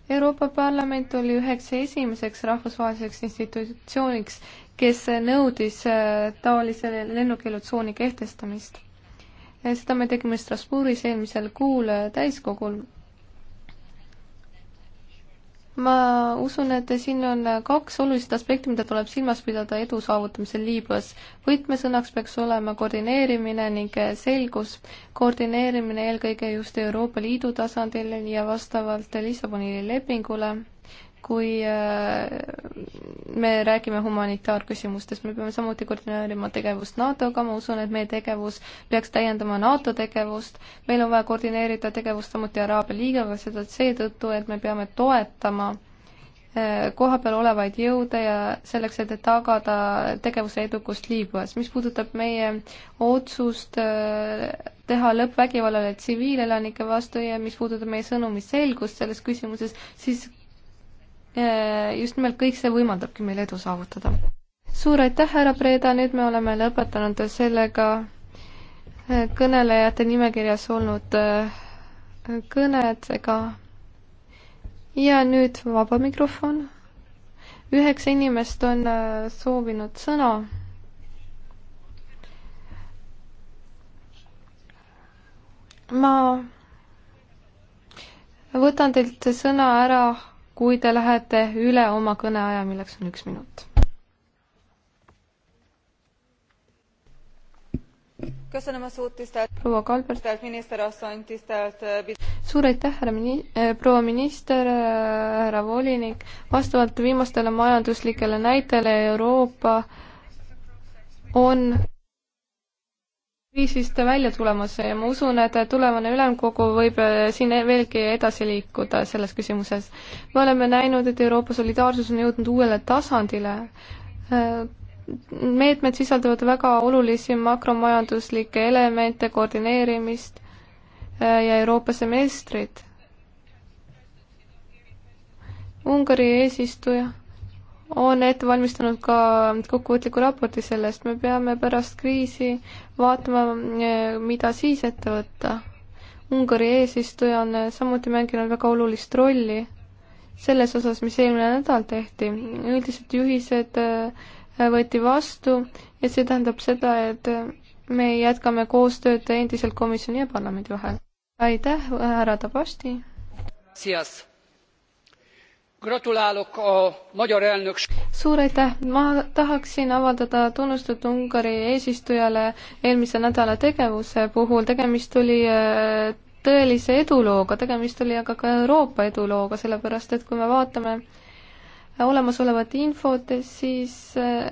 Euroopa Parlament oli üheks esimeseks rahvusvaheliseks institutsiooniks, kes nõudis äh, taolise lennukeelutsooni kehtestamist. seda me tegime Strasbourgis eelmisel kuul täiskogul ma usun, et siin on kaks olulist aspekti, mida tuleb silmas pidada edu saavutamisel Liibüas. võtmesõnaks peaks olema koordineerimine ning selgus. koordineerimine eelkõige just Euroopa Liidu tasandil ja vastavalt Lissaboni lepingule kui äh, me räägime humanitaarküsimustest, me peame samuti koordineerima tegevust NATO-ga, ma usun, et meie tegevus peaks täiendama NATO tegevust, meil on vaja koordineerida tegevust samuti Araabia liigaga, seda seetõttu, et me peame toetama äh, kohapeal olevaid jõude ja selleks, et tagada tegevuse edukust Liibüas. mis puudutab meie otsust äh, teha lõpp vägivallale tsiviilelanike vastu ja mis puudutab meie sõnumi selgust selles küsimuses, siis Äh, just nimelt kõik see võimaldabki meil edu saavutada. suur aitäh, härra Preeda, nüüd me oleme lõpetanud sellega äh, kõnelejate nimekirjas olnud äh, kõnedega. ja nüüd vaba mikrofon. üheksa inimest on soovinud sõna ma võtan teilt sõna ära kui te lähete üle oma kõneaja, milleks on üks minut. proua Kalber. suur aitäh, härra mini-, proua minister, härra volinik, vastavalt viimastele majanduslikele näitele Euroopa on kriisist välja tulemas ja ma usun, et tulevane ülemkogu võib äh, siin veelgi edasi liikuda selles küsimuses. me oleme näinud, et Euroopa solidaarsus on jõudnud uuele tasandile. Äh, meetmed sisaldavad väga olulisi makromajanduslikke elemente, koordineerimist äh, ja Euroopa semestrit. Ungari eesistuja on ette valmistanud ka kokkuvõtliku raporti sellest, me peame pärast kriisi vaatama, eh, mida siis ette võtta. Ungari eesistuja on eh, samuti mänginud väga olulist rolli selles osas, mis eelmine nädal tehti, üldised juhised eh, võeti vastu ja see tähendab seda, et me jätkame koostööd endiselt komisjoni ja parlamendi vahel. aitäh, härra Tabasti! Gracias gratulálok a magyar elnökségnek. suur aitäh, ma tahaksin avaldada tunnustust Ungari eesistujale eelmise nädala tegevuse puhul, tegemist oli äh, tõelise edulooga, tegemist oli aga ka Euroopa edulooga, sellepärast et kui me vaatame olemasolevat infot, siis äh,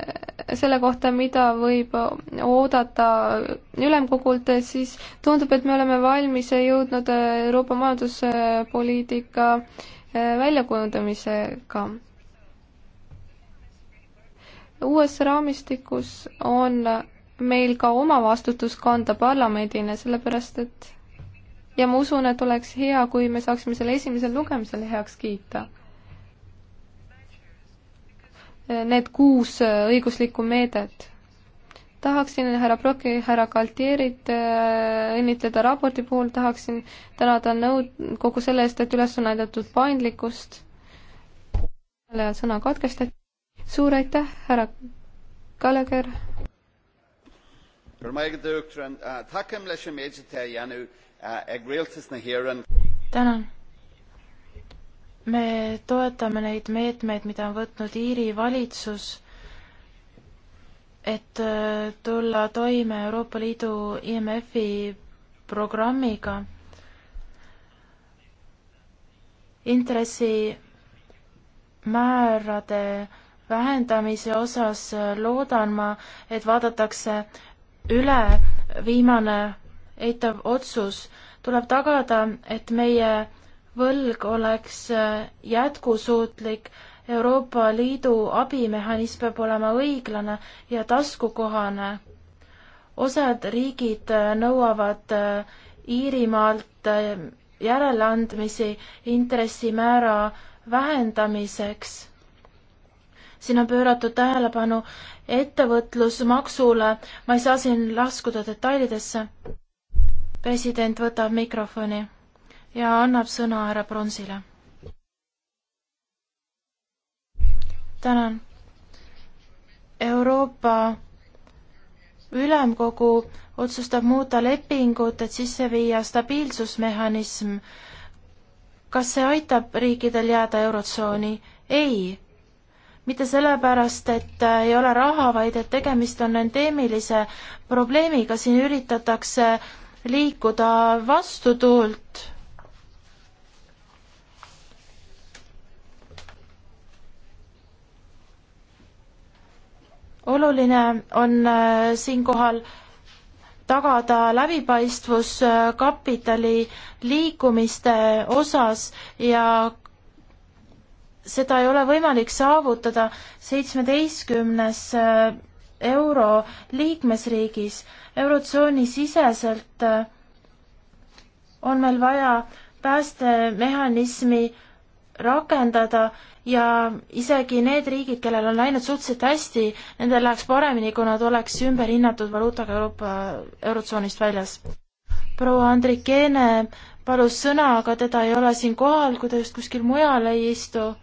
selle kohta, mida võib oodata ülemkogult, siis tundub, et me oleme valmis jõudnud äh, Euroopa majanduspoliitika äh, Äh, väljakujundamisega. uues raamistikus on meil ka oma vastutus kanda parlamendina, sellepärast et ja ma usun, et oleks hea, kui me saaksime selle esimesel lugemisel heaks kiita. Need kuus õiguslikku meedet tahaksin härra Proki, härra Galtierit äh, õnnitleda raporti puhul, tahaksin tänada nõud-, kogu selle eest, et üles on näidatud paindlikkust. sõna katkestati. suur aitäh, härra Kaleger. Eh, eh, tänan. me toetame neid meetmeid, mida on võtnud Iiri valitsus et äh, tulla toime Euroopa Liidu IMF-i programmiga intressimäärade vähendamise osas äh, loodan ma, et vaadatakse üle viimane eitav otsus. tuleb tagada, et meie võlg oleks äh, jätkusuutlik Euroopa Liidu abimehhanism peab olema õiglane ja taskukohane. osad riigid äh, nõuavad äh, Iirimaalt äh, järeleandmisi intressimäära vähendamiseks. siin on pööratud tähelepanu ettevõtlusmaksule, ma ei saa siin laskuda detailidesse. president võtab mikrofoni ja annab sõna härra Bronsile tänan. Euroopa Ülemkogu otsustab muuta lepingut, et sisse viia stabiilsusmehhanism. kas see aitab riikidel jääda Eurotsooni? ei. mitte sellepärast, et ei ole raha, vaid et tegemist on endeemilise probleemiga, siin üritatakse liikuda vastutuult oluline on äh, siinkohal tagada läbipaistvus äh, kapitali liikumiste osas ja seda ei ole võimalik saavutada seitsmeteistkümnes äh, euro liikmesriigis. eurotsooni siseselt on meil vaja päästemehhanismi rakendada ja isegi need riigid, kellel on läinud suhteliselt hästi, nendel läheks paremini, kui nad oleks ümber hinnatud valuutaga Euroopa Eurotsoonist väljas. proua Andrikeene palus sõna, aga teda ei ole siin kohal, kui ta just kuskil mujal ei istu.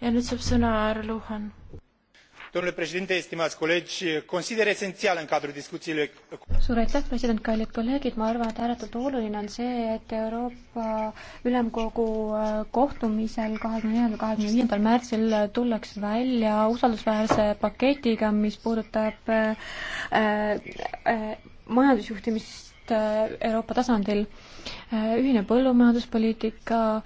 ja nüüd saab sõna härra Luhan consider esențial în cadrul discuțiilor suur aitäh president kallid kolleegid ma arvan et ääretult oluline on see et euroopa ülemkogu äh, kohtumisel kahekümne neljandal kahekümne viiendal märtsil tullaks välja usaldusväärse paketiga mis puudutab äh, äh, äh majandusjuhtimist äh, euroopa tasandil äh, ühine põllumajanduspoliitika äh,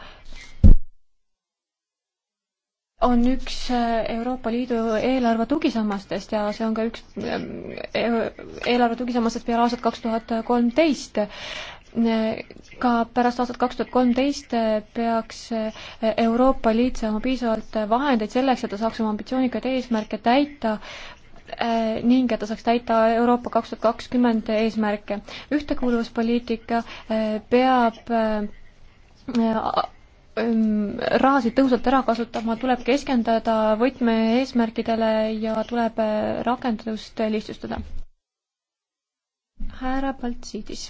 on üks äh, Euroopa Liidu eelarve tugisammastest ja see on ka üks ähm, eelarve tugisammastest peale aastat kaks tuhat kolmteist. ka pärast aastat kaks tuhat kolmteist peaks äh, Euroopa Liit saama piisavalt vahendeid selleks, et ta saaks oma ambitsioonikaid eesmärke täita äh, ning et ta saaks täita Euroopa kaks tuhat kakskümmend eesmärke. ühtekuuluvuspoliitika peab Ähm, rahasid tõhusalt ära kasutama, tuleb keskenduda võtmeeesmärkidele ja tuleb äh, rakendust äh, lihtsustada. härra Baltsiidis.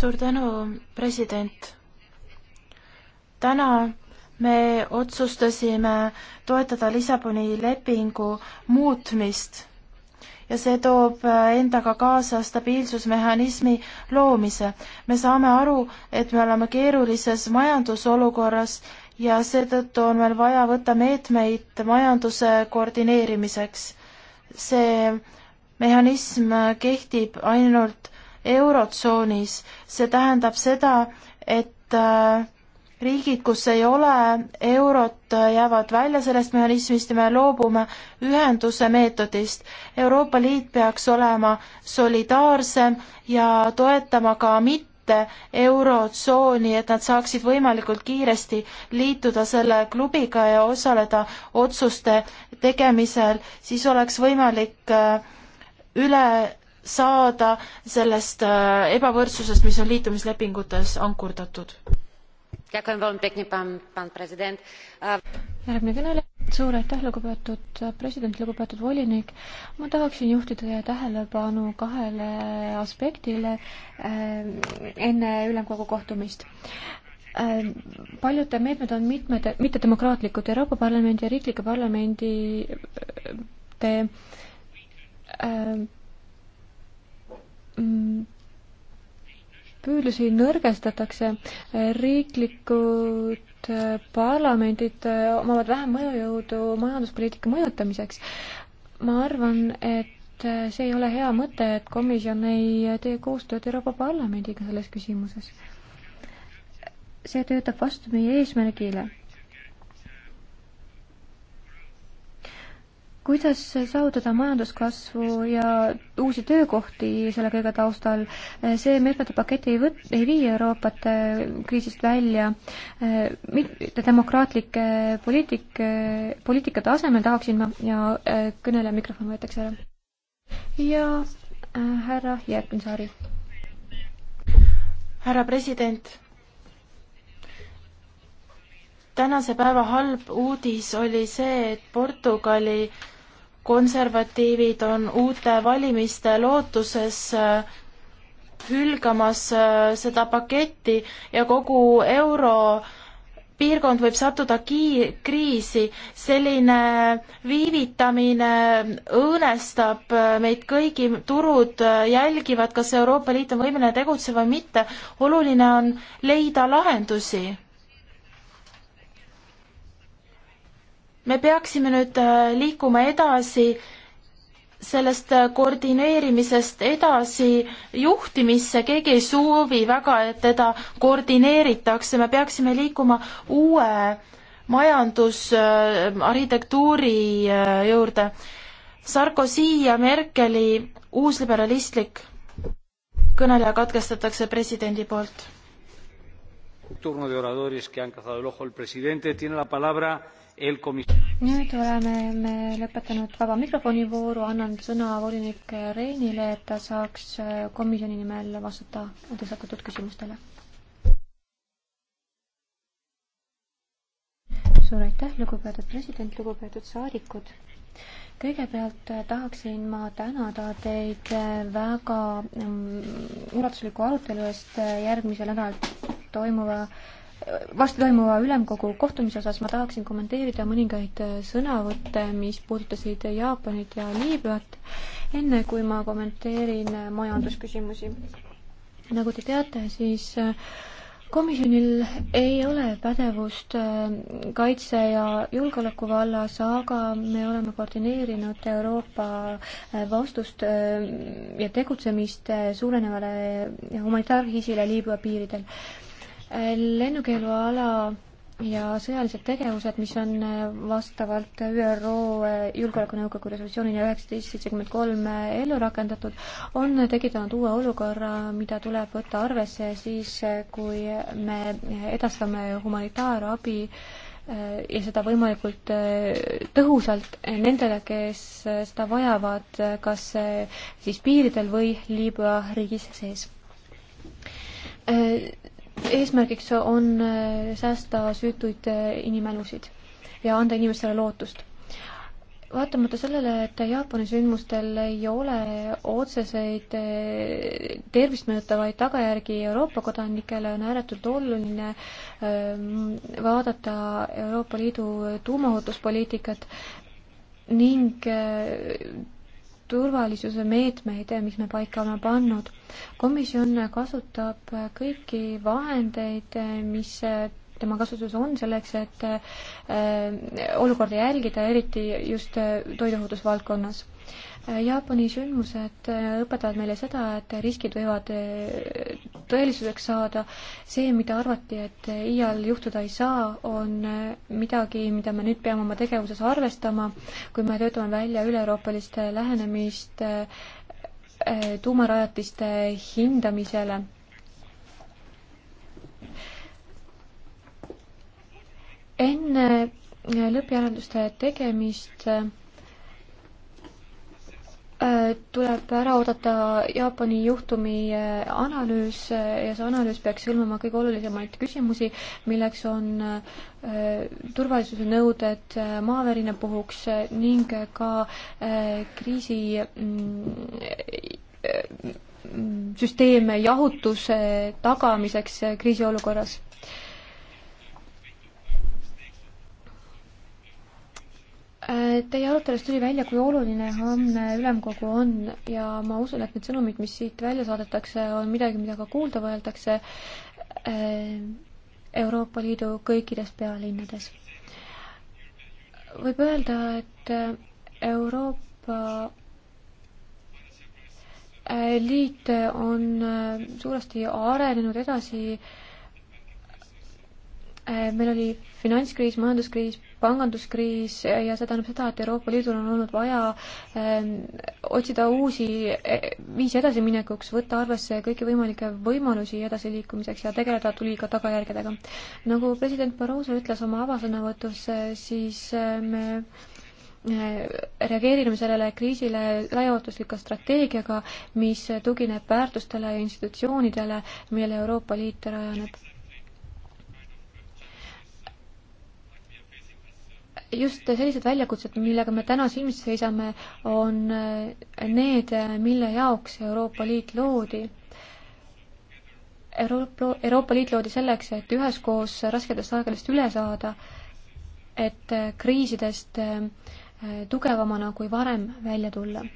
suur tänu, president. täna me otsustasime toetada Lissaboni lepingu muutmist ja see toob äh, endaga kaasa stabiilsusmehhanismi loomise. me saame aru, et me oleme keerulises majandusolukorras ja seetõttu on meil vaja võtta meetmeid majanduse koordineerimiseks. see mehhanism kehtib ainult Eurotsoonis, see tähendab seda, et äh, riigid, kus ei ole eurot, jäävad välja sellest mehhanismist ja me loobume ühenduse meetodist. Euroopa Liit peaks olema solidaarsem ja toetama ka mitte eurotsooni, et nad saaksid võimalikult kiiresti liituda selle klubiga ja osaleda otsuste tegemisel, siis oleks võimalik äh, üle saada sellest äh, ebavõrdsusest, mis on liitumislepingutes ankurdatud järgmine kõneleja, suur aitäh, lugupeetud president, lugupeetud volinik. ma tahaksin juhtida teie tähelepanu kahele aspektile eh, enne ülemkogu kohtumist eh, paljud meetmed on mitmed, mittedemokraatlikud, Euroopa Parlamendi ja riiklike parlamendide eh, äh, mm, püüdlusi nõrgestatakse, riiklikud äh, parlamendid äh, omavad vähem mõjujõudu majanduspoliitika mõjutamiseks. ma arvan, et äh, see ei ole hea mõte, et komisjon ei tee koostööd Euroopa Parlamendiga selles küsimuses. see töötab vastu meie eesmärgile kuidas saavutada majanduskasvu ja uusi töökohti selle kõige taustal, see meetmete pakett ei võt-, ei vii Euroopat äh, kriisist välja. Äh, mitte demokraatlike poliitik, poliitikate asemel tahaksin ma ja äh, kõneleja mikrofon võetakse ära. ja härra Järgmisaari. härra president tänase päeva halb uudis oli see, et Portugali konservatiivid on uute valimiste lootuses äh, hülgamas äh, seda paketti ja kogu euro piirkond võib sattuda ki-, kriisi. selline viivitamine õõnestab äh, meid kõigi, turud jälgivad, kas Euroopa Liit on võimeline tegutsema või mitte. oluline on leida lahendusi me peaksime nüüd äh, liikuma edasi sellest äh, koordineerimisest edasi juhtimisse, keegi ei soovi väga, et teda koordineeritakse, me peaksime liikuma uue majandusarhitektuuri äh, juurde. Sarkozy ja Merkeli uusliberalistlik kõneleja katkestatakse presidendi poolt. turno de oradores que han cazado el ojo el presidente tiene la palabra nüüd oleme me lõpetanud vaba mikrofoni vooru, annan sõna volinik Reinile, et ta saaks komisjoni nimel vastata tõstatatud küsimustele. suur aitäh, lugupeetud president, lugupeetud saadikud. kõigepealt tahaksin ma tänada teid väga mm, ulatusliku arutelu eest järgmisel nädalal toimuva äh, varsti toimuva ülemkogu kohtumise osas ma tahaksin kommenteerida mõningaid äh, sõnavõtte, mis puudutasid Jaapanit ja Liibüat, enne kui ma kommenteerin äh, majandusküsimusi. nagu te teate, siis äh, komisjonil ei ole pädevust kaitse ja julgeoleku vallas, aga me oleme koordineerinud Euroopa vastust ja tegutsemist suurenevale humanitaarkriisile Liibüa piiridel lennukeeluala ja sõjalised tegevused, mis on äh, vastavalt äh, ÜRO äh, Julgeolekunõukogu resolutsioonile üheksateist seitsekümmend kolm ellu rakendatud, on tekitanud uue olukorra, mida tuleb võtta arvesse siis, kui me edastame humanitaarabi ja seda võimalikult tõhusalt nendele, kes seda vajavad, kas siis piiridel või Liibüa riigis sees eesmärgiks on äh, säästa süütuid äh, inimelusid ja anda inimestele lootust. vaatamata sellele, et Jaapani sündmustel ei ole otseseid äh, tervist mõjutavaid tagajärgi Euroopa kodanikele, on ääretult oluline vaadata Euroopa Liidu tuumaohutuspoliitikat ning turvalisuse meetmeid, mis me paika oleme pannud. komisjon kasutab kõiki vahendeid, mis tema kasutuses on selleks, et äh, olukorda jälgida, eriti just toiduohutusvaldkonnas Jaapani sündmused äh, õpetavad meile seda, et riskid võivad äh, tõelisuseks saada. see, mida arvati, et iial juhtuda ei saa, on äh, midagi, mida me nüüd peame oma tegevuses arvestama, kui me töötame välja üle-euroopalist lähenemist tuumarajatiste hindamisele enne lõppjärelduste tegemist Äh, tuleb ära oodata Jaapani juhtumi äh, analüüs äh, ja see analüüs peaks hõlmama kõige olulisemaid küsimusi, milleks on turvalisuse nõuded maavärina puhuks ning ka kriisi mm, mm, süsteeme jahutuse tagamiseks kriisiolukorras Teie arutelust tuli välja, kui oluline homne ülemkogu on ja ma usun, et need sõnumid, mis siit välja saadetakse, on midagi, mida ka kuulda võetakse eh, Euroopa Liidu kõikides pealinnades. võib öelda, et eh, Euroopa eh, Liit on suuresti arenenud edasi. meil oli finantskriis, majanduskriis, panganduskriis ja see tähendab seda, et Euroopa Liidul on olnud vaja ähm, otsida uusi e, viise edasiminekuks, võtta arvesse kõiki võimalikke võimalusi edasiliikumiseks ja tegeleda tuli ka tagajärgedega. nagu president Barroso ütles oma avasõnavõtus, siis äh, me äh, reageerime sellele kriisile laiaulatusliku strateegiaga, mis tugineb väärtustele ja institutsioonidele, millele Euroopa Liit rajaneb. just sellised väljakutsed, millega me täna silmitsi seisame, on need, mille jaoks Euroopa Liit loodi. Euroopa, Euroopa Liit loodi selleks, et üheskoos rasketest aegadest üle saada, et kriisidest tugevamana kui varem välja tulla.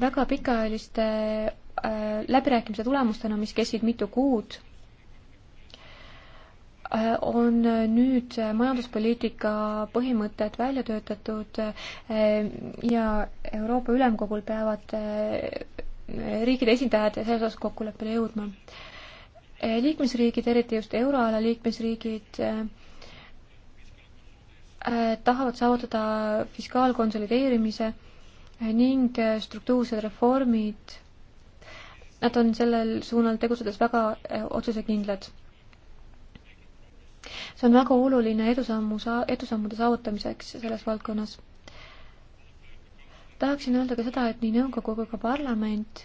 väga pikaajaliste äh, läbirääkimise tulemustena, mis kestsid mitu kuud Äh, on äh, nüüd äh, majanduspoliitika põhimõtted välja töötatud ja Euroopa Ülemkogul peavad riikide esindajad selles osas kokkuleppele jõudma. liikmesriigid, eriti just euroala liikmesriigid, tahavad saavutada fiskaalkonsolideerimise ning struktuursed reformid. Nad on sellel suunal tegutsedes väga otsusekindlad see on väga oluline edusammu, edusammude saavutamiseks selles valdkonnas. tahaksin öelda ka seda, et nii nõukogu kui ka parlament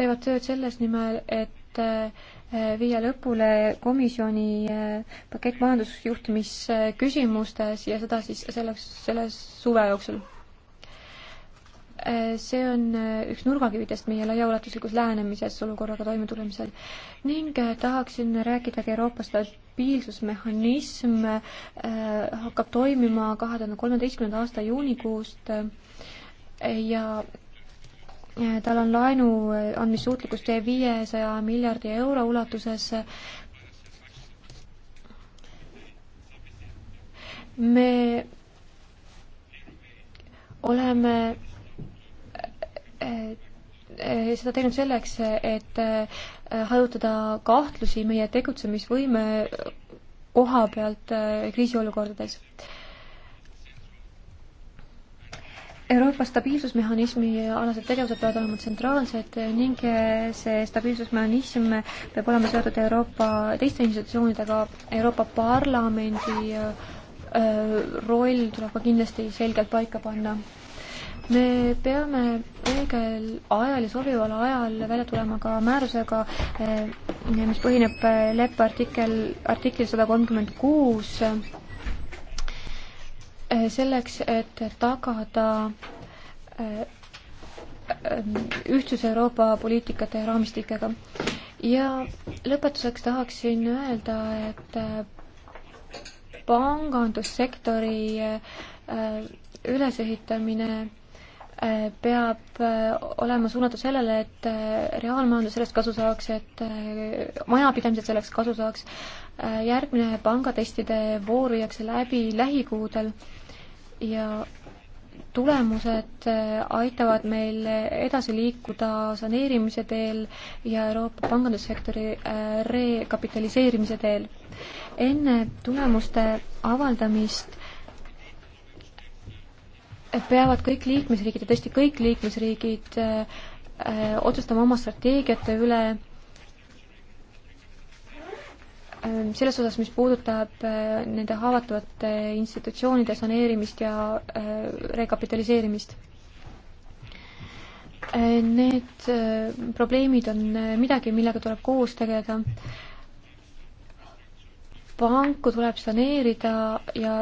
teevad tööd selles nimel, et äh, viia lõpule komisjoni äh, pakett majandusjuhtimis äh, küsimustes ja seda siis selleks, selle suve jooksul Äh, see on äh, üks nurgakividest meie laiaulatuslikus lähenemises olukorraga toimetulemisel ning äh, tahaksin rääkida ka Euroopa stabiilsusmehhanism hakkab toimima kahe tuhande kolmeteistkümnenda aasta juunikuust ja tal on laenu andmissuutlikkust viiesaja miljardi euro ulatuses. me oleme Eh, eh, seda teinud selleks, et eh, hajutada kahtlusi meie tegutsemisvõime koha pealt kriisiolukordades. Euroopa stabiilsusmehhanismi alased tegevused peavad olema tsentraalsed ning see stabiilsusmehhanism peab olema seotud Euroopa teiste institutsioonidega, Euroopa Parlamendi roll tuleb ka kindlasti selgelt paika panna me peame õigel ajal ja sobival ajal välja tulema ka määrusega, eh, mis põhineb eh, leppe artikkel, artikkel sada kolmkümmend kuus, eh, selleks, et tagada ühtsus Euroopa poliitikate ja raamistikega. ja lõpetuseks tahaksin öelda, et pangandussektori ülesehitamine peab äh, olema suunatud sellele, et äh, reaalmajandus sellest kasu saaks, et äh, majapidamised sellest kasu saaks. järgmine pangatestide voor viiakse läbi lähikuudel ja tulemused aitavad meil edasi liikuda saneerimise teel ja Euroopa pangandussektori rekapitaliseerimise teel. enne tulemuste avaldamist peavad kõik liikmesriigid ja tõesti kõik liikmesriigid öö, äh, otsustama oma strateegiate üle öö, ähm, selles osas, mis puudutab öö, äh, nende haavatavate institutsioonide saneerimist ja äh, rekapitaliseerimist. Need probleemid on midagi, millega tuleb koos tegeleda panku tuleb saneerida ja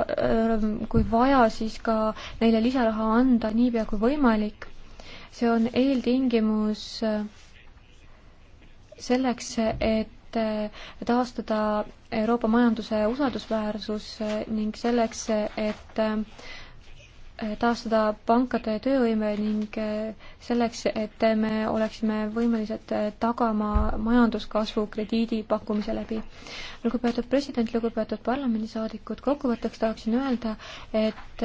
kui vaja, siis ka neile lisaraha anda niipea kui võimalik. see on eeltingimus selleks, et taastada Euroopa majanduse usaldusväärsus ning selleks, et Äh, taastada pankade töövõime ning äh, selleks, et me oleksime võimelised äh, tagama majanduskasvu krediidi pakkumise läbi. lugupeetud president, lugupeetud parlamendisaadikud, kokkuvõtteks tahaksin öelda, et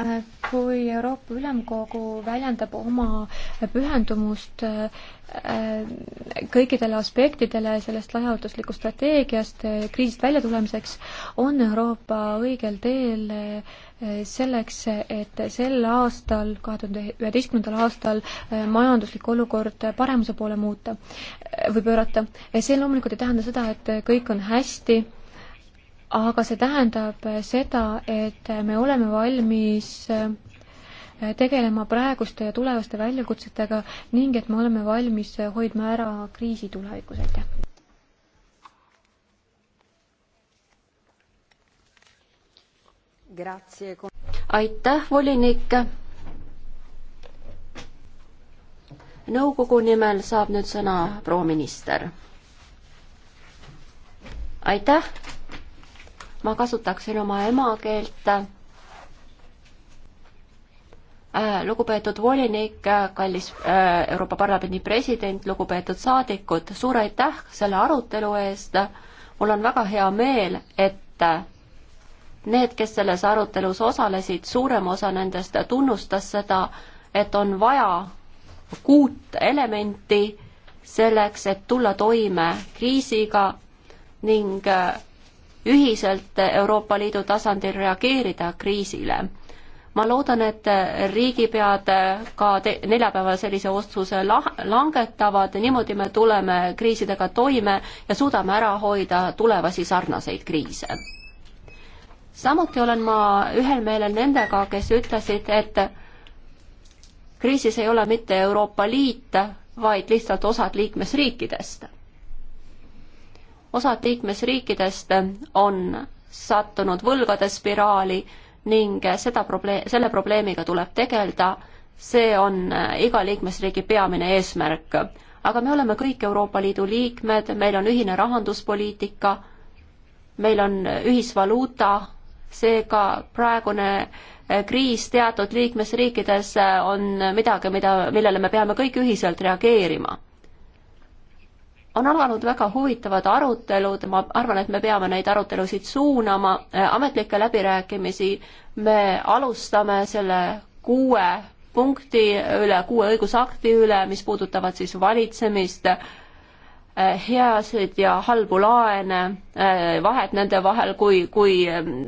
Äh, kui Euroopa Ülemkogu väljendab oma pühendumust äh, kõikidele aspektidele sellest laiaulatuslikust strateegiast äh, kriisist välja tulemiseks, on Euroopa õigel teel selleks, et sel aastal, kahe tuhande üheteistkümnendal aastal majanduslik olukord paremuse poole muuta või pöörata. see loomulikult ei tähenda seda, et kõik on hästi aga see tähendab seda, et me oleme valmis äh, tegelema praeguste ja tulevaste väljakutsetega ning et me oleme valmis äh, hoidma ära kriisi tulevikus, aitäh. aitäh, volinik. nõukogu nimel saab nüüd sõna proua minister. aitäh ma kasutaksin oma emakeelt. Äh, lugupeetud volinik, äh, kallis äh, Euroopa Parlamendi president, lugupeetud saadikud, suur aitäh selle arutelu eest. mul on väga hea meel, et need, kes selles arutelus osalesid, suurem osa nendest tunnustas seda, et on vaja kuut elementi selleks, et tulla toime kriisiga ning ühiselt Euroopa Liidu tasandil reageerida kriisile. ma loodan, et riigipead ka neljapäeval sellise otsuse la-, langetavad, niimoodi me tuleme kriisidega toime ja suudame ära hoida tulevasi sarnaseid kriise. samuti olen ma ühel meelel nendega, kes ütlesid, et kriisis ei ole mitte Euroopa Liit, vaid lihtsalt osad liikmesriikidest osad liikmesriikidest on sattunud võlgade spiraali ning seda probleem, selle probleemiga tuleb tegeleda, see on iga liikmesriigi peamine eesmärk. aga me oleme kõik Euroopa Liidu liikmed, meil on ühine rahanduspoliitika, meil on ühisvaluuta, seega praegune eh, kriis teatud liikmesriikides eh, on midagi, mida, millele me peame kõik ühiselt reageerima on alanud väga huvitavad arutelud, ma arvan, et me peame neid arutelusid suunama, äh, ametlikke läbirääkimisi me alustame selle kuue punkti üle, kuue õigusakti üle, mis puudutavad siis valitsemist, äh, heasid ja halbu laene, äh, vahet nende vahel, kui, kui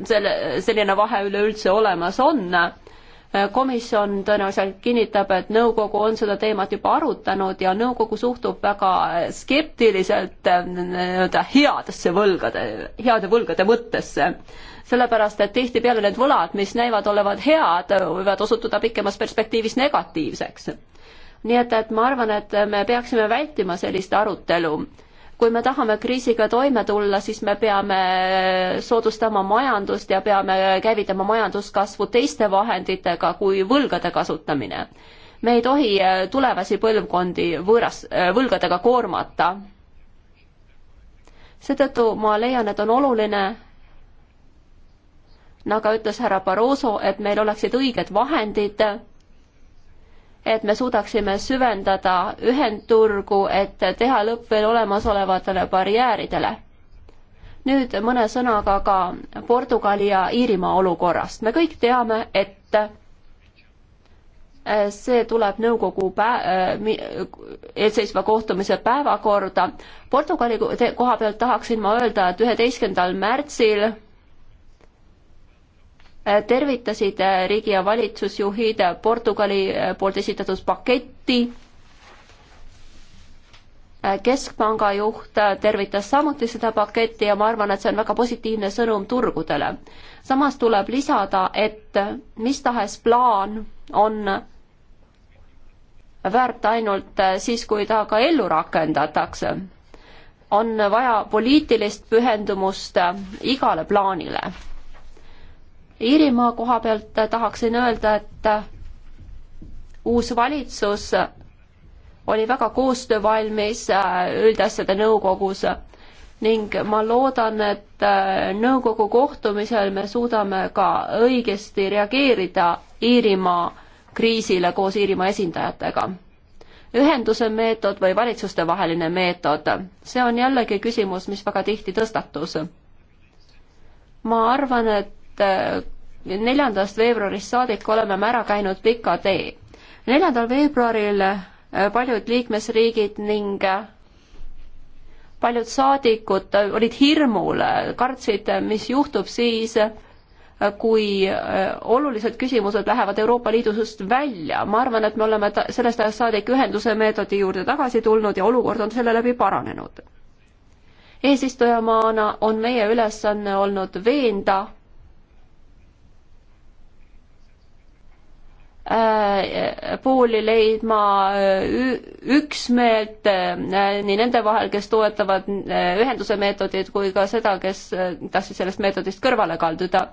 selle, selline vahe üleüldse olemas on komisjon tõenäoliselt kinnitab, et nõukogu on seda teemat juba arutanud ja nõukogu suhtub väga skeptiliselt äh, nii-öelda headesse võlgade, heade võlgade mõttesse. sellepärast, et tihtipeale need võlad, mis näivad olevat head, võivad osutuda pikemas perspektiivis negatiivseks nii et, et ma arvan, et me peaksime vältima sellist arutelu kui me tahame kriisiga toime tulla, siis me peame soodustama majandust ja peame käivitama majanduskasvu teiste vahenditega kui võlgade kasutamine. me ei tohi äh, tulevasi põlvkondi võõras, äh, võlgadega koormata. seetõttu ma leian, et on oluline, nagu ütles härra Barroso, et meil oleksid õiged vahendid et me suudaksime süvendada ühendturgu, et teha lõpp veel olemasolevatele barjääridele. nüüd mõne sõnaga ka Portugali ja Iirimaa olukorrast. me kõik teame, et äh, see tuleb nõukogu äh, eelseisva kohtumise päevakorda. Portugali koha pealt tahaksin ma öelda, et üheteistkümnendal märtsil tervitasid äh, riigi ja valitsusjuhid äh, Portugali äh, poolt esitatud paketti. keskpanga juht tervitas samuti seda paketti ja ma arvan, et see on väga positiivne sõnum turgudele. samas tuleb lisada, et mis tahes plaan on väärt ainult siis, kui ta ka ellu rakendatakse. on vaja poliitilist pühendumust igale plaanile Iirimaa koha pealt tahaksin öelda, et uus valitsus oli väga koostöövalmis äh, üldasjade nõukogus ning ma loodan, et äh, nõukogu kohtumisel me suudame ka õigesti reageerida Iirimaa kriisile koos Iirimaa esindajatega. ühenduse meetod või valitsustevaheline meetod, see on jällegi küsimus, mis väga tihti tõstatus. ma arvan, et et äh, neljandast veebruarist saadik oleme me ära käinud pika tee. neljandal veebruaril äh, paljud liikmesriigid ning äh, paljud saadikud olid hirmul, kartsid, mis juhtub siis, kui olulised küsimused lähevad Euroopa Liidusest välja. ma arvan, et me oleme sellest ajast saadik ühenduse meetodi juurde tagasi tulnud ja olukord on selle läbi paranenud. eesistujamaana on meie ülesanne olnud veenda Äh, pooli leidma äh, üksmeelt äh, nii nende vahel, kes toetavad ühenduse meetodit, kui ka seda, kes tahtsid sellest meetodist kõrvale kalduda.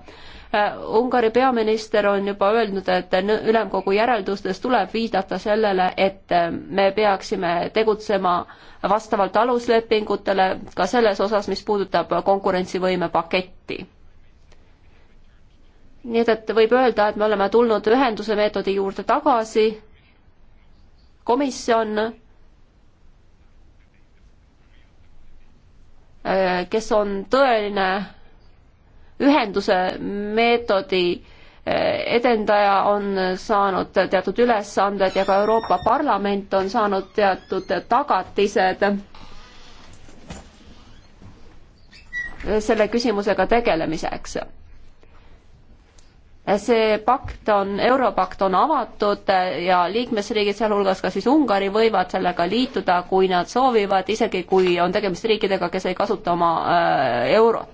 Ungari peaminister on juba öelnud, et ülemkogu järeldustes tuleb viidata sellele, et me peaksime tegutsema vastavalt aluslepingutele ka selles osas, mis puudutab konkurentsivõime paketti nii et, et võib öelda, et me oleme tulnud ühenduse meetodi juurde tagasi. komisjon, äh, kes on tõeline ühenduse meetodi äh, edendaja, on saanud teatud ülesanded ja ka Euroopa Parlament on saanud teatud tagatised selle küsimusega tegelemiseks see pakt on, Europakt on avatud ja liikmesriigid, sealhulgas ka siis Ungari, võivad sellega liituda, kui nad soovivad, isegi kui on tegemist riikidega, kes ei kasuta oma äh, eurot.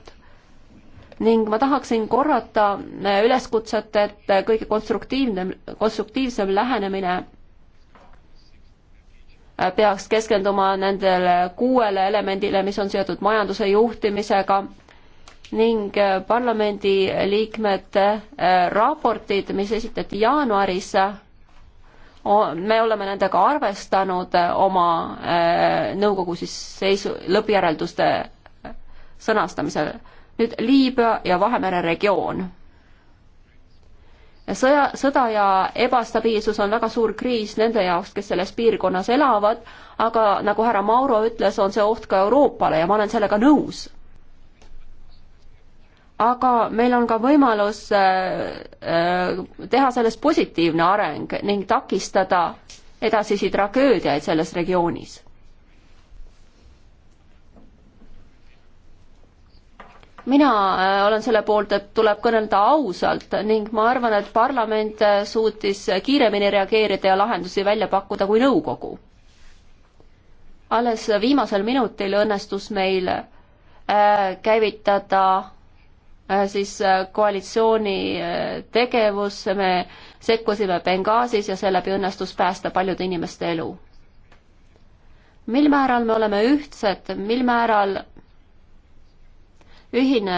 ning ma tahaksin korrata äh, üleskutset, et kõige konstruktiivne, konstruktiivsem lähenemine äh, peaks keskenduma nendele kuuele elemendile, mis on seotud majanduse juhtimisega ning äh, parlamendi liikmete äh, raportid, mis esitati jaanuaris, me oleme nendega arvestanud äh, oma nõukogu siis seisu, lõppjärelduste sõnastamisel. nüüd Liibüa ja Vahemere regioon. sõja, sõda ja ebastabiilsus on väga suur kriis nende jaoks, kes selles piirkonnas elavad, aga nagu härra Mauro ütles, on see oht ka Euroopale ja ma olen sellega nõus aga meil on ka võimalus äh, äh, teha sellest positiivne areng ning takistada edasisi tragöödiaid selles regioonis. mina äh, olen selle poolt, et tuleb kõnelda ausalt ning ma arvan, et parlament suutis kiiremini reageerida ja lahendusi välja pakkuda kui nõukogu. alles viimasel minutil õnnestus meil käivitada Äh, siis äh, koalitsiooni äh, tegevus, me sekkusime Benghazis ja seeläbi õnnestus päästa paljude inimeste elu. mil määral me oleme ühtsed, mil määral ühine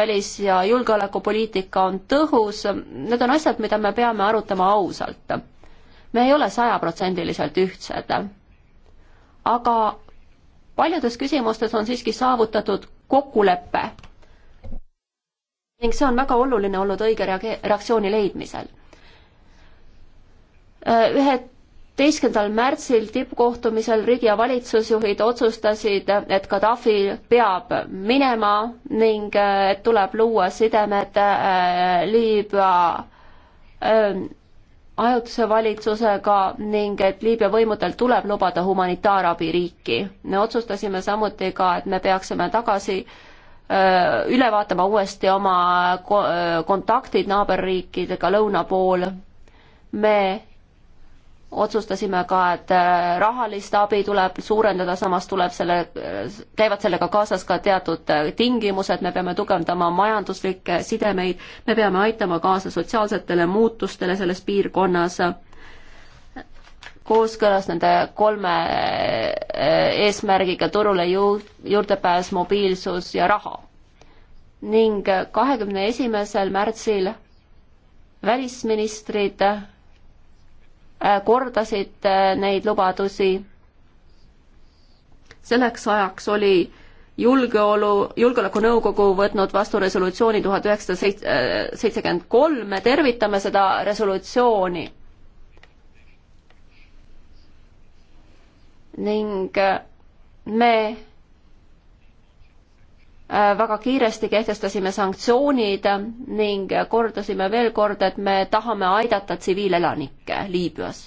välis- ja julgeolekupoliitika on tõhus, need on asjad, mida me peame arutama ausalt. me ei ole sajaprotsendiliselt ühtsed. aga paljudes küsimustes on siiski saavutatud kokkulepe ning see on väga oluline olnud õige reaktsiooni leidmisel. Äh, üheteistkümnendal märtsil tippkohtumisel riigi ja valitsusjuhid otsustasid, et Gaddafi peab minema ning äh, et tuleb luua sidemed äh, Liibüa ähm, ajutise valitsusega ning et Liibüa võimudel tuleb lubada humanitaarabi riiki. me otsustasime samuti ka, et me peaksime tagasi äh, Äh, üle vaatama uuesti oma äh, kontaktid naaberriikidega lõuna pool. me otsustasime ka, et äh, rahalist abi tuleb suurendada, samas tuleb selle, käivad sellega kaasas ka teatud tingimused, me peame tugevdama majanduslikke sidemeid, me peame aitama kaasa sotsiaalsetele muutustele selles piirkonnas kooskõlas nende kolme eh, eesmärgiga turule ju-, juurdepääs, mobiilsus ja raha. ning kahekümne esimesel märtsil välisministrid eh, kordasid eh, neid lubadusi. selleks ajaks oli julgeolu, Julgeolekunõukogu võtnud vastu resolutsiooni tuhat üheksasada seitsekümmend kolm, me tervitame seda resolutsiooni ning äh, me äh, väga kiiresti kehtestasime sanktsioonid ning kordasime veel kord, et me tahame aidata tsiviilelanikke Liibüas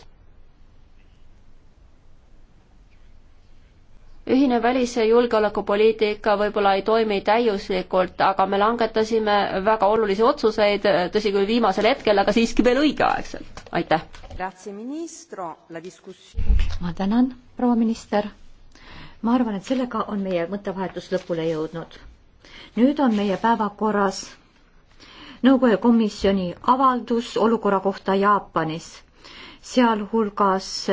ühine välis- ja julgeolekupoliitika võib-olla ei toimi täiuslikult, aga me langetasime väga olulisi otsuseid, tõsi küll, viimasel hetkel, aga siiski veel õigeaegselt. aitäh! ma tänan, proua minister! ma arvan, et sellega on meie mõttevahetus lõpule jõudnud. nüüd on meie päevakorras nõukogu komisjoni avaldus olukorra kohta Jaapanis, sealhulgas